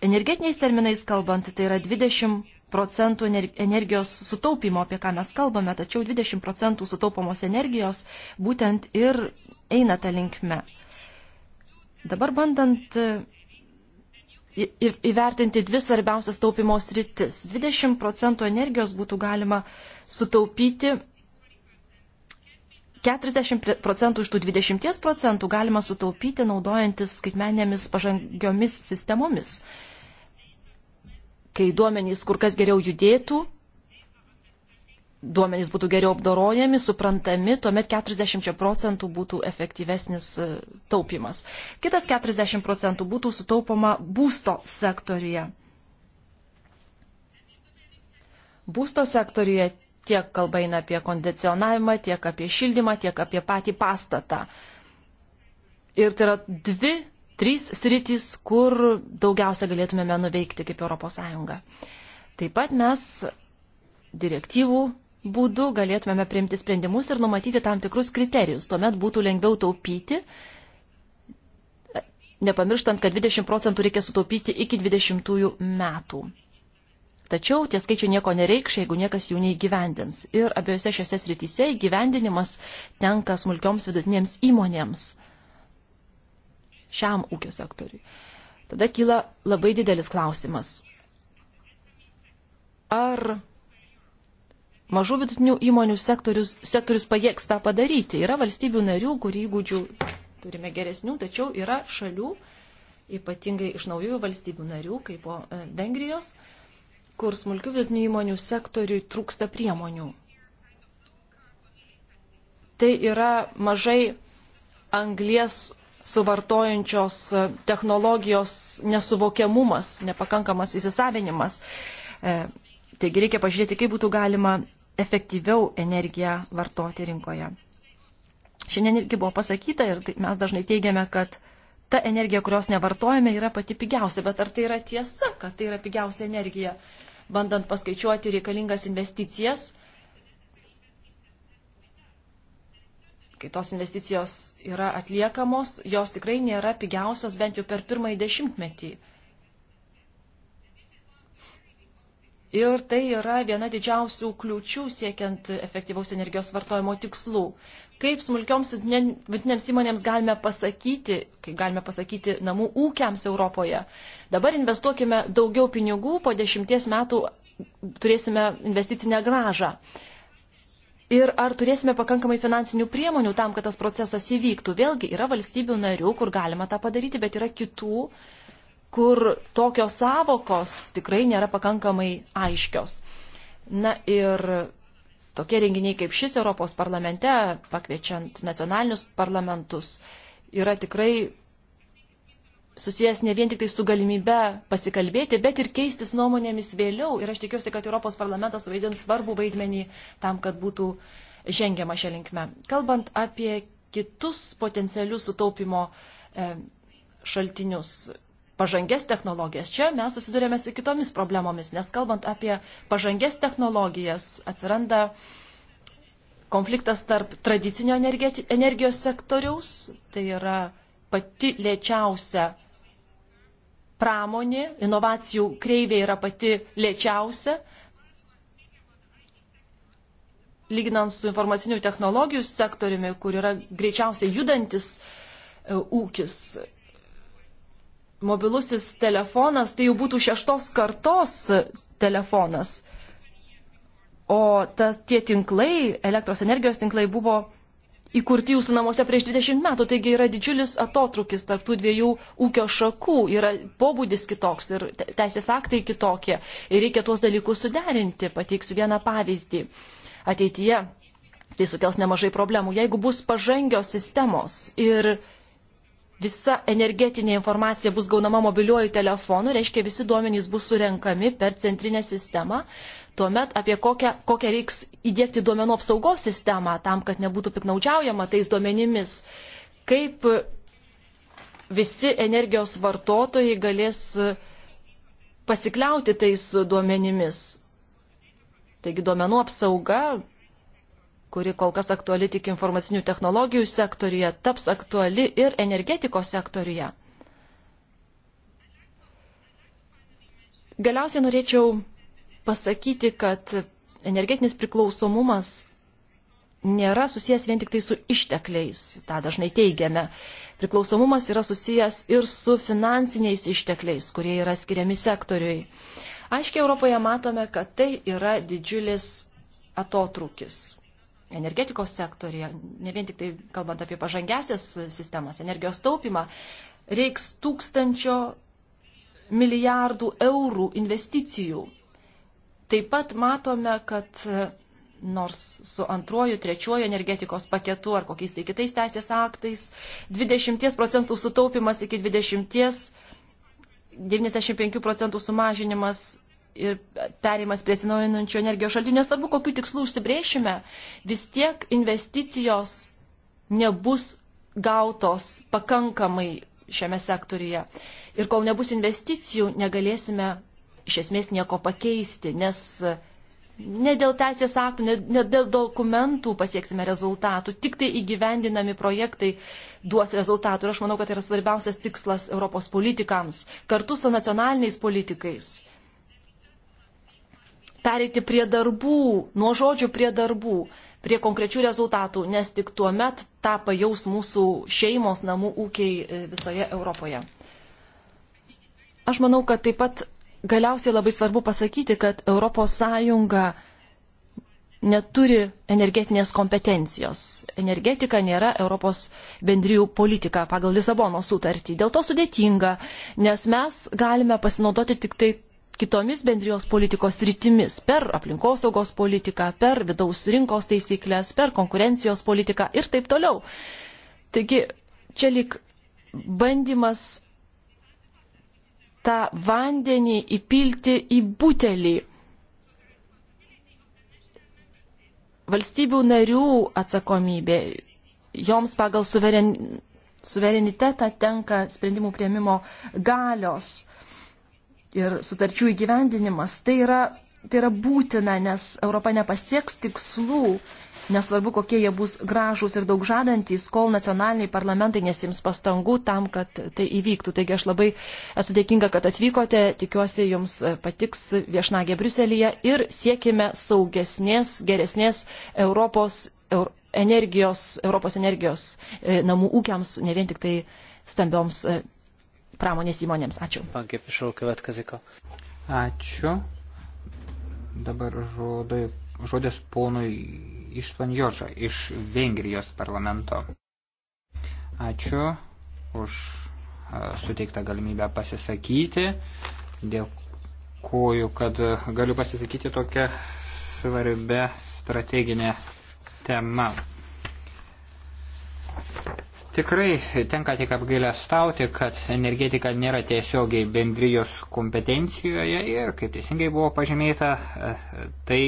Energetiniais terminais kalbant, tai yra 20 procentų energijos sutaupimo, apie ką mes kalbame, tačiau 20 procentų sutaupomos energijos būtent ir eina tą linkme. Dabar bandant įvertinti dvi svarbiausias taupimo sritis. 20 procentų energijos būtų galima sutaupyti, 40 procentų iš tų 20 procentų galima sutaupyti naudojantis skaitmenėmis pažangiomis sistemomis, kai duomenys kur kas geriau judėtų duomenys būtų geriau apdorojami, suprantami, tuomet 40 procentų būtų efektyvesnis e, taupimas. Kitas 40 procentų būtų sutaupoma būsto sektorija. Būsto sektorija tiek kalba eina apie kondicionavimą, tiek apie šildymą, tiek apie patį pastatą. Ir tai yra dvi, trys sritys, kur daugiausia galėtumėme nuveikti kaip ES. Taip pat mes direktyvų būdu galėtumėme priimti sprendimus ir numatyti tam tikrus kriterijus. Tuomet būtų lengviau taupyti, nepamirštant, kad 20 procentų reikia sutaupyti iki 20 metų. Tačiau tie skaičiai nieko nereikš, jeigu niekas jų neįgyvendins. Ir abiejose šiose srityse įgyvendinimas tenka smulkioms vidutinėms įmonėms šiam ūkio sektoriui. Tada kyla labai didelis klausimas. Ar mažų vidutinių įmonių sektorius, sektorius pajėgs tą padaryti. Yra valstybių narių, kur įgūdžių turime geresnių, tačiau yra šalių, ypatingai iš naujųjų valstybių narių, kaip po e, Vengrijos, kur smulkių vidutinių įmonių sektoriui trūksta priemonių. Tai yra mažai anglies suvartojančios e, technologijos nesuvokiamumas, nepakankamas įsisavinimas. E, taigi reikia pažiūrėti, kaip būtų galima efektyviau energiją vartoti rinkoje. Šiandien irgi buvo pasakyta ir tai mes dažnai teigiame, kad ta energija, kurios nevartojame, yra pati pigiausia, bet ar tai yra tiesa, kad tai yra pigiausia energija, bandant paskaičiuoti reikalingas investicijas, kai tos investicijos yra atliekamos, jos tikrai nėra pigiausios bent jau per pirmąjį dešimtmetį. Ir tai yra viena didžiausių kliūčių siekiant efektyvaus energijos vartojimo tikslų. Kaip smulkioms vidinėms įmonėms galime pasakyti, kaip galime pasakyti namų ūkiams Europoje, dabar investuokime daugiau pinigų, po dešimties metų turėsime investicinę gražą. Ir ar turėsime pakankamai finansinių priemonių tam, kad tas procesas įvyktų? Vėlgi yra valstybių narių, kur galima tą padaryti, bet yra kitų, uh, kur tokios savokos tikrai nėra pakankamai aiškios. Na ir tokie renginiai kaip šis Europos parlamente, pakviečiant nacionalinius parlamentus, yra tikrai susijęs ne vien tik tai su galimybe pasikalbėti, bet ir keistis nuomonėmis vėliau. Ir aš tikiuosi, kad Europos parlamentas vaidins svarbų vaidmenį tam, kad būtų žengiama šią linkmę. Kalbant apie kitus potencialius sutaupimo e, šaltinius, pažangės technologijas. Čia mes susidurėme su kitomis problemomis, nes kalbant apie pažangės technologijas atsiranda konfliktas tarp tradicinio energijos sektoriaus, tai yra pati lėčiausia pramonė, inovacijų kreivė yra pati lėčiausia, lyginant su informacinių technologijų sektoriumi, kur yra greičiausiai judantis e, ūkis, mobilusis telefonas tai jau būtų šeštos kartos telefonas. O ta, tie tinklai, elektros energijos tinklai buvo įkurti jūsų namuose prieš 20 metų, taigi yra didžiulis atotrukis tarp tų dviejų ūkio šakų, yra pobūdis kitoks ir teisės aktai kitokie ir reikia tuos dalykus suderinti. Pateiksiu vieną pavyzdį. Ateityje tai sukels nemažai problemų, jeigu bus pažangios sistemos ir visa energetinė informacija bus gaunama mobiliuoju telefonu, reiškia visi duomenys bus surenkami per centrinę sistemą. Tuomet apie kokią, kokią reiks įdėkti duomenų apsaugos sistemą tam, kad nebūtų piknaudžiaujama tais duomenimis. Kaip visi energijos vartotojai galės pasikliauti tais duomenimis. Taigi duomenų apsauga kuri kol kas aktuali tik informacinių technologijų sektoriuje, taps aktuali ir energetikos sektoriuje. Galiausiai norėčiau pasakyti, kad energetinis priklausomumas nėra susijęs vien tik tai su ištekliais, tą dažnai teigiame. Priklausomumas yra susijęs ir su finansiniais ištekliais, kurie yra skiriami sektoriui. Aiškiai Europoje matome, kad tai yra didžiulis atotrūkis energetikos sektorija, ne vien tik tai kalbant apie pažangesias sistemas, energijos taupimą, reiks tūkstančio milijardų eurų investicijų. Taip pat matome, kad e, nors su antruoju, trečiuoju energetikos paketu ar kokiais tai kitais teisės aktais, 20 procentų sutaupimas iki 20, 95 procentų sumažinimas ir perimas prie sinaujinančio energijos šaltinių, nesvarbu, kokiu tikslu užsibrėšime, vis tiek investicijos nebus gautos pakankamai šiame sektoriuje. Ir kol nebus investicijų, negalėsime iš esmės nieko pakeisti, nes e, ne dėl teisės aktų, ne, ne dėl dokumentų pasieksime rezultatų, tik tai įgyvendinami projektai duos rezultatų. Ir aš manau, kad tai yra svarbiausias tikslas Europos politikams, kartu su nacionaliniais politikais pereiti prie darbų, nuo žodžių prie darbų, prie konkrečių rezultatų, nes tik tuo met tą pajaus mūsų šeimos namų ūkiai e, visoje Europoje. Aš manau, kad taip pat galiausiai labai svarbu pasakyti, kad ES neturi energetinės kompetencijos. Energetika nėra Europos bendrijų politika pagal Lisabono sutartį. Dėl to sudėtinga, nes mes galime pasinaudoti tik tai kitomis bendrijos politikos rytimis per aplinkosaugos politiką, per vidaus rinkos taisyklės, per konkurencijos politiką ir taip toliau. Taigi čia lik bandymas tą vandenį įpilti į butelį. Valstybių narių atsakomybė, joms pagal suveren, suverenitetą tenka sprendimų prieimimo galios ir sutarčių įgyvendinimas. Tai yra, tai yra būtina, nes Europa nepasieks tikslų, nesvarbu kokie jie bus gražūs ir daug žadantys, kol nacionaliniai parlamentai nesims pastangų tam, kad tai įvyktų. Taigi aš labai esu dėkinga, kad atvykote, tikiuosi jums patiks viešnagė Briuselėje ir siekime saugesnės, geresnės Europos. Eur, energijos, Europos energijos e, namų ūkiams, ne vien tik tai stambioms e, pramonės įmonėms. Ačiū. Ačiū. Dabar žodai, žodis ponui Ištvanjožo iš Vengrijos parlamento. Ačiū už suteiktą galimybę pasisakyti. Dėkuoju, kad galiu pasisakyti tokią svarbę strateginę temą. Tikrai tenka tik apgailę stauti, kad energetika nėra tiesiogiai bendrijos kompetencijoje ir, kaip teisingai buvo pažymėta, tai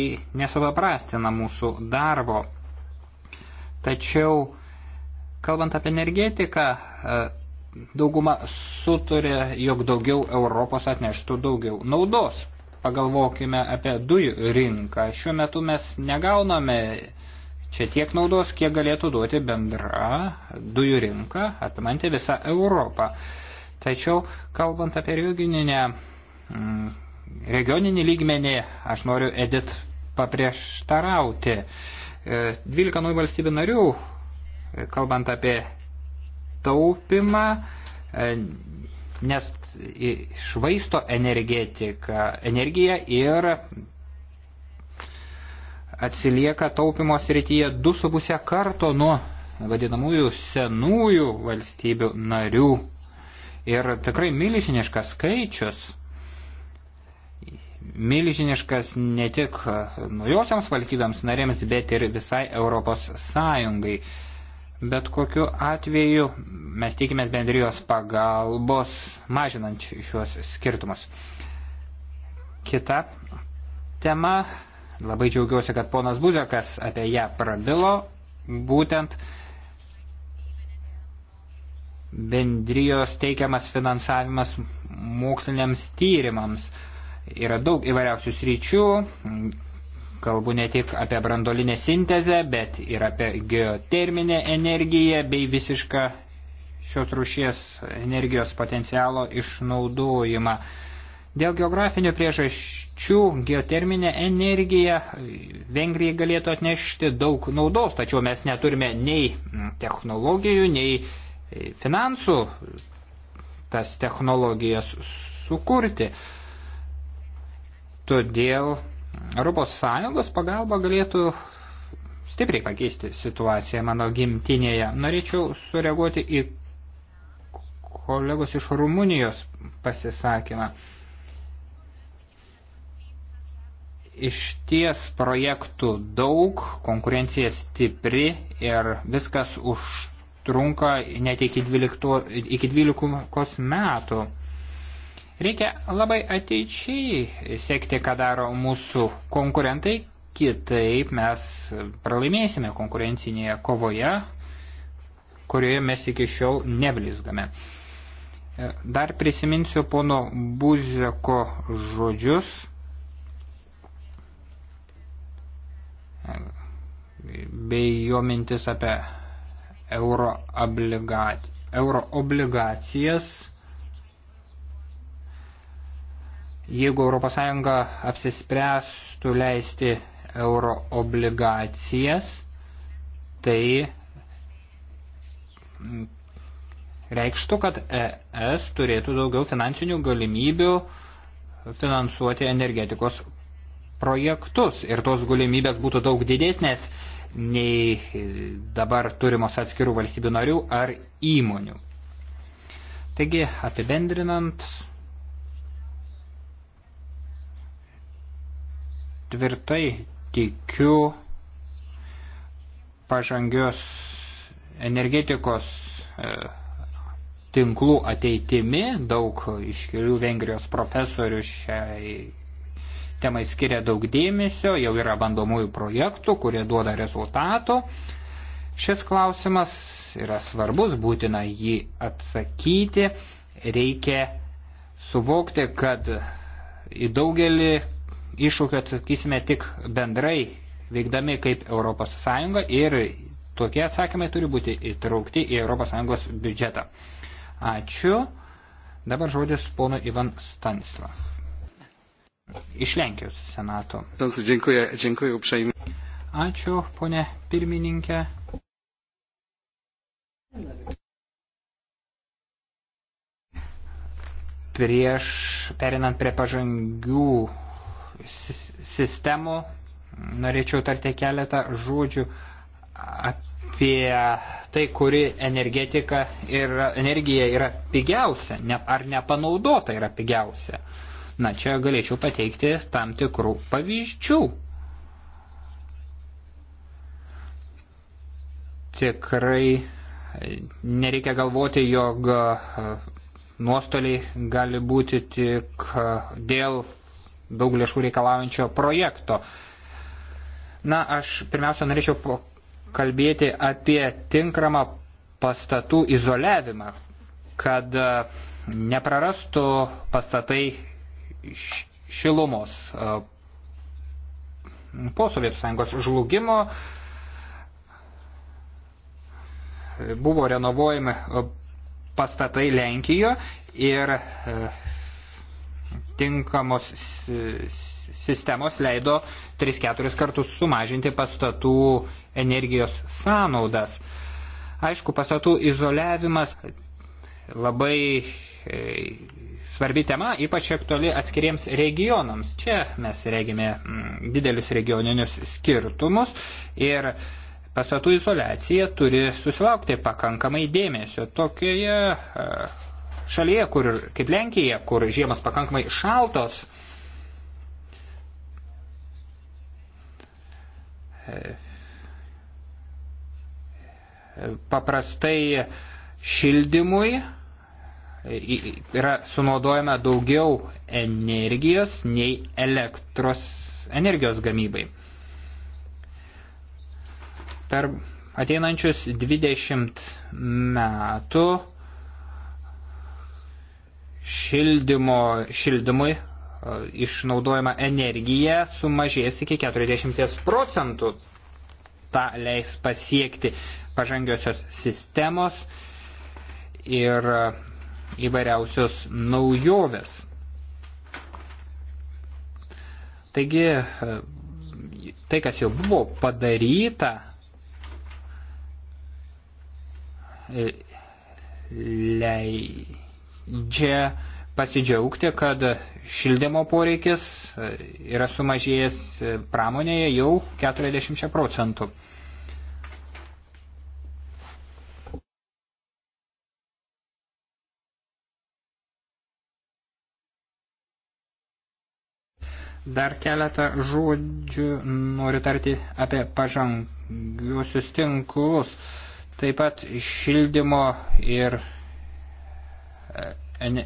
nesupaprastina mūsų darbo. Tačiau, kalbant apie energetiką, dauguma suturė, jog daugiau Europos atneštų daugiau naudos. Pagalvokime apie dujų rinką. Šiuo metu mes negauname čia tiek naudos, kiek galėtų duoti bendra dujų rinka, apimanti visą Europą. Tačiau, kalbant apie regioninę, mm, regioninį lygmenį, aš noriu Edit paprieštarauti. 12 e, naujų valstybių narių, e, kalbant apie taupimą, e, nes švaisto energetiką, energiją ir atsilieka taupimo srityje 2,5 karto nuo vadinamųjų senųjų valstybių narių. Ir tikrai milžiniškas skaičius, milžiniškas ne tik naujosiams valstybėms narėms, bet ir visai Europos Sąjungai. Bet kokiu atveju mes tikimės bendrijos pagalbos mažinant šiuos skirtumus. Kita tema Labai džiaugiuosi, kad ponas Buzekas apie ją prabilo, būtent bendrijos teikiamas finansavimas moksliniams tyrimams. Yra daug įvairiausių sryčių, kalbu ne tik apie brandolinę sintezę, bet ir apie geoterminę energiją bei visišką šios rušies energijos potencialo išnaudojimą. Dėl geografinių priežasčių geoterminė energija Vengrijai galėtų atnešti daug naudos, tačiau mes neturime nei technologijų, nei e, finansų tas technologijas sukurti. Todėl ES pagalba galėtų stipriai pakeisti situaciją mano gimtinėje. Norėčiau sureaguoti į kolegos iš Rumunijos pasisakymą. iš ties projektų daug, konkurencija stipri ir viskas užtrunka net iki 12, iki 12 metų. Reikia labai ateičiai sekti, ką daro mūsų konkurentai, kitaip mes pralaimėsime konkurencinėje kovoje, kurioje mes iki šiol neblizgame. Dar prisiminsiu pono Buzeko žodžius bei jo mintis apie euro, obligaci euro obligacijas. Jeigu ES apsispręstų leisti euro obligacijas, tai reikštų, kad ES turėtų daugiau finansinių galimybių finansuoti energetikos projektus ir tos galimybės būtų daug didesnės nei dabar turimos atskirų valstybių narių ar įmonių. Taigi, apibendrinant, tvirtai tikiu pažangios energetikos e, tinklų ateitimi, daug iškelių Vengrijos profesorių šiai temai skiria daug dėmesio, jau yra bandomųjų projektų, kurie duoda rezultatų. Šis klausimas yra svarbus, būtina jį atsakyti. Reikia suvokti, kad į daugelį iššūkių atsakysime tik bendrai, veikdami kaip ES ir tokie atsakymai turi būti įtraukti į ES biudžetą. Ačiū. Dabar žodis ponui Ivan Stanislav. Iš Lenkijos senato. Dziękuję, dziękuję uprzejmie. Ačiū, ponė pirmininkė. Prieš perinant prie pažangių sistemų, norėčiau tarti keletą žodžių apie tai, kuri energetika ir energija yra pigiausia, ne, ar nepanaudota yra pigiausia. Uh, Na, čia galėčiau pateikti tam tikrų pavyzdžių. Tikrai nereikia galvoti, jog e, nuostoliai gali būti tik e, dėl daug lėšų reikalaujančio projekto. Na, aš pirmiausia norėčiau kalbėti apie tinkamą pastatų izoliavimą, kad e, neprarastų pastatai šilumos. Po Sovietų Sąjungos žlugimo buvo renovuojami pastatai Lenkijoje ir tinkamos sistemos leido 3-4 kartus sumažinti pastatų energijos sąnaudas. Aišku, pastatų izoliavimas labai e, svarbi tema, ypač aktuali atskiriems regionams. Čia mes regime mm, didelius regioninius skirtumus ir pastatų izolacija turi susilaukti pakankamai dėmesio. Tokioje e, šalyje, kur, kaip Lenkija, kur žiemas pakankamai šaltos, e, e, paprastai šildymui yra sunaudojama daugiau energijos nei elektros energijos gamybai. Per ateinančius 20 metų šildymo, šildymui e, išnaudojama energija sumažės iki 40 procentų. Ta leis pasiekti pažangiosios sistemos ir įvairiausios naujovės. Taigi, e, tai, kas jau buvo padaryta, e, leidžia pasidžiaugti, kad šildymo poreikis e, yra sumažėjęs pramonėje jau 40 procentų. Dar keletą žodžių noriu tarti apie pažangiusius tinklus, taip pat šildymo ir e,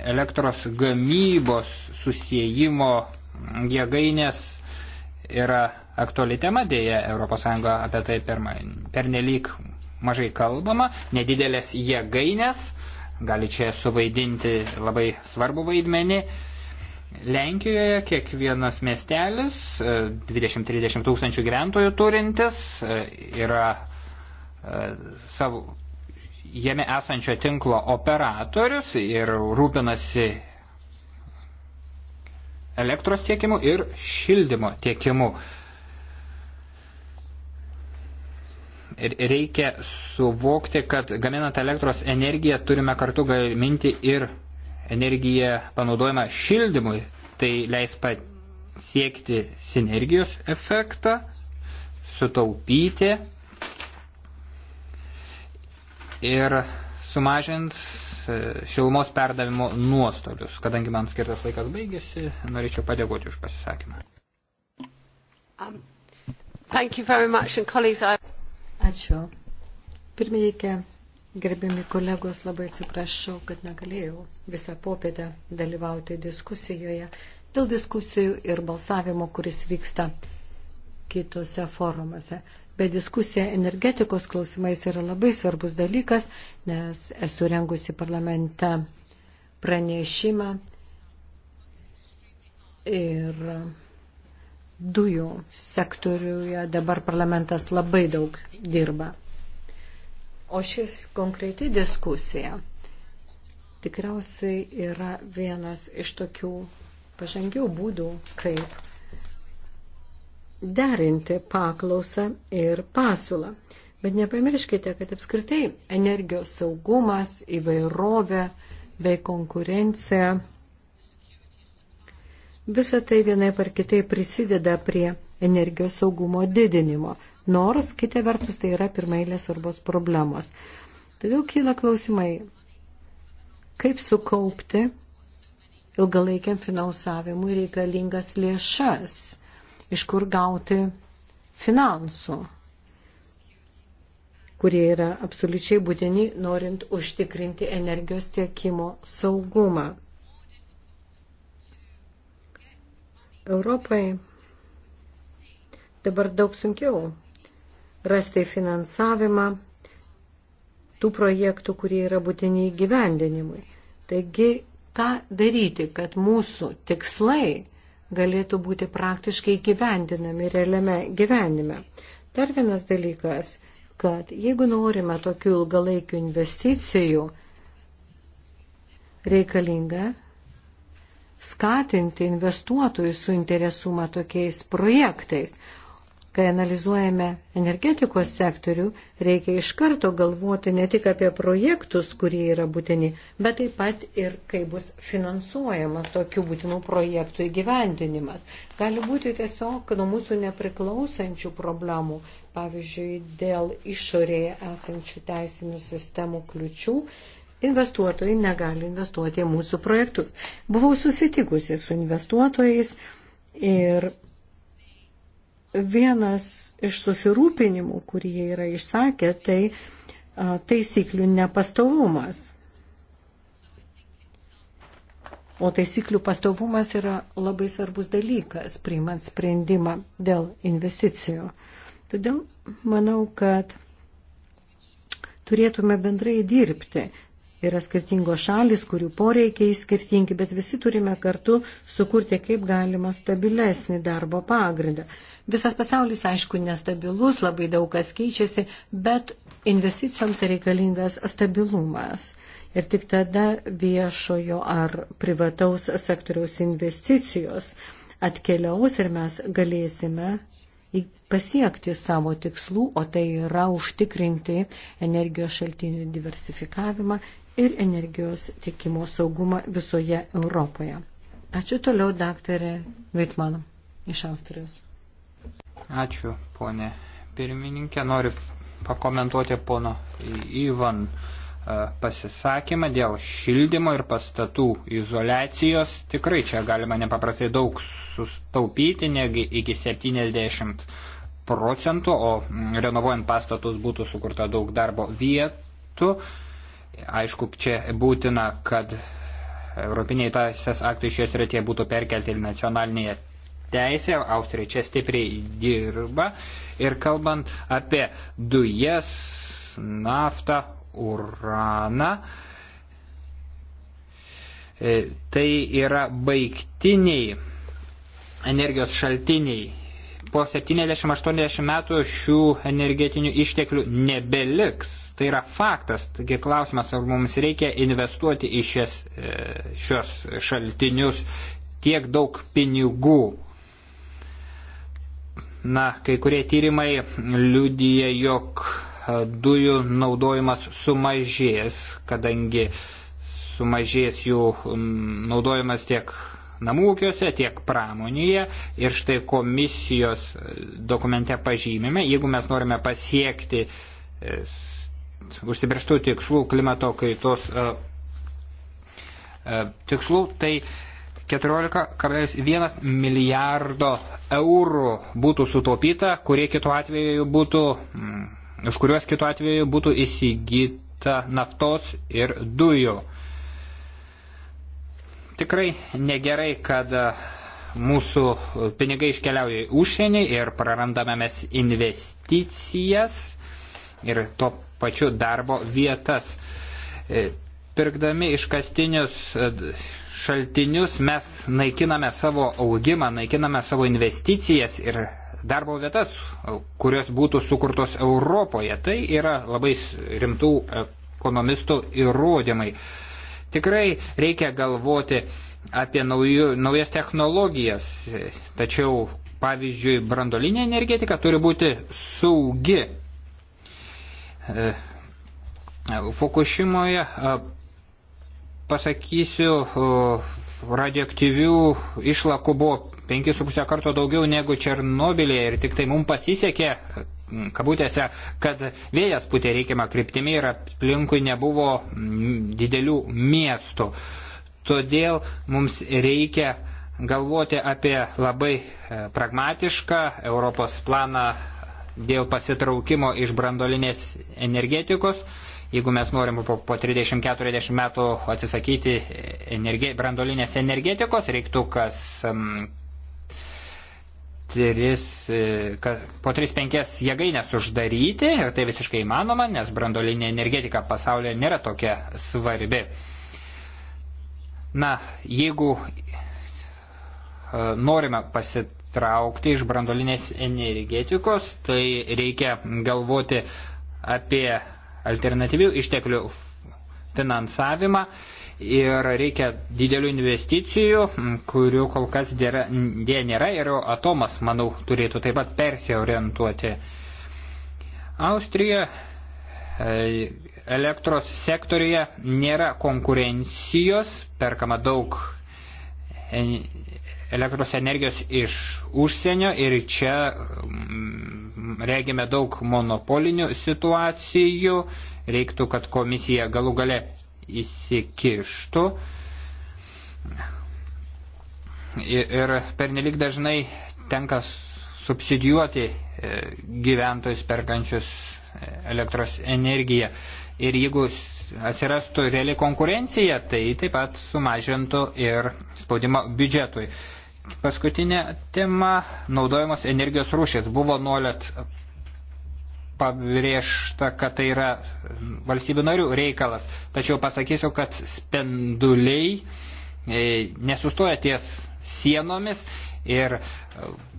elektros gamybos susijimo jėgainės yra aktuali tema, dėja ES apie tai per, pernelyg mažai kalbama, nedidelės jėgainės gali čia suvaidinti labai svarbu vaidmenį. Lenkijoje kiekvienas miestelis, 20-30 e, tūkstančių gyventojų turintis, e, yra e, savo, jame esančio tinklo operatorius ir rūpinasi elektros tiekimu ir šildymo tiekimu. Ir reikia suvokti, kad gaminant elektros energiją turime kartu gaminti ir energija panaudojama šildymui, tai leis pasiekti sinergijos efektą, sutaupyti ir sumažins e, šilumos perdavimo nuostolius. Kadangi man skirtas laikas baigėsi, norėčiau padėkoti už pasisakymą. Um, thank you very much and colleagues. I... Ačiū. Pirmininkė, Gerbiami kolegos, labai atsiprašau, kad negalėjau visą popietę dalyvauti diskusijoje dėl diskusijų ir balsavimo, kuris vyksta kitose forumuose. Bet diskusija energetikos klausimais yra labai svarbus dalykas, nes esu rengusi parlamente pranešimą ir dujų sektoriuje dabar parlamentas labai daug dirba. O šis konkreti diskusija tikriausiai yra vienas iš tokių pažangių būdų, kaip derinti paklausą ir pasiūlą. Bet nepamirškite, kad apskritai energijos saugumas, įvairovė bei konkurencija visą tai vienai par kitai prisideda prie energijos saugumo didinimo nors kita vertus tai yra pirmailės svarbos problemos. Todėl kyla klausimai, kaip sukaupti ilgalaikiam finansavimui reikalingas lėšas, iš kur gauti finansų, kurie yra absoliučiai būtini, norint užtikrinti energijos tiekimo saugumą. Europai dabar daug sunkiau rasti finansavimą tų projektų, kurie yra būtini įgyvendinimui. Taigi, ką daryti, kad mūsų tikslai galėtų būti praktiškai gyvendinami realiame gyvenime. Dar vienas dalykas, kad jeigu norime tokių ilgalaikių investicijų, reikalinga skatinti investuotojų suinteresumą tokiais projektais kai analizuojame energetikos sektorių, reikia iš karto galvoti ne tik apie projektus, kurie yra būtini, bet taip pat ir kaip bus finansuojamas tokių būtinų projektų įgyvendinimas. Gali būti tiesiog nuo mūsų nepriklausančių problemų, pavyzdžiui, dėl išorėje esančių teisinių sistemų kliučių. Investuotojai negali investuoti į mūsų projektus. Buvau susitikusi su investuotojais ir vienas iš susirūpinimų, kurį jie yra išsakę, tai taisyklių nepastovumas. O taisyklių pastovumas yra labai svarbus dalykas, priimant sprendimą dėl investicijų. Todėl manau, kad turėtume bendrai dirbti, yra skirtingos šalis, kurių poreikiai skirtingi, bet visi turime kartu sukurti kaip galima stabilesnį darbo pagrindą. Visas pasaulis, aišku, nestabilus, labai daug kas keičiasi, bet investicijoms reikalingas stabilumas. Ir tik tada viešojo ar privataus sektoriaus investicijos atkeliaus ir mes galėsime pasiekti savo tikslų, o tai yra užtikrinti energijos šaltinių diversifikavimą ir energijos tiekimo saugumą visoje Europoje. Ačiū toliau, daktarė Vaitmanam iš Austrijos. Ačiū, ponė pirmininkė. Noriu pakomentuoti pono Ivan e, pasisakymą dėl šildymo ir pastatų izolacijos. Tikrai čia galima nepaprastai daug sustaupyti, negi iki 70 procentų, o mm, renovuojant pastatus būtų sukurta daug darbo vietų. Aišku, čia būtina, kad Europiniai teisės aktai šioje srityje būtų perkelti į nacionalinėje teisė, Austrija čia stipriai dirba. Ir kalbant apie dujas, naftą, uraną, e, tai yra baigtiniai energijos šaltiniai. Po 70-80 metų šių energetinių išteklių nebeliks. Tai yra faktas. Taigi klausimas, ar mums reikia investuoti į šias, e, šios šaltinius tiek daug pinigų. Na, kai kurie tyrimai liudyja, jog e, dujų naudojimas sumažės, kadangi sumažės jų naudojimas tiek namų ūkiuose, tiek pramonėje. Ir štai komisijos e, dokumente pažymime, jeigu mes norime pasiekti užsibrieštų tikslų klimato kaitos e, e, tikslų, tai 14,1 milijardo eurų būtų sutaupyta, kurie kitu atveju būtų, mm, už kuriuos kitu atveju būtų įsigyta naftos ir dujų. Tikrai negerai, kad e, mūsų pinigai iškeliauja į užsienį ir prarandame mes investicijas ir tuo pačiu darbo vietas. E, pirkdami iškastinius e, šaltinius mes naikiname savo augimą, naikiname savo investicijas ir darbo vietas, kurios būtų sukurtos Europoje. Tai yra labai rimtų ekonomistų įrodymai. Tikrai reikia galvoti apie naujų, naujas technologijas, e, tačiau pavyzdžiui, brandolinė energetika turi būti saugi. E, Fukushimoje e, pasakysiu, radioaktyvių išlakų buvo 5,5 karto daugiau negu Černobilėje ir tik tai mums pasisekė, kabutėse, kad vėjas putė reikiamą kryptimį ir aplinkui nebuvo didelių miestų. Todėl mums reikia galvoti apie labai e, pragmatišką Europos planą dėl pasitraukimo iš brandolinės energetikos. Jeigu mes norim po, po 30-40 metų atsisakyti energi brandolinės energetikos, reiktų kas um, tris, e, kad, po 3-5 jėgainės uždaryti ir tai visiškai įmanoma, nes brandolinė energetika pasaulyje nėra tokia svarbi. Na, jeigu e, norime pasit traukti iš brandolinės energetikos, tai reikia galvoti apie alternatyvių išteklių finansavimą ir reikia didelių investicijų, kurių kol kas dėra, dėja nėra ir atomas, manau, turėtų taip pat persiorientuoti. Austrija e, elektros sektoriuje nėra konkurencijos, perkama daug elektros energijos iš užsienio ir čia mm, regime daug monopolinių situacijų, reiktų, kad komisija galų gale įsikištų. Ir pernelik dažnai tenka subsidijuoti e, gyventojus perkančius e, elektros energiją. Ir jeigu atsirastų reali konkurencija, tai taip pat sumažintų ir spaudimo biudžetui. Paskutinė tema - naudojamos energijos rūšės. Buvo nuolat pabrėžta, kad tai yra valstybių narių reikalas. Tačiau pasakysiu, kad spenduliai e, nesustoja ties sienomis ir e,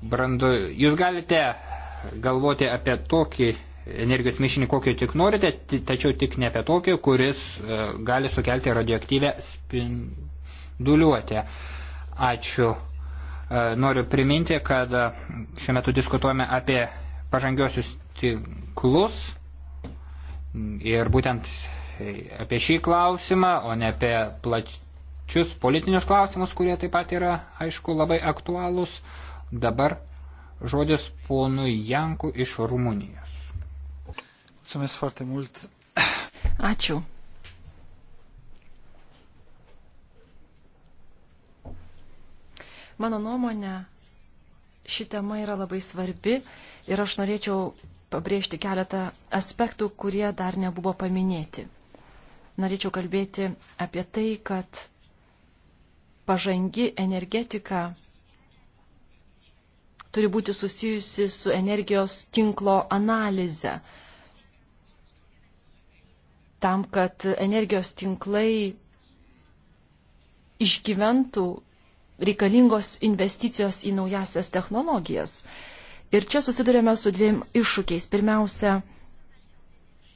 brandu, jūs galite galvoti apie tokį energijos mišinį, kokio tik norite, tačiau tik ne apie tokį, kuris e, gali sukelti radioaktyvę spinduliuotę. Ačiū E, noriu priminti, kad e, šiuo metu diskutuojame apie pažangiosius tinklus ir būtent apie šį klausimą, o ne apie plačius politinius klausimus, kurie taip pat yra, aišku, labai aktualūs. Dabar žodis ponui Janku iš Rumunijos. Mulțumesc foarte mult. Ačiū. Mano nuomonė, ši tema yra labai svarbi ir aš norėčiau pabrėžti keletą aspektų, kurie dar nebuvo paminėti. Norėčiau kalbėti apie tai, kad pažangi energetika turi būti susijusi su energijos tinklo analize. Tam, kad energijos tinklai išgyventų reikalingos investicijos į naujasias technologijas. Ir čia susidurėme su dviem iššūkiais. Pirmiausia,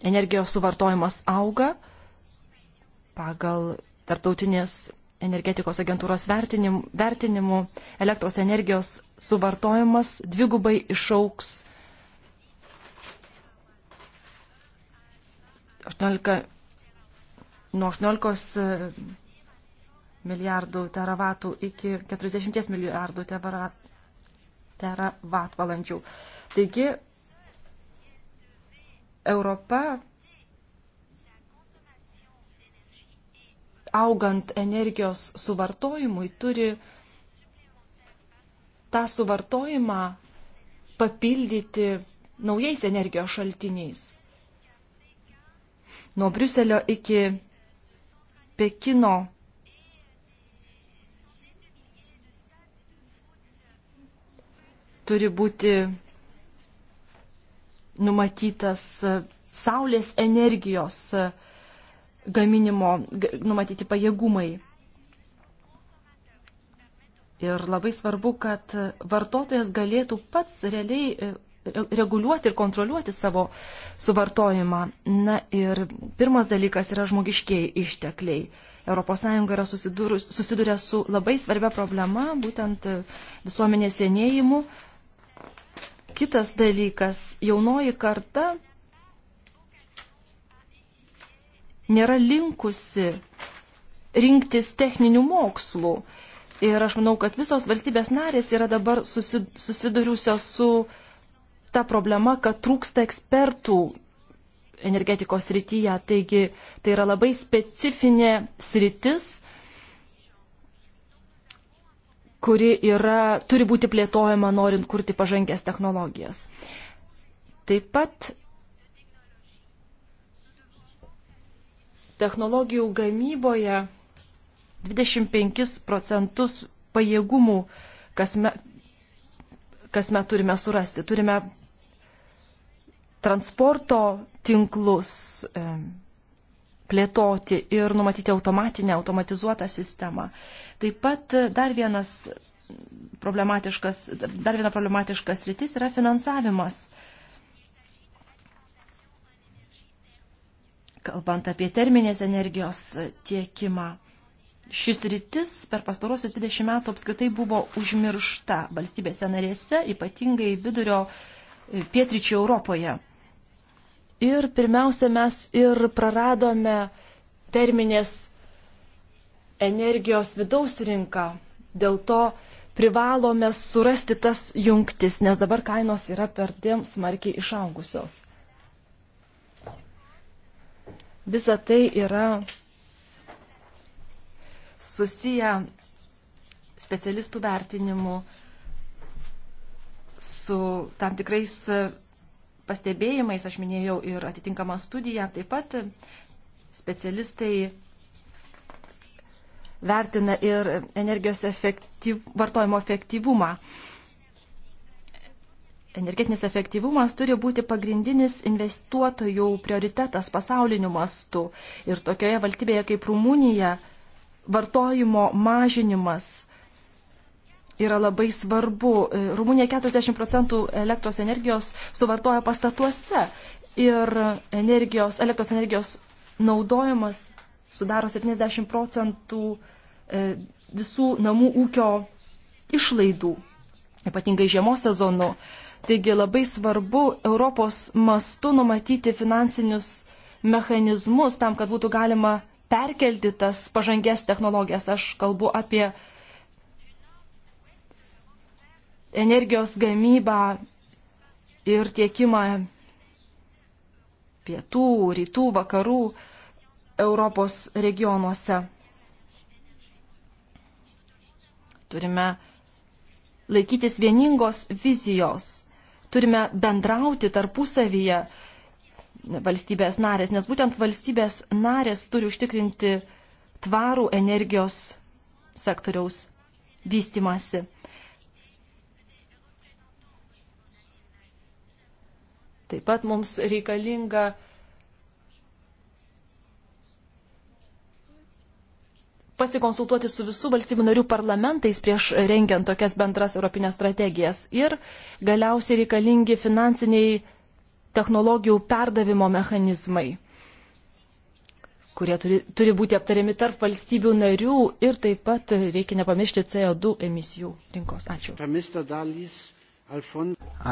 energijos suvartojimas auga pagal tarptautinės energetikos agentūros vertinimu, vertinimu elektros energijos suvartojimas dvigubai išauks 18, nuo 18 milijardų teravatų iki 40 milijardų teravatvalandžių. Taigi Europa augant energijos suvartojimui turi tą suvartojimą papildyti naujais energijos šaltiniais. Nuo Briuselio iki Pekino turi būti numatytas e, saulės energijos e, gaminimo, numatyti pajėgumai. Ir labai svarbu, kad vartotojas galėtų pats realiai e, reguliuoti ir kontroliuoti savo suvartojimą. Na ir pirmas dalykas yra žmogiškiai ištekliai. ES yra susidūrę su labai svarbia problema, būtent visuomenės senėjimu, Kitas dalykas, jaunoji karta nėra linkusi rinktis techninių mokslų. Ir aš manau, kad visos valstybės narės yra dabar susidūrusios su ta problema, kad trūksta ekspertų energetikos srityje. Taigi tai yra labai specifinė sritis, kuri yra, turi būti plėtojama norint kurti pažangės technologijas. Taip pat technologijų gamyboje 25 procentus pajėgumų kasme, kasme turime surasti. Turime transporto tinklus plėtoti ir numatyti automatinę, automatizuotą sistemą. Taip pat e, dar vienas problematiškas, dar viena problematiškas rytis yra finansavimas. Kalbant apie terminės energijos tiekimą, šis rytis per pastarosius 20 metų apskritai buvo užmiršta valstybėse narėse, ypatingai vidurio e, pietryčių Europoje. Ir pirmiausia, mes ir praradome terminės energijos vidaus rinką. Dėl to privalome surasti tas jungtis, nes dabar kainos yra per dėm smarkiai išaugusios. Visa tai yra susiję specialistų vertinimu su tam tikrais pastebėjimais, aš minėjau ir atitinkamą studiją, taip pat specialistai vertina ir energijos efektyv, vartojimo efektyvumą. Energetinis efektyvumas turi būti pagrindinis investuotojų prioritetas pasauliniu mastu. Ir tokioje valstybėje kaip Rumunija vartojimo mažinimas yra labai svarbu. Rumunija 40 procentų elektros energijos suvartoja pastatuose ir energijos, elektros energijos naudojimas sudaro 70 procentų E, visų namų ūkio išlaidų, ypatingai žiemos sezonu. Taigi labai svarbu Europos mastu numatyti finansinius mechanizmus tam, kad būtų galima perkelti tas pažangės technologijas. Aš kalbu apie energijos gamybą ir tiekimą pietų, rytų, vakarų Europos regionuose. turime laikytis vieningos vizijos, turime bendrauti tarpusavyje valstybės narės, nes būtent valstybės narės turi užtikrinti tvarų energijos sektoriaus vystimasi. Taip pat mums reikalinga pasikonsultuoti su visų valstybių narių parlamentais prieš rengiant tokias bendras europinės strategijas ir galiausiai reikalingi finansiniai technologijų perdavimo mechanizmai, kurie turi, turi būti aptariami tarp valstybių narių ir taip pat reikia nepamiršti CO2 emisijų rinkos. Ačiū.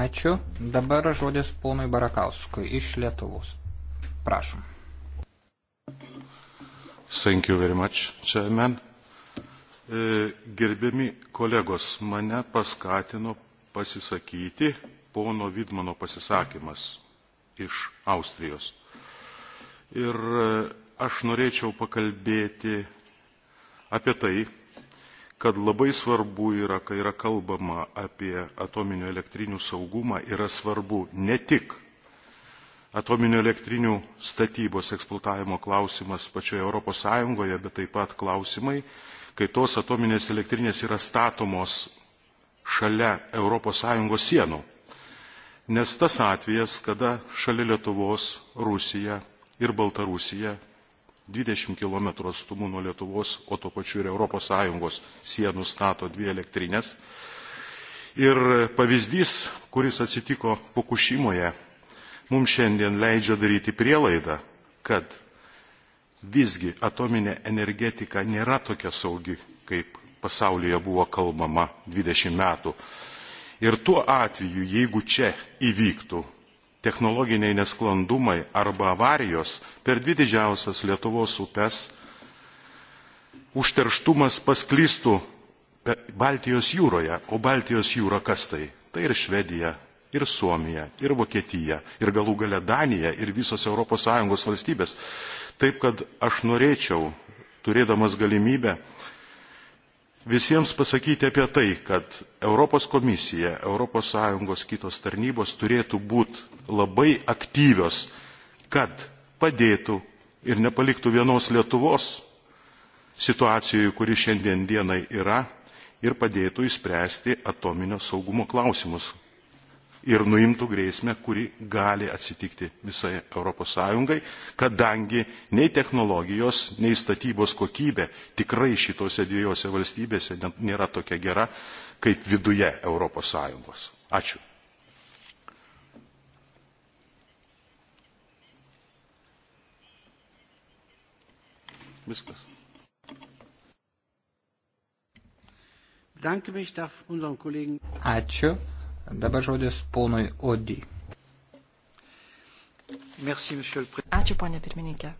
Ačiū. Dabar žodis ponui Barakauskui iš Lietuvos. Prašom. Thank you very much, Chairman. E, gerbiami kolegos, mane paskatino pasisakyti pono Vidmano pasisakymas iš Austrijos. Ir e, aš norėčiau pakalbėti apie tai, kad labai svarbu yra, kai yra kalbama apie atominių elektrinių saugumą, yra svarbu ne tik atominių elektrinių statybos eksploatavimo klausimas pačioje Europos Sąjungoje, bet taip pat klausimai, kai tos atominės elektrinės yra statomos šalia Europos Sąjungos sienų. Nes tas atvejas, kada šalia Lietuvos Rusija ir Baltarusija 20 km atstumu nuo Lietuvos, o to pačiu ir Europos Sąjungos sienų stato dvi elektrinės. Ir pavyzdys, kuris atsitiko Fukushimoje mums šiandien leidžia daryti prielaidą, kad visgi atominė energetika nėra tokia saugi, kaip pasaulyje buvo kalbama 20 metų. Ir tuo atveju, jeigu čia įvyktų technologiniai nesklandumai arba avarijos per dvi didžiausias Lietuvos upes, užterštumas pasklistų Baltijos jūroje, o Baltijos jūra kas tai? Tai ir Švedija, ir Suomija, ir Vokietija, ir galų gale Danija, ir visos ES valstybės. Taip kad aš norėčiau, turėdamas galimybę, visiems pasakyti apie tai, kad Europos komisija, ES kitos tarnybos turėtų būti labai aktyvios, kad padėtų ir nepaliktų vienos Lietuvos situacijoje, kuri šiandien dienai yra, ir padėtų įspręsti atominio saugumo klausimus, ir nuimtų grėsmę, kuri gali atsitikti visai ES, kadangi nei technologijos, nei statybos kokybė tikrai šitose dviejose valstybėse nėra tokia gera kaip viduje ES. Ačiū. Viskas. Ačiū Dabar žodis ponui Odį. Ačiū, ponė pirmininkė.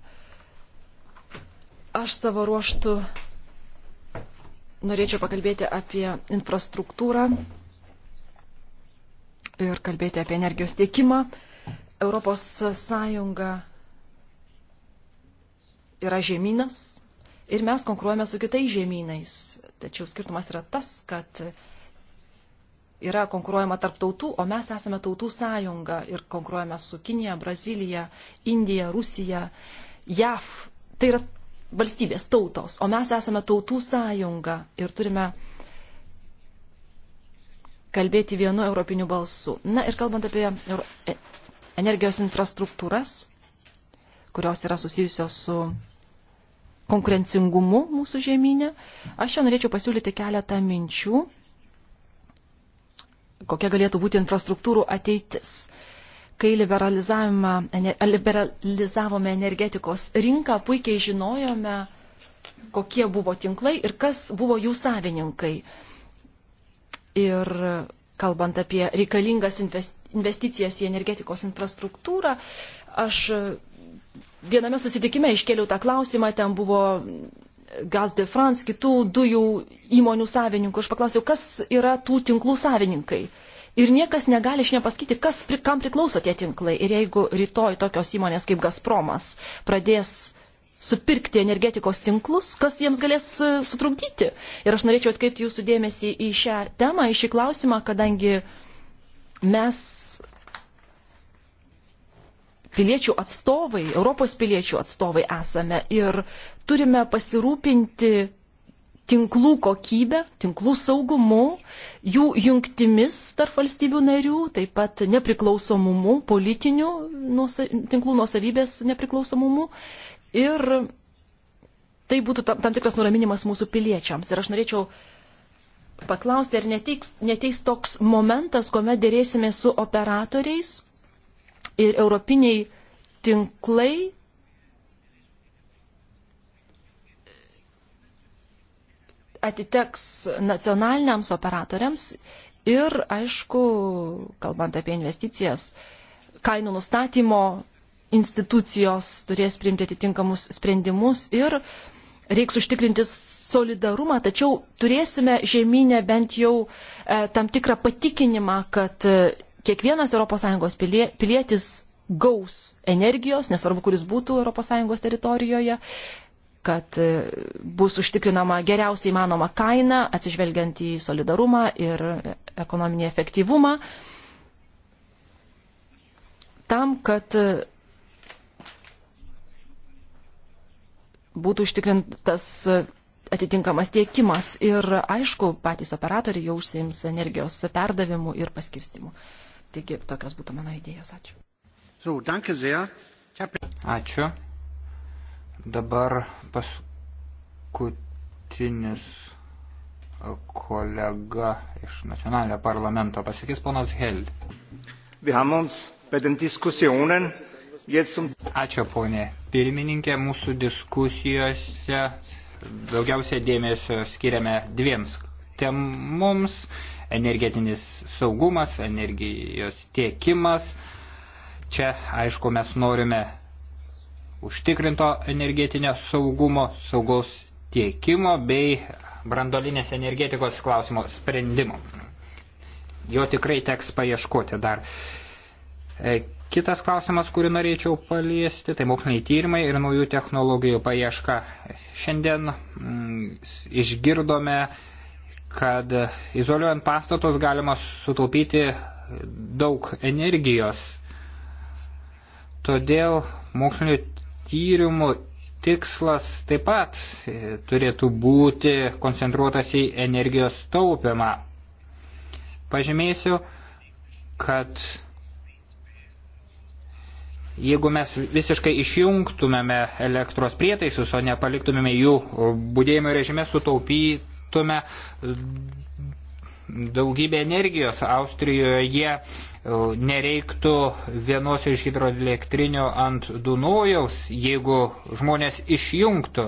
Aš savo ruoštų norėčiau pakalbėti apie infrastruktūrą ir kalbėti apie energijos tiekimą. Europos Sąjunga yra žemynas ir mes konkuruojame su kitais žemynais. Tačiau skirtumas yra tas, kad yra konkuruojama tarp tautų, o mes esame tautų sąjunga ir konkuruojame su Kinija, Brazilija, Indija, Rusija, JAV. Tai yra valstybės tautos, o mes esame tautų sąjunga ir turime kalbėti vienu europiniu balsu. Na ir kalbant apie e- energijos infrastruktūras, kurios yra susijusios su konkurencingumu mūsų žemynė, aš čia norėčiau pasiūlyti keletą minčių kokia galėtų būti infrastruktūrų ateitis. Kai liberalizavome energetikos rinką, puikiai žinojome, kokie buvo tinklai ir kas buvo jų savininkai. Ir kalbant apie reikalingas investicijas į energetikos infrastruktūrą, aš viename susitikime iškėliau tą klausimą, ten buvo Gaz de France, kitų dujų įmonių savininkų. Aš paklausiau, kas yra tų tinklų savininkai. Ir niekas negali šiandien pasakyti, kas, kam priklauso tie tinklai. Ir jeigu rytoj tokios įmonės kaip Gazpromas pradės supirkti energetikos tinklus, kas jiems galės e, sutrukdyti. Ir aš norėčiau atkreipti jūsų dėmesį į šią temą, į šį klausimą, kadangi mes piliečių atstovai, Europos piliečių atstovai esame ir turime pasirūpinti tinklų kokybę, tinklų saugumu, jų jungtimis tarp valstybių narių, taip pat nepriklausomumu, politiniu nuosa, tinklų nuosavybės nepriklausomumu. Ir tai būtų tam, tam tikras nuraminimas mūsų piliečiams. Ir aš norėčiau paklausti, ar neteiks, neteis toks momentas, kuomet dėrėsime su operatoriais ir europiniai tinklai atiteks nacionaliniams operatoriams ir, aišku, kalbant apie investicijas, kainų nustatymo institucijos turės priimti atitinkamus sprendimus ir reiks užtikrinti solidarumą, tačiau turėsime žemynę bent jau e, tam tikrą patikinimą, kad e, kiekvienas ES pilie, pilietis gaus energijos, nesvarbu, kuris būtų ES teritorijoje, kad e, bus užtikrinama geriausiai įmanoma kaina, atsižvelgiant į solidarumą ir ekonominį efektyvumą, tam, kad e, būtų užtikrintas e, atitinkamas tiekimas ir, aišku, patys operatoriai jau užsiims energijos perdavimu ir paskirstimu. Taigi, tokios būtų mano idėjos. Ačiū. Ačiū. Dabar paskutinis kolega iš nacionalinio parlamento pasakys ponas Held. Ačiū ponė pirmininkė, mūsų diskusijose daugiausia dėmesio skiriame dviems temoms - energetinis saugumas, energijos tiekimas. Čia, aišku, mes norime užtikrinto energetinio saugumo, saugaus tiekimo bei brandolinės energetikos klausimo sprendimo. Jo tikrai teks paieškoti dar. E, kitas klausimas, kurį norėčiau paliesti, tai moksliniai tyrimai ir naujų technologijų paieška. Šiandien mm, išgirdome, kad izoliuojant pastatus galima sutaupyti daug energijos. Todėl mokslinių tyrimų tikslas taip pat e, turėtų būti koncentruotas į energijos taupimą. Pažymėsiu, kad jeigu mes visiškai išjungtumėme elektros prietaisus, o nepaliktumėme jų būdėjimo režime, sutaupytume daugybė energijos Austrijoje e, nereiktų vienos iš hidroelektrinių ant Dunojaus, jeigu žmonės išjungtų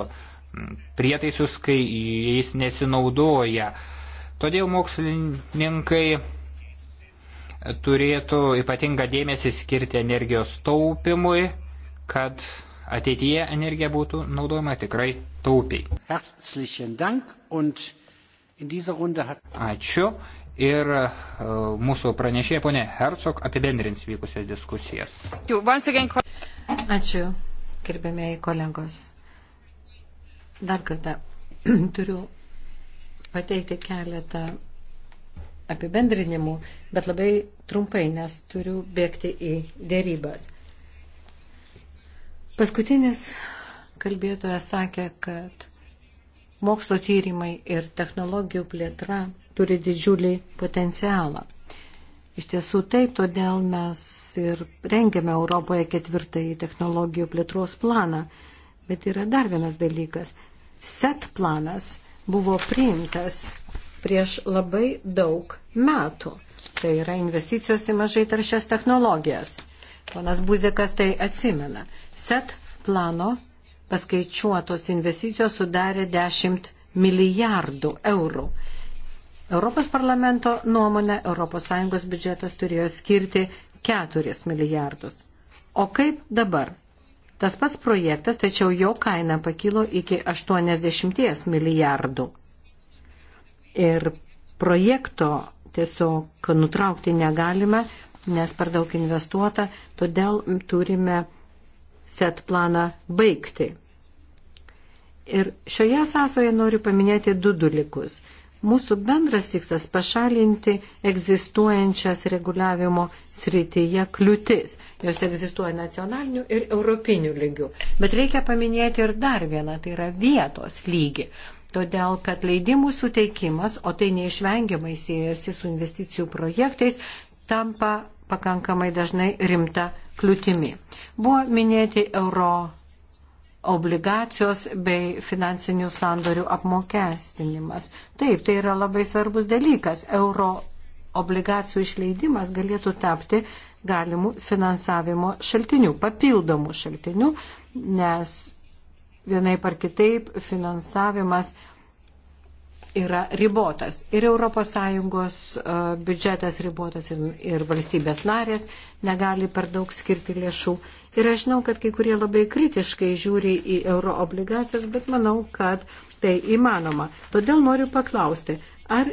prietaisus, kai jais nesinaudoja. Todėl mokslininkai turėtų ypatingą dėmesį skirti energijos taupimui, kad ateityje energija būtų naudojama tikrai taupiai. Herzlichen Dank und Ačiū. Ir uh, mūsų pranešėja ponė Hercog apibendrins vykusias diskusijas. Ačiū, gerbėmėjai kolegos. Dar kartą <clears throat> turiu pateikti keletą apibendrinimų, bet labai trumpai, nes turiu bėgti į dėrybas. Paskutinis kalbėtojas sakė, kad mokslo tyrimai ir technologijų plėtra turi didžiulį potencialą. Iš tiesų taip, todėl mes ir rengiame Europoje ketvirtąjį technologijų plėtros planą. Bet yra dar vienas dalykas. Set planas buvo priimtas prieš labai daug metų. Tai yra investicijos į mažai taršias technologijas. Ponas Buzikas tai atsimena. Set plano paskaičiuotos investicijos sudarė 10 milijardų eurų. Europos parlamento nuomonė ES biudžetas turėjo skirti 4 milijardus. O kaip dabar? Tas pats projektas, tačiau jo kaina pakilo iki 80 milijardų. Ir projekto tiesiog nutraukti negalime, nes per daug investuota, todėl turime set planą baigti. Ir šioje sąsoje noriu paminėti du dalykus. Mūsų bendras tikslas - pašalinti egzistuojančias reguliavimo srityje kliūtis. Jos egzistuoja nacionaliniu ir europiniu lygiu. Bet reikia paminėti ir dar vieną, tai yra vietos lygį. Todėl, kad leidimų suteikimas, o tai neišvengiamai siejasi su investicijų projektais, tampa pakankamai dažnai rimta kliūtimi. Buvo minėti euro obligacijos bei finansinių sandorių apmokestinimas. Taip, tai yra labai svarbus dalykas. Euro obligacijų išleidimas galėtų tapti galimų finansavimo šaltinių, papildomų šaltinių, nes vienai par kitaip finansavimas yra ribotas. Ir ES e, biudžetas ribotas, ir, ir valstybės narės negali per daug skirti lėšų. Ir aš žinau, kad kai kurie labai kritiškai žiūri į euroobligacijas, bet manau, kad tai įmanoma. Todėl noriu paklausti, ar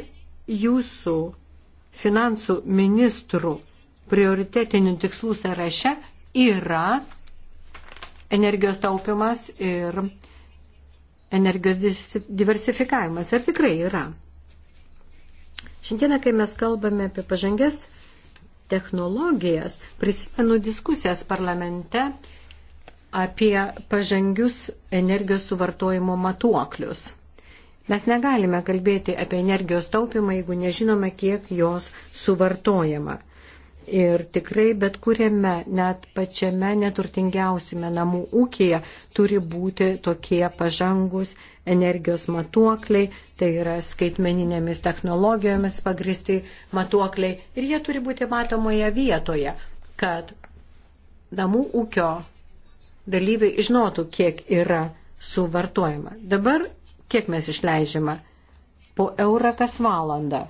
jūsų finansų ministrų prioritetinių tikslų sąraše yra energijos taupimas ir uh, energijos diversifikavimas. Ar tikrai yra? Šiandieną, kai mes kalbame apie pažangės technologijas, prisimenu diskusijas parlamente apie pažangius energijos suvartojimo matuoklius. Mes negalime kalbėti apie energijos taupimą, jeigu nežinome, kiek jos suvartojama. Ir tikrai bet kuriame, net pačiame neturtingiausime namų ūkėje turi būti tokie pažangus energijos matuokliai, tai yra skaitmeninėmis technologijomis pagristi matuokliai ir jie turi būti matomoje vietoje, kad namų ūkio dalyviai žinotų, kiek yra suvartojama. Dabar kiek mes išleidžiame? Po eurą kas valandą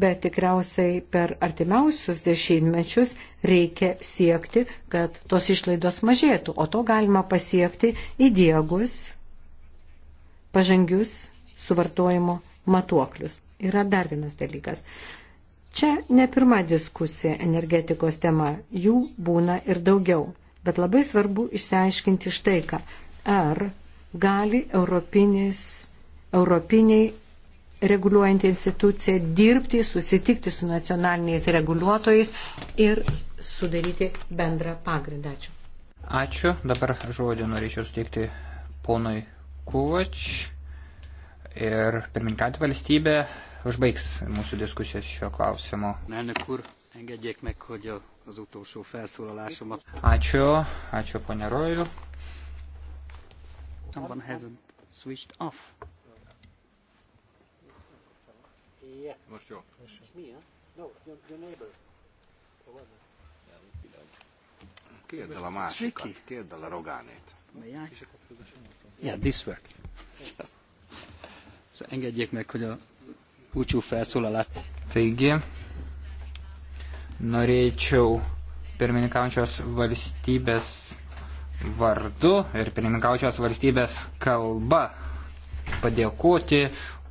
bet tikriausiai per artimiausius dešimtmečius reikia siekti, kad tos išlaidos mažėtų, o to galima pasiekti įdėgus pažangius suvartojimo matuoklius. Yra dar vienas dalykas. Čia ne pirma diskusija energetikos tema, jų būna ir daugiau, bet labai svarbu išsiaiškinti štai ką. Ar gali europinis, europiniai reguliuojantį instituciją dirbti, susitikti su nacionaliniais reguliuotojais ir sudaryti bendrą pagrindą. Ačiū. Ačiū. Dabar žodį norėčiau suteikti ponui Kuvač ir pirmininkant valstybė užbaigs mūsų diskusijas šio klausimo. Ačiū, ačiū ponė Roiliu. Someone hasn't switched off. Yeah. Most jó. It's me, huh? No, your, your neighbor. Kérd el a másikat, kérd el a rogánét. Yeah, this works. So, so engedjék meg, hogy a búcsú felszólalát. Taigi, norėčiau pirmininkaujančios valstybės vardu ir pirmininkaujančios valstybės kalba padėkoti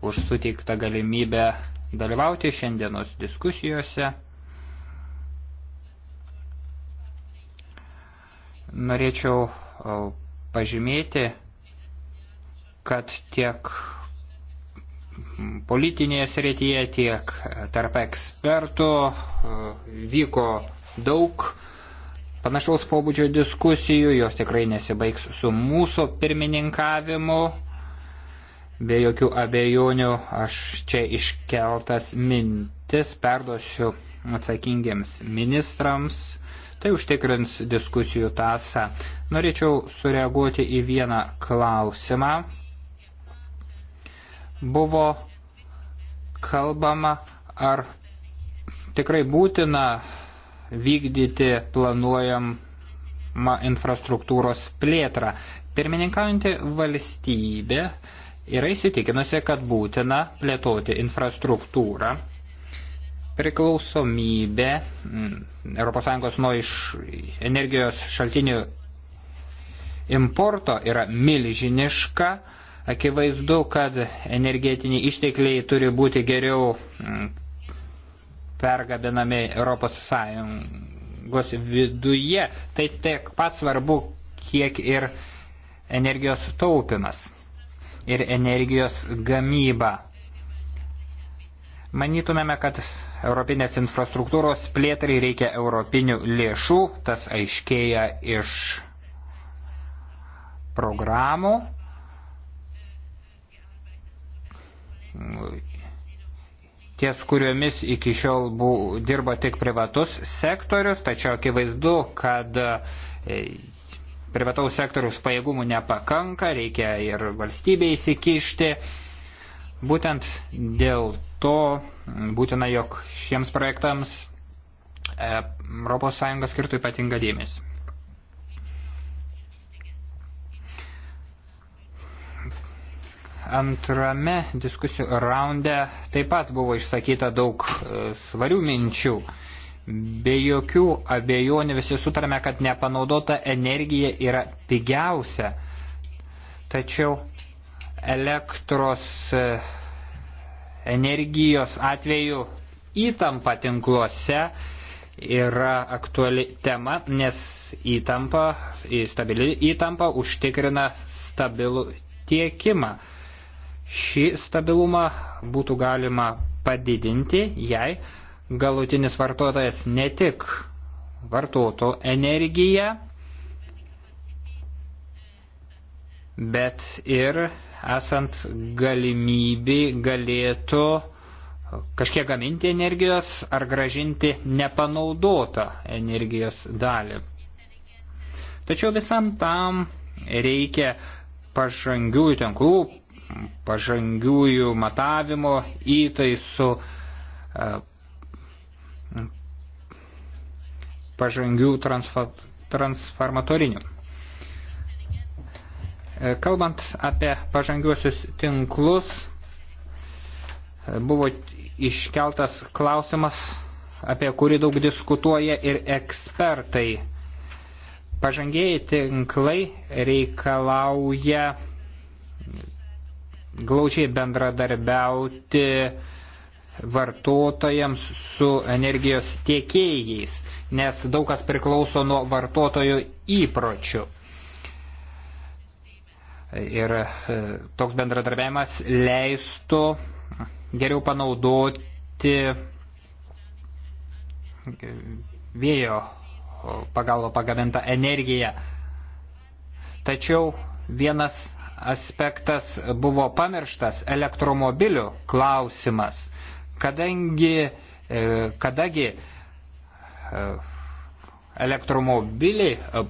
už suteiktą galimybę dalyvauti šiandienos diskusijose. Norėčiau pažymėti, kad tiek politinėje srityje, tiek tarp ekspertų vyko daug panašaus pobūdžio diskusijų, jos tikrai nesibaigs su mūsų pirmininkavimu. Be jokių abejonių aš čia iškeltas mintis perduosiu atsakingiems ministrams. Tai užtikrins diskusijų tasą. Norėčiau sureaguoti į vieną klausimą. Buvo kalbama, ar tikrai būtina vykdyti planuojamą infrastruktūros plėtrą. Pirmininkaujantį valstybę yra įsitikinusi, kad būtina plėtoti infrastruktūrą. Priklausomybė mm, ES nuo iš energijos šaltinių importo yra milžiniška. Akivaizdu, kad energetiniai ištekliai turi būti geriau mm, pergabinami ES viduje. Tai tiek pat svarbu, kiek ir energijos taupimas ir energijos gamybą. Manytumėme, kad europinės infrastruktūros plėtrai reikia europinių lėšų, tas aiškėja iš programų. Ties kuriomis iki šiol bu, dirbo tik privatus sektorius, tačiau akivaizdu, kad e, privataus sektoriaus pajėgumų nepakanka, reikia ir valstybė įsikišti. Būtent dėl to būtina, jog šiems projektams ES skirtų ypatingą dėmesį. Antrame diskusijų raunde taip pat buvo išsakyta daug e, svarių minčių. Be jokių abejonių visi sutarame, kad nepanaudota energija yra pigiausia. Tačiau elektros e, energijos atveju įtampa tinkluose yra aktuali tema, nes įtampa, stabili įtampa užtikrina stabilų tiekimą. Šį stabilumą būtų galima padidinti, jei galutinis vartotojas ne tik vartotų energiją, bet ir esant galimybį galėtų kažkiek gaminti energijos ar gražinti nepanaudotą energijos dalį. Tačiau visam tam reikia pažangiųjų tinklų, pažangiųjų matavimo įtaisų, pažangių transformatorinių. E, kalbant apie pažangiuosius tinklus, e, buvo iškeltas klausimas, apie kurį daug diskutuoja ir ekspertai. Pažangieji tinklai reikalauja glaučiai bendradarbiauti vartotojams su energijos tiekėjais nes daug kas priklauso nuo vartotojų įpročių. Ir e, toks bendradarbiavimas leistų geriau panaudoti e, vėjo pagalba pagamintą energiją. Tačiau vienas aspektas buvo pamirštas - elektromobilių klausimas. Kadangi, e, kadagi elektromobiliai e,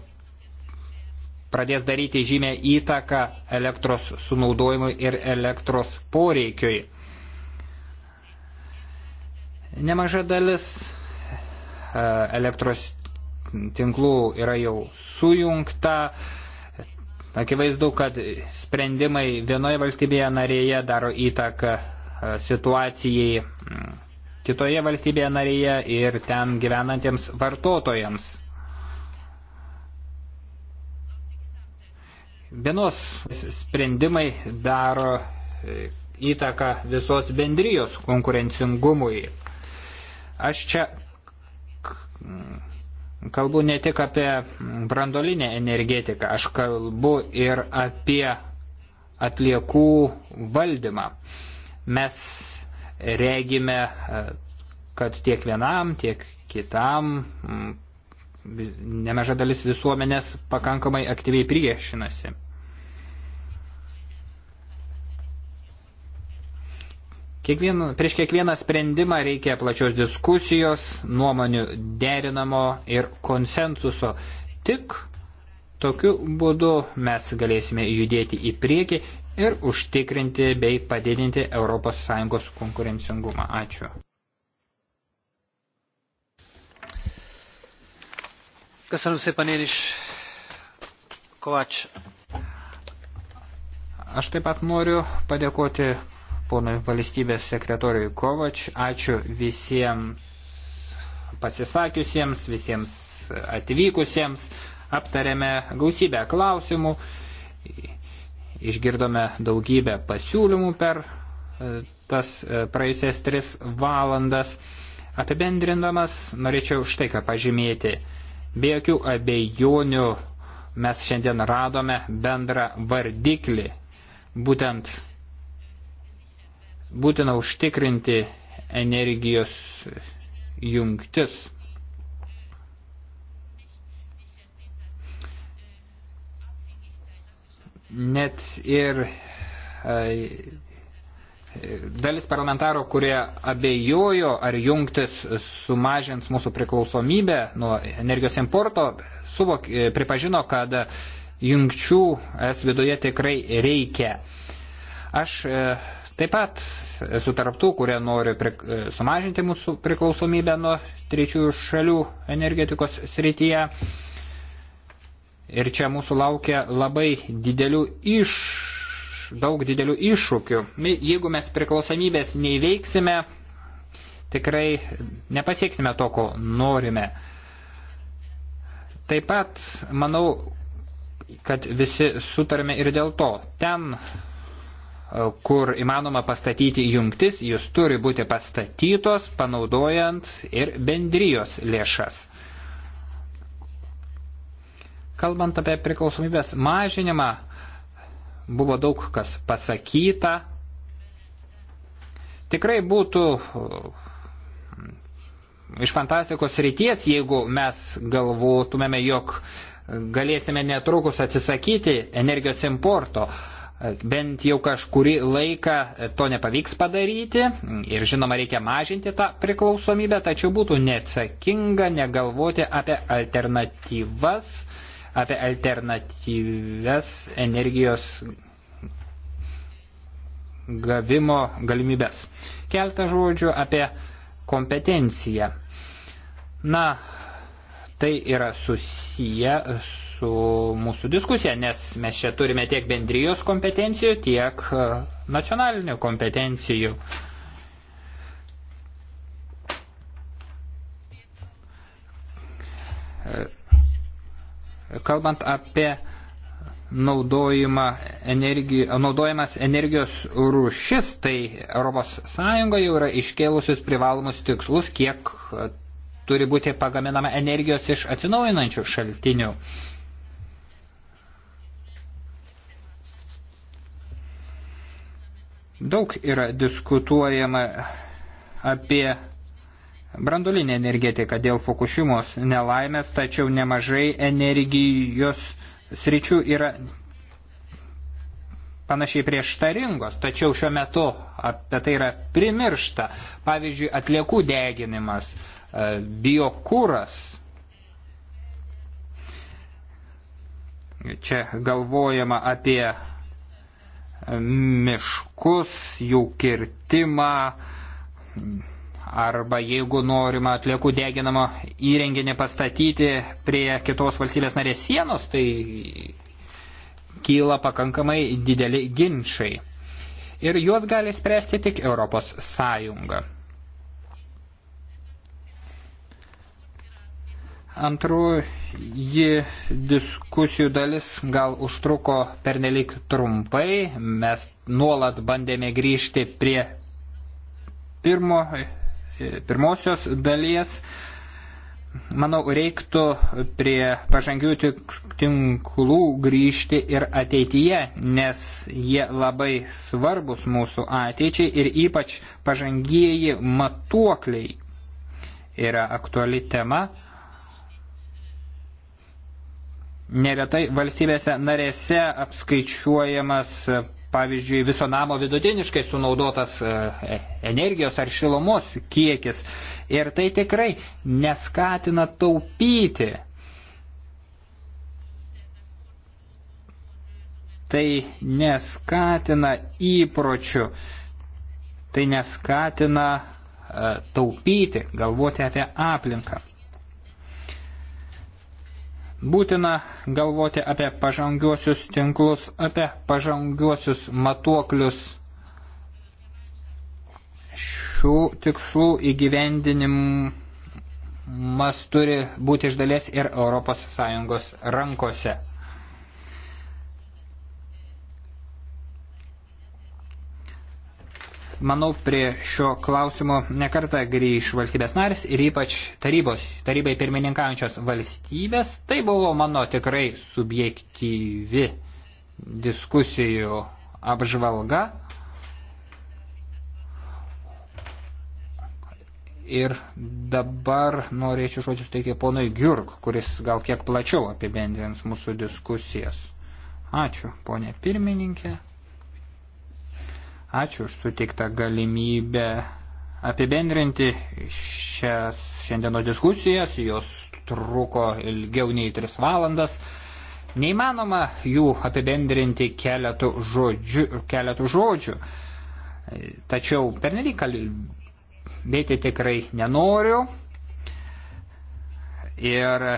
pradės daryti žymę įtaką elektros sunaudojimui ir elektros poreikiui. Nemaža dalis e, elektros tinklų yra jau sujungta. Akivaizdu, kad sprendimai vienoje valstybėje narėje daro įtaką e, situacijai kitoje valstybėje narėje ir ten gyvenantiems vartotojams. Vienos sprendimai daro e, įtaką visos bendrijos konkurencingumui. Aš čia kalbu ne tik apie brandolinę energetiką, aš kalbu ir apie atliekų valdymą. Mes regime, e, kad tiek vienam, tiek kitam nemaža dalis visuomenės pakankamai aktyviai priešinasi. Kiekvien, prieš kiekvieną sprendimą reikia plačios diskusijos, nuomonių derinamo ir konsensuso. Tik tokiu būdu mes galėsime judėti į priekį ir užtikrinti bei padidinti ES konkurencingumą. Ačiū. Köszönöm szépen én is, Kovács. Aš taip pat noriu padėkoti ponui valstybės sekretoriui Kovač. Ačiū visiems pasisakiusiems, visiems atvykusiems. Aptarėme gausybę klausimų. Išgirdome daugybę pasiūlymų per e, tas e, praėjusias tris valandas. Apibendrindamas, norėčiau štai ką pažymėti. Be jokių abejonių mes šiandien radome bendrą vardiklį. Būtent būtina užtikrinti energijos jungtis net ir dalis parlamentarų, kurie abejojo, ar jungtis sumažins mūsų priklausomybę nuo energijos importo, suvok, pripažino, kad jungčių es viduje tikrai reikia. Aš e, taip pat esu tarptų, kurie nori prik, e, sumažinti mūsų priklausomybę nuo trečiųjų šalių energetikos srityje. Ir čia mūsų laukia labai didelių iš, daug didelių iššūkių. Jeigu mes priklausomybės neįveiksime, tikrai nepasieksime to, ko norime. Taip pat manau, kad visi sutarime ir dėl to. Ten, e, kur įmanoma pastatyti jungtis, jis turi būti pastatytos, panaudojant ir bendrijos lėšas. Kalbant apie priklausomybės mažinimą, buvo daug kas pasakyta. Tikrai būtų mm, iš fantastikos ryties, jeigu mes galvotumėme, jog galėsime netrukus atsisakyti energijos importo. Bent jau kažkurį laiką to nepavyks padaryti ir žinoma reikia mažinti tą priklausomybę, tačiau būtų neatsakinga negalvoti apie alternatyvas apie alternatyves energijos gavimo galimybės. Keltą žodžių apie kompetenciją. Na, tai yra susiję su mūsų diskusija, nes mes čia turime tiek bendrijos kompetencijų, tiek e, nacionalinių kompetencijų. Uh, Kalbant apie energijos, naudojamas energijos rūšis, tai ES jau yra iškėlusius privalomus tikslus, kiek e, turi būti pagaminama energijos iš atsinaujinančių šaltinių. Daug yra diskutuojama apie brandulinė energetika dėl Fukushimos nelaimės, tačiau nemažai energijos sričių yra panašiai prieštaringos, tačiau šiuo metu apie tai yra primiršta. Pavyzdžiui, atliekų deginimas, e, biokūras. Čia galvojama apie e, miškus, jų kirtimą, arba jeigu norima atliekų deginamo įrenginį pastatyti prie kitos valstybės narės sienos, tai kyla pakankamai dideli ginčiai. Ir juos gali spręsti tik Europos Sąjunga. Antroji diskusijų dalis gal užtruko pernelik trumpai, mes nuolat bandėme grįžti prie pirmo E, pirmosios dalies. Manau, reiktų prie pažangių tinklų grįžti ir ateityje, nes jie labai svarbus mūsų ateičiai ir ypač pažangieji matuokliai yra aktuali tema. Neretai valstybėse narėse apskaičiuojamas pavyzdžiui, viso namo vidutiniškai sunaudotas e, e, energijos ar šilumos kiekis. Ir tai tikrai neskatina taupyti. Tai neskatina įpročių, tai neskatina e, taupyti, galvoti apie aplinką. Būtina galvoti apie pažangiuosius tinklus, apie pažangiuosius matuoklius. Šių tikslų įgyvendinimas turi būti iš dalies ir ES rankose. Manau, prie šio klausimo nekarta grįž valstybės narės ir ypač tarybos, tarybai pirmininkaujančios valstybės. Tai buvo mano tikrai subjektyvi diskusijų apžvalga. Ir dabar norėčiau žodžius teikti ponui Gjurk, kuris gal kiek plačiau apibendrins mūsų diskusijas. Ačiū, ponė pirmininkė. Ačiū už suteiktą galimybę apibendrinti šias šiandieno diskusijas, jos truko ilgiau nei 3 valandas. Neįmanoma jų apibendrinti keletų žodžių. Keletų žodžių. Tačiau pernelyg kalbėti tikrai nenoriu. Ir e,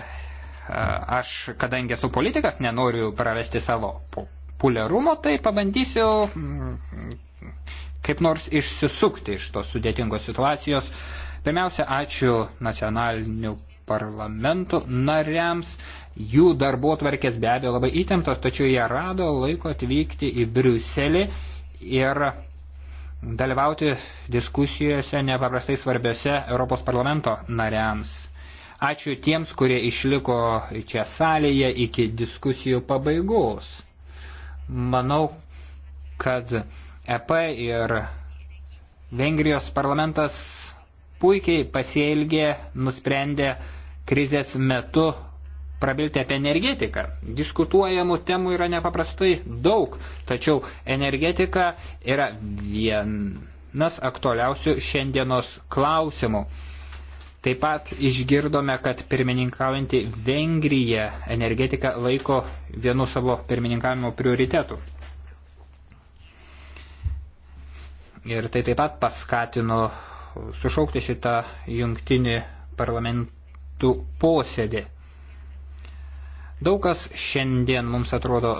aš, kadangi esu politikas, nenoriu prarasti savo populiarumo, tai pabandysiu kaip nors išsisukti iš tos sudėtingos situacijos. Pirmiausia, ačiū nacionalinių parlamentų nariams. Jų darbo tvarkės be abejo labai įtemptos, tačiau jie rado laiko atvykti į Briuselį ir dalyvauti diskusijose nepaprastai svarbiose Europos parlamento nariams. Ačiū tiems, kurie išliko čia salėje iki diskusijų pabaigos. Manau, kad EP ir Vengrijos parlamentas puikiai pasielgė, nusprendė krizės metu prabilti apie energetiką. Diskutuojamų temų yra nepaprastai daug, tačiau energetika yra vienas aktualiausių šiandienos klausimų. Taip pat išgirdome, kad pirmininkaujantį Vengriją energetiką laiko vienu savo pirmininkavimo prioritetu. Ir tai taip pat paskatino sušaukti šitą jungtinį parlamentų posėdį. Daug kas šiandien mums atrodo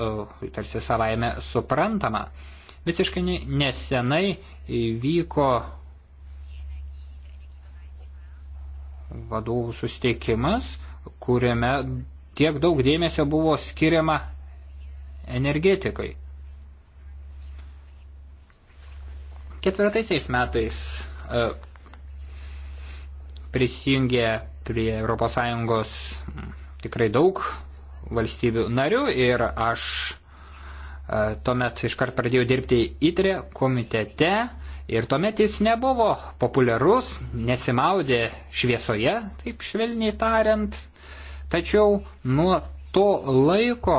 e, tarsi savaime suprantama. Visiškai nesenai įvyko vadovų susitikimas, kuriame tiek daug dėmesio buvo skiriama energetikai. Ketvirtaisiais metais e, prisijungė prie ES tikrai daug valstybių narių ir aš e, tuomet iškart pradėjau dirbti ITRE komitete ir tuomet jis nebuvo populiarus, nesimaudė šviesoje, taip švelniai tariant, tačiau nuo to laiko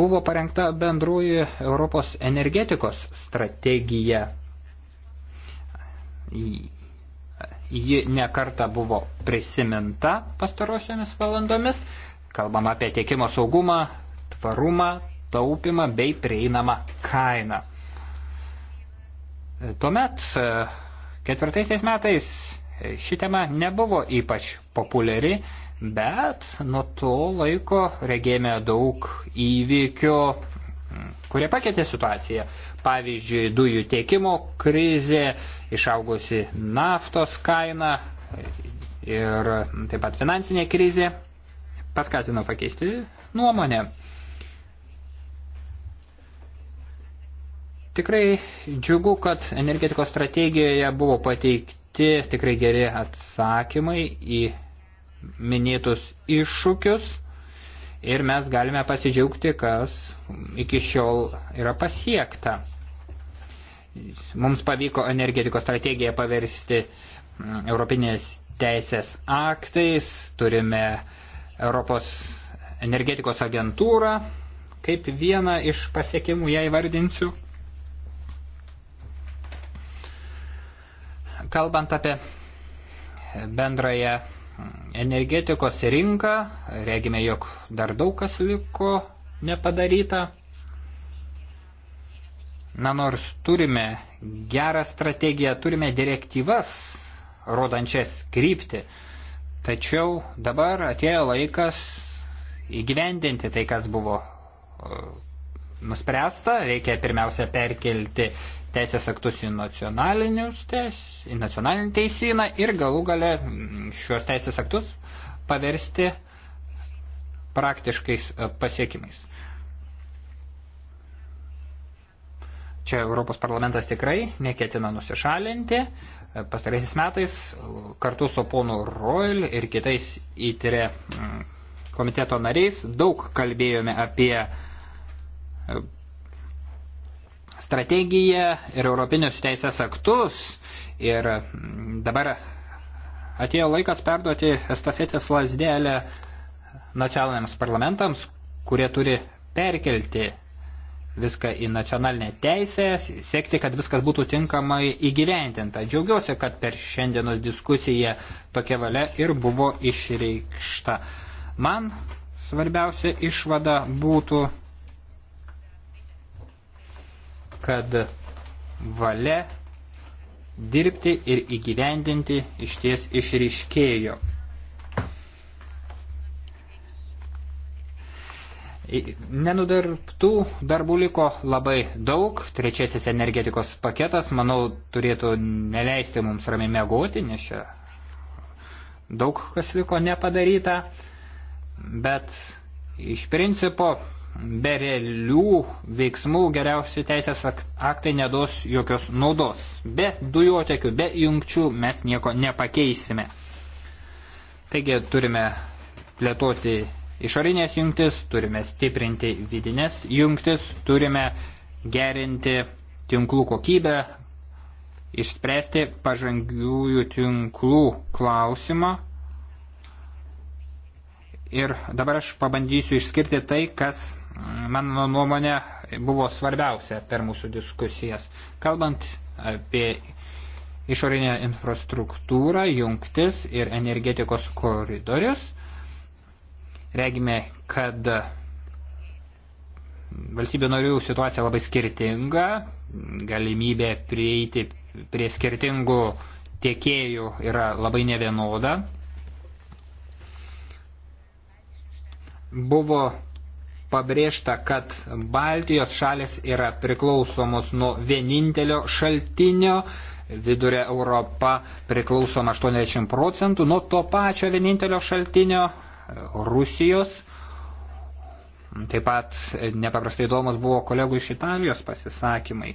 buvo parengta bendroji Europos energetikos strategija. Ji nekarta buvo prisiminta pastarosiomis valandomis. Kalbam apie tiekimo saugumą, tvarumą, taupimą bei prieinamą kainą. Tuomet e, ketvirtaisiais metais ši tema nebuvo ypač populiari, bet nuo to laiko regėjome daug įvykių, kurie pakeitė situaciją. Pavyzdžiui, dujų tiekimo krizė, išaugusi naftos kaina ir taip pat finansinė krizė paskatino pakeisti nuomonę. Tikrai džiugu, kad energetikos strategijoje buvo pateikti tikrai geri atsakymai į minėtus iššūkius ir mes galime pasidžiaugti, kas iki šiol yra pasiekta. Mums pavyko energetikos strategiją paversti mm, Europinės teisės aktais, turime Europos energetikos agentūrą, kaip vieną iš pasiekimų ją įvardinsiu. Kalbant apie bendrąją energetikos rinką, regime, jog dar daug kas liko nepadaryta. Na nors turime gerą strategiją, turime direktyvas, rodančias krypti, tačiau dabar atėjo laikas įgyvendinti tai, kas buvo e, nuspręsta, reikia pirmiausia perkelti teisės aktus į, teis, į nacionalinį teisyną ir galų gale mm, šios teisės aktus paversti praktiškais e, pasiekimais. Čia Europos parlamentas tikrai neketina nusišalinti. E, pastaraisiais metais e, kartu su ponu Royal ir kitais įtirė mm, komiteto nariais daug kalbėjome apie strategiją ir europinius teisės aktus ir dabar atėjo laikas perduoti estafetės lasdelę nacionaliniams parlamentams, kurie turi perkelti viską į nacionalinę teisę, siekti, kad viskas būtų tinkamai įgyventinta. Džiaugiuosi, kad per šiandienos diskusiją tokia valia ir buvo išreikšta. Man svarbiausia išvada būtų kad valia dirbti ir įgyvendinti išties išriškėjo. Nenudirbtų darbų liko labai daug. Trečiasis energetikos paketas, manau, turėtų neleisti mums ramiai mėgoti, nes čia daug kas liko nepadaryta. Bet iš principo be realių veiksmų geriausi teisės aktai neduos jokios naudos. Be dujotekių, be jungčių mes nieko nepakeisime. Taigi turime plėtoti išorinės jungtis, turime stiprinti vidinės jungtis, turime gerinti tinklų kokybę, išspręsti pažangiųjų tinklų klausimą. Ir dabar aš pabandysiu išskirti tai, kas mano nuomonė, buvo svarbiausia per mūsų diskusijas. Kalbant apie išorinę infrastruktūrą, jungtis ir energetikos koridorius, regime, kad valstybių narių situacija labai skirtinga, galimybė prieiti prie skirtingų tiekėjų yra labai nevienoda. Buvo pabrėžta, kad Baltijos šalis yra priklausomos nuo vienintelio šaltinio, vidurio Europa priklausoma 80 procentų nuo to pačio vienintelio šaltinio Rusijos. Taip pat nepaprastai įdomus buvo kolegų iš Italijos pasisakymai.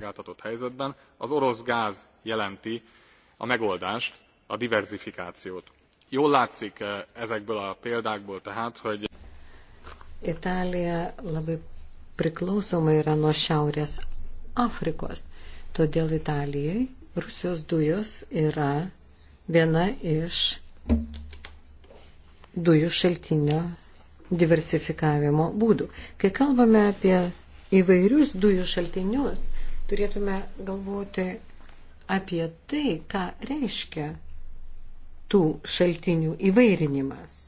Gáltatott helyzetben az orosz gáz jelenti a megoldást, a diversifikációt. Jól látszik eh, ezekből a példákból tehát, hogy Italija labai priklausoma yra nuo Šiaurės Afrikos. Todėl Italijai Rusijos dujos yra viena iš dujų šaltinio diversifikavimo būdų. Kai kalbame apie įvairius dujų šaltinius, turėtume galvoti apie tai, ką reiškia tų šaltinių įvairinimas.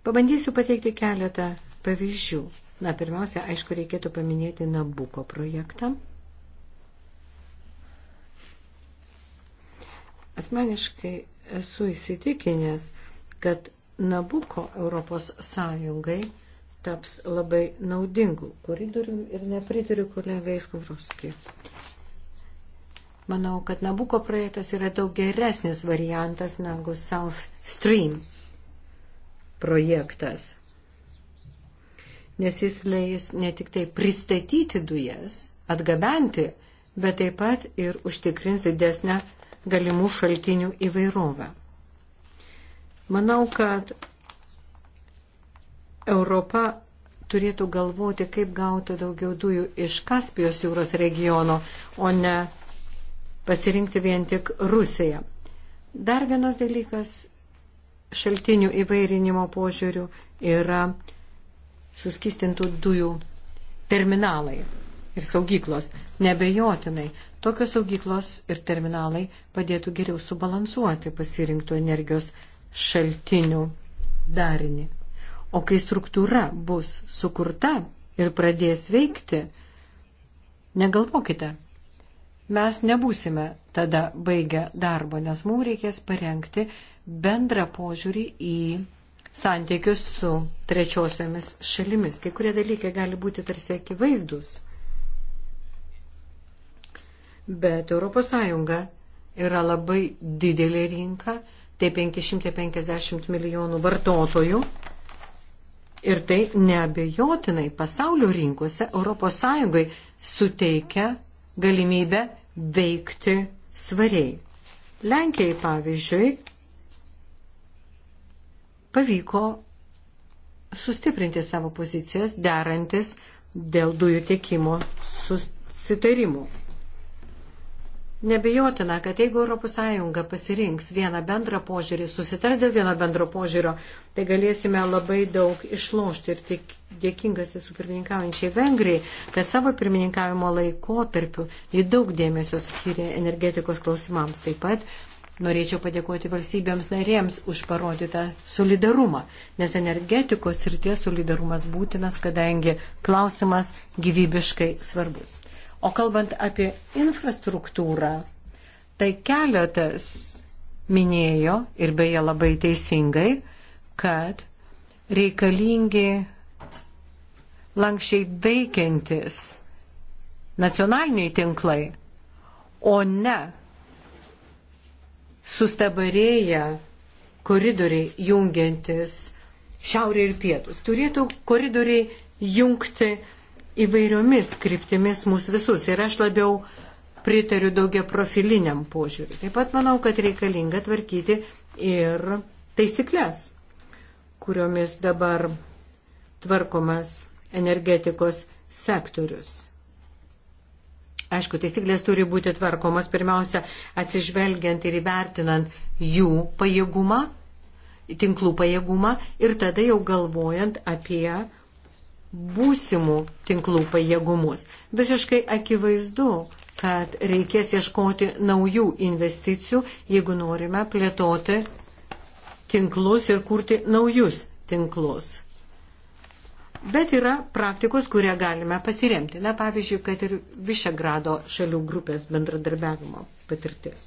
Pabandysiu pateikti keletą pavyzdžių. Na, pirmiausia, aišku, reikėtų paminėti Nabuko projektą. Asmeniškai esu įsitikinęs, kad Nabuko Europos Sąjungai taps labai naudingų koridorių ir nepritariu kolegai Skubrovskijai. Manau, kad Nabuko projektas yra daug geresnis variantas negu South Stream projektas, nes jis leis ne tik tai pristatyti dujas, atgabenti, bet taip pat ir užtikrins didesnę galimų šaltinių įvairovę. Manau, kad Europa turėtų galvoti, kaip gauti daugiau dujų iš Kaspijos jūros regiono, o ne pasirinkti vien tik Rusiją. Dar vienas dalykas šaltinių įvairinimo požiūrių yra suskistintų dujų terminalai ir saugyklos. Nebejotinai, tokios saugyklos ir terminalai padėtų geriau subalansuoti pasirinktų energijos šaltinių darinį. O kai struktūra bus sukurta ir pradės veikti, negalvokite, mes nebūsime tada baigę darbo, nes mums reikės parengti bendrą požiūrį į santykius su trečiosiomis šalimis. Kai kurie dalykai gali būti tarsi akivaizdus. Bet ES yra labai didelė rinka, tai 550 milijonų vartotojų. Ir tai neabejotinai pasaulio rinkose ES suteikia galimybę veikti svariai. Lenkijai, pavyzdžiui, pavyko sustiprinti savo pozicijas, derantis dėl dujų tiekimo susitarimų. Nebejotina, kad jeigu ES pasirinks vieną bendrą požiūrį, susitars dėl vieno bendro požiūrio, tai galėsime labai daug išlošti ir tik dėkingas esu pirmininkaujančiai Vengrijai, kad savo pirmininkavimo laikotarpiu ji daug dėmesio skiria energetikos klausimams. Taip pat Norėčiau padėkoti valstybėms narėms už parodytą solidarumą, nes energetikos ir tie solidarumas būtinas, kadangi klausimas gyvybiškai svarbus. O kalbant apie infrastruktūrą, tai keletas minėjo ir beje labai teisingai, kad reikalingi lankščiai veikiantis nacionaliniai tinklai, o ne sustabarėję koridoriai jungiantis šiaurė ir pietus. Turėtų koridoriai jungti įvairiomis kryptimis mūsų visus. Ir aš labiau pritariu daugia profiliniam požiūriu. Taip pat manau, kad reikalinga tvarkyti ir taisyklės, kuriomis dabar tvarkomas energetikos sektorius. Aišku, taisyklės turi būti tvarkomos pirmiausia atsižvelgiant ir įvertinant jų pajėgumą, tinklų pajėgumą ir tada jau galvojant apie būsimų tinklų pajėgumus. Visiškai akivaizdu, kad reikės ieškoti naujų investicijų, jeigu norime plėtoti tinklus ir kurti naujus tinklus. Bet yra praktikos, kurią galime pasiremti. Na, pavyzdžiui, kad ir Višegrado šalių grupės bendradarbiavimo patirtis.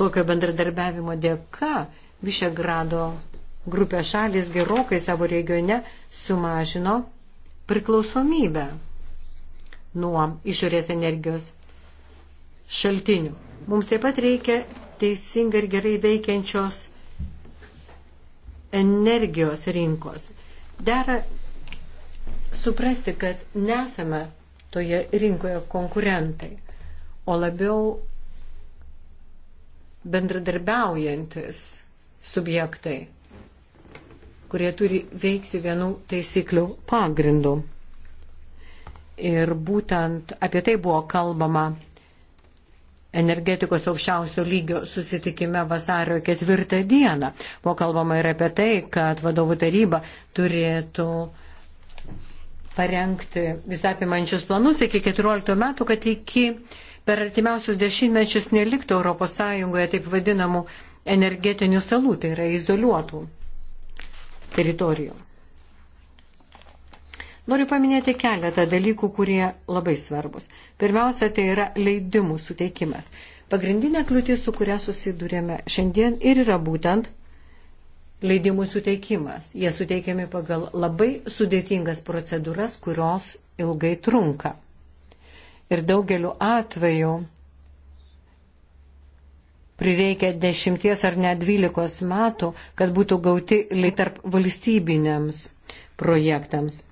Tokio bendradarbiavimo dėka Višegrado grupė šalis gerokai savo regione sumažino priklausomybę nuo išorės energijos šaltinių. Mums taip pat reikia teisingai ir gerai veikiančios energijos rinkos. Dera suprasti, kad nesame toje rinkoje konkurentai, o labiau bendradarbiaujantis subjektai, kurie turi veikti vienų taisyklių pagrindų. Ir būtent apie tai buvo kalbama energetikos aukščiausio lygio susitikime vasario ketvirtą dieną. Buvo kalbama ir apie tai, kad vadovų taryba turėtų parengti visapimančius planus iki 14 metų, kad iki per artimiausius dešimtmečius neliktų ES taip vadinamų energetinių salų, tai yra izoliuotų teritorijų. Noriu paminėti keletą dalykų, kurie labai svarbus. Pirmiausia, tai yra leidimų suteikimas. Pagrindinė kliūtis, su kuria susidurėme šiandien ir yra būtent leidimų suteikimas. Jie suteikiami pagal labai sudėtingas procedūras, kurios ilgai trunka. Ir daugeliu atveju prireikia dešimties ar net dvylikos metų, kad būtų gauti tarp valstybinėms projektams.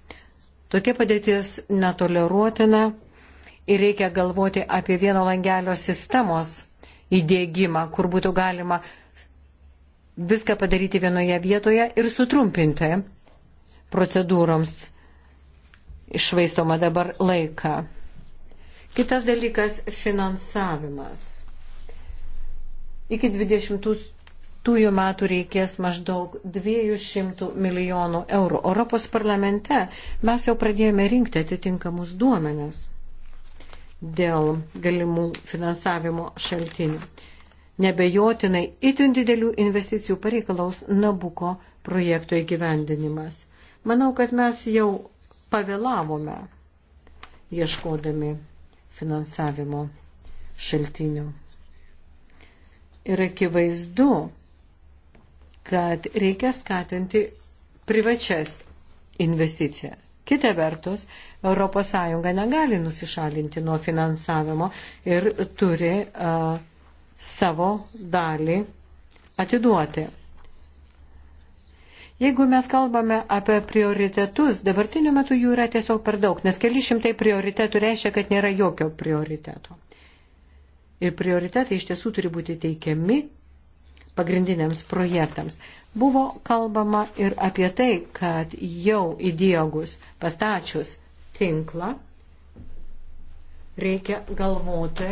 Tokia padėtis netoleruotina ir reikia galvoti apie vieno langelio sistemos įdėgymą, kur būtų galima viską padaryti vienoje vietoje ir sutrumpinti procedūroms išvaistoma dabar laiką. Kitas dalykas - finansavimas. Iki 20 tųjų metų reikės maždaug 200 milijonų eurų. Europos parlamente mes jau pradėjome rinkti atitinkamus duomenis dėl galimų finansavimo šaltinių. Nebejotinai itin didelių investicijų pareikalaus Nabuko projekto įgyvendinimas. Manau, kad mes jau pavėlavome ieškodami finansavimo šaltinių. Ir akivaizdu, kad reikia skatinti privačias investicijas. Kita vertus, ES negali nusišalinti nuo finansavimo ir turi uh, savo dalį atiduoti. Jeigu mes kalbame apie prioritetus, dabartiniu metu jų yra tiesiog per daug, nes keli šimtai prioritetų reiškia, kad nėra jokio prioriteto. Ir prioritetai iš tiesų turi būti teikiami pagrindiniams projektams. Buvo kalbama ir apie tai, kad jau įdiegus pastačius tinklą reikia galvoti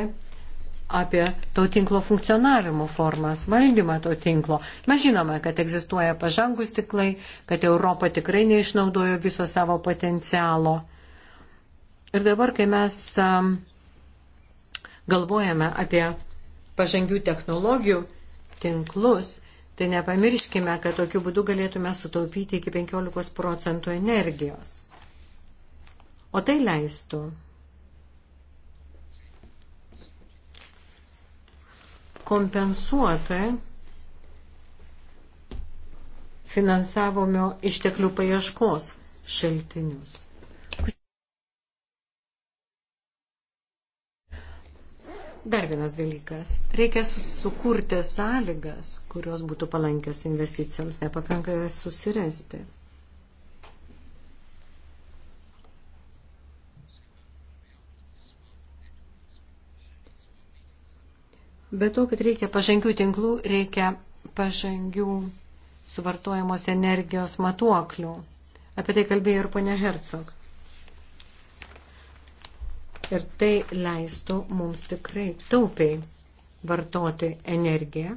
apie to tinklo funkcionavimo formas, valdymą to tinklo. Mes žinome, kad egzistuoja pažangus tiklai, kad Europa tikrai neišnaudojo viso savo potencialo. Ir dabar, kai mes um, galvojame apie pažangių technologijų tinklus, tai nepamirškime, kad tokiu būdu galėtume sutaupyti iki 15 procentų energijos. O tai leistų kompensuoti finansavomio išteklių paieškos šaltinius. Dar vienas dalykas. Reikia sukurti sąlygas, kurios būtų palankios investicijoms. Nepakanka jas susirasti. Be to, kad reikia pažangių tinklų, reikia pažangių suvartojamos energijos matuoklių. Apie tai kalbėjo ir ponia Hercog ir tai leistų mums tikrai taupiai vartoti energiją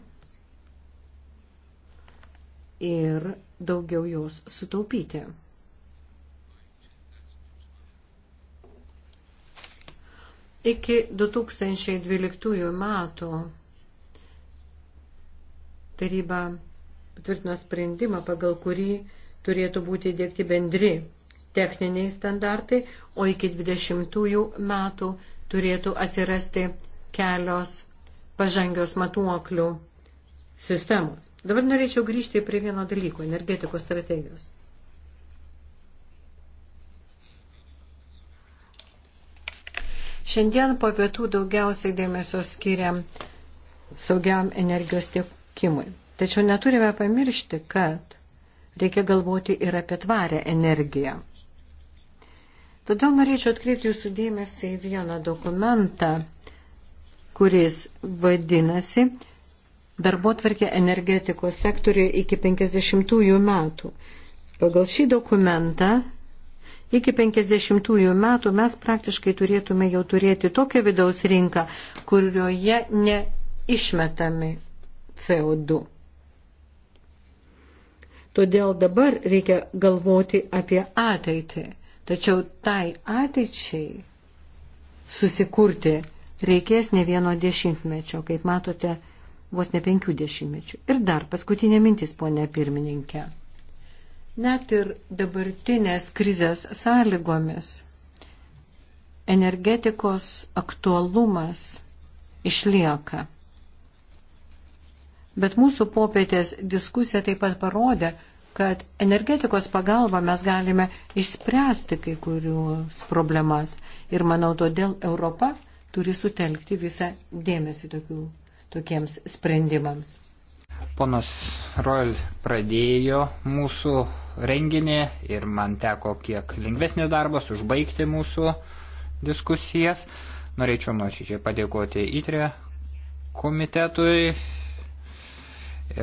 ir daugiau jos sutaupyti. Iki 2012 metų taryba patvirtino sprendimą, pagal kurį turėtų būti įdėkti bendri techniniai standartai, o iki 20 metų turėtų atsirasti kelios pažangios matuoklių sistemos. Dabar norėčiau grįžti prie vieno dalyko - energetikos strategijos. Šiandien po pietų daugiausiai dėmesio skiriam saugiam energijos tiekimui. Tačiau neturime pamiršti, kad reikia galvoti ir apie tvarę energiją. Todėl norėčiau atkreipti jūsų dėmesį į vieną dokumentą, kuris vadinasi darbo tvarkė energetikos sektoriuje iki 50-ųjų metų. Pagal šį dokumentą iki 50-ųjų metų mes praktiškai turėtume jau turėti tokią vidaus rinką, kurioje neišmetami CO2. Todėl dabar reikia galvoti apie ateitį. Tačiau tai ateičiai susikurti reikės ne vieno dešimtmečio, kaip matote, vos ne penkių dešimtmečių. Ir dar paskutinė mintis, ponė pirmininkė. Net ir dabartinės krizės sąlygomis energetikos aktualumas išlieka. Bet mūsų popietės diskusija taip pat parodė, kad energetikos pagalba mes galime išspręsti kai kurius problemas. Ir manau, todėl Europa turi sutelkti visą dėmesį tokių, tokiems sprendimams. Ponas Royal pradėjo mūsų renginį ir man teko kiek lengvesnė darbas užbaigti mūsų diskusijas. Norėčiau nuoširdžiai padėkoti ITRE komitetui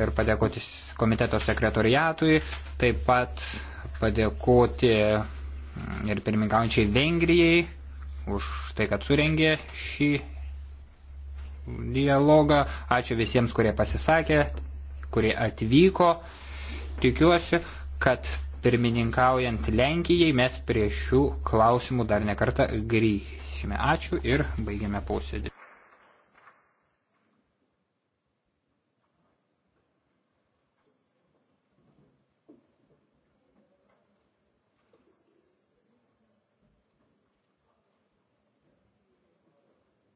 ir padėkoti komiteto sekretoriatui, taip pat padėkoti mm, ir pirmingaujančiai Vengrijai už tai, kad surengė šį dialogą. Ačiū visiems, kurie pasisakė, kurie atvyko. Tikiuosi, kad pirmininkaujant Lenkijai mes prie šių klausimų dar nekartą grįžime. Ačiū ir baigiame posėdį.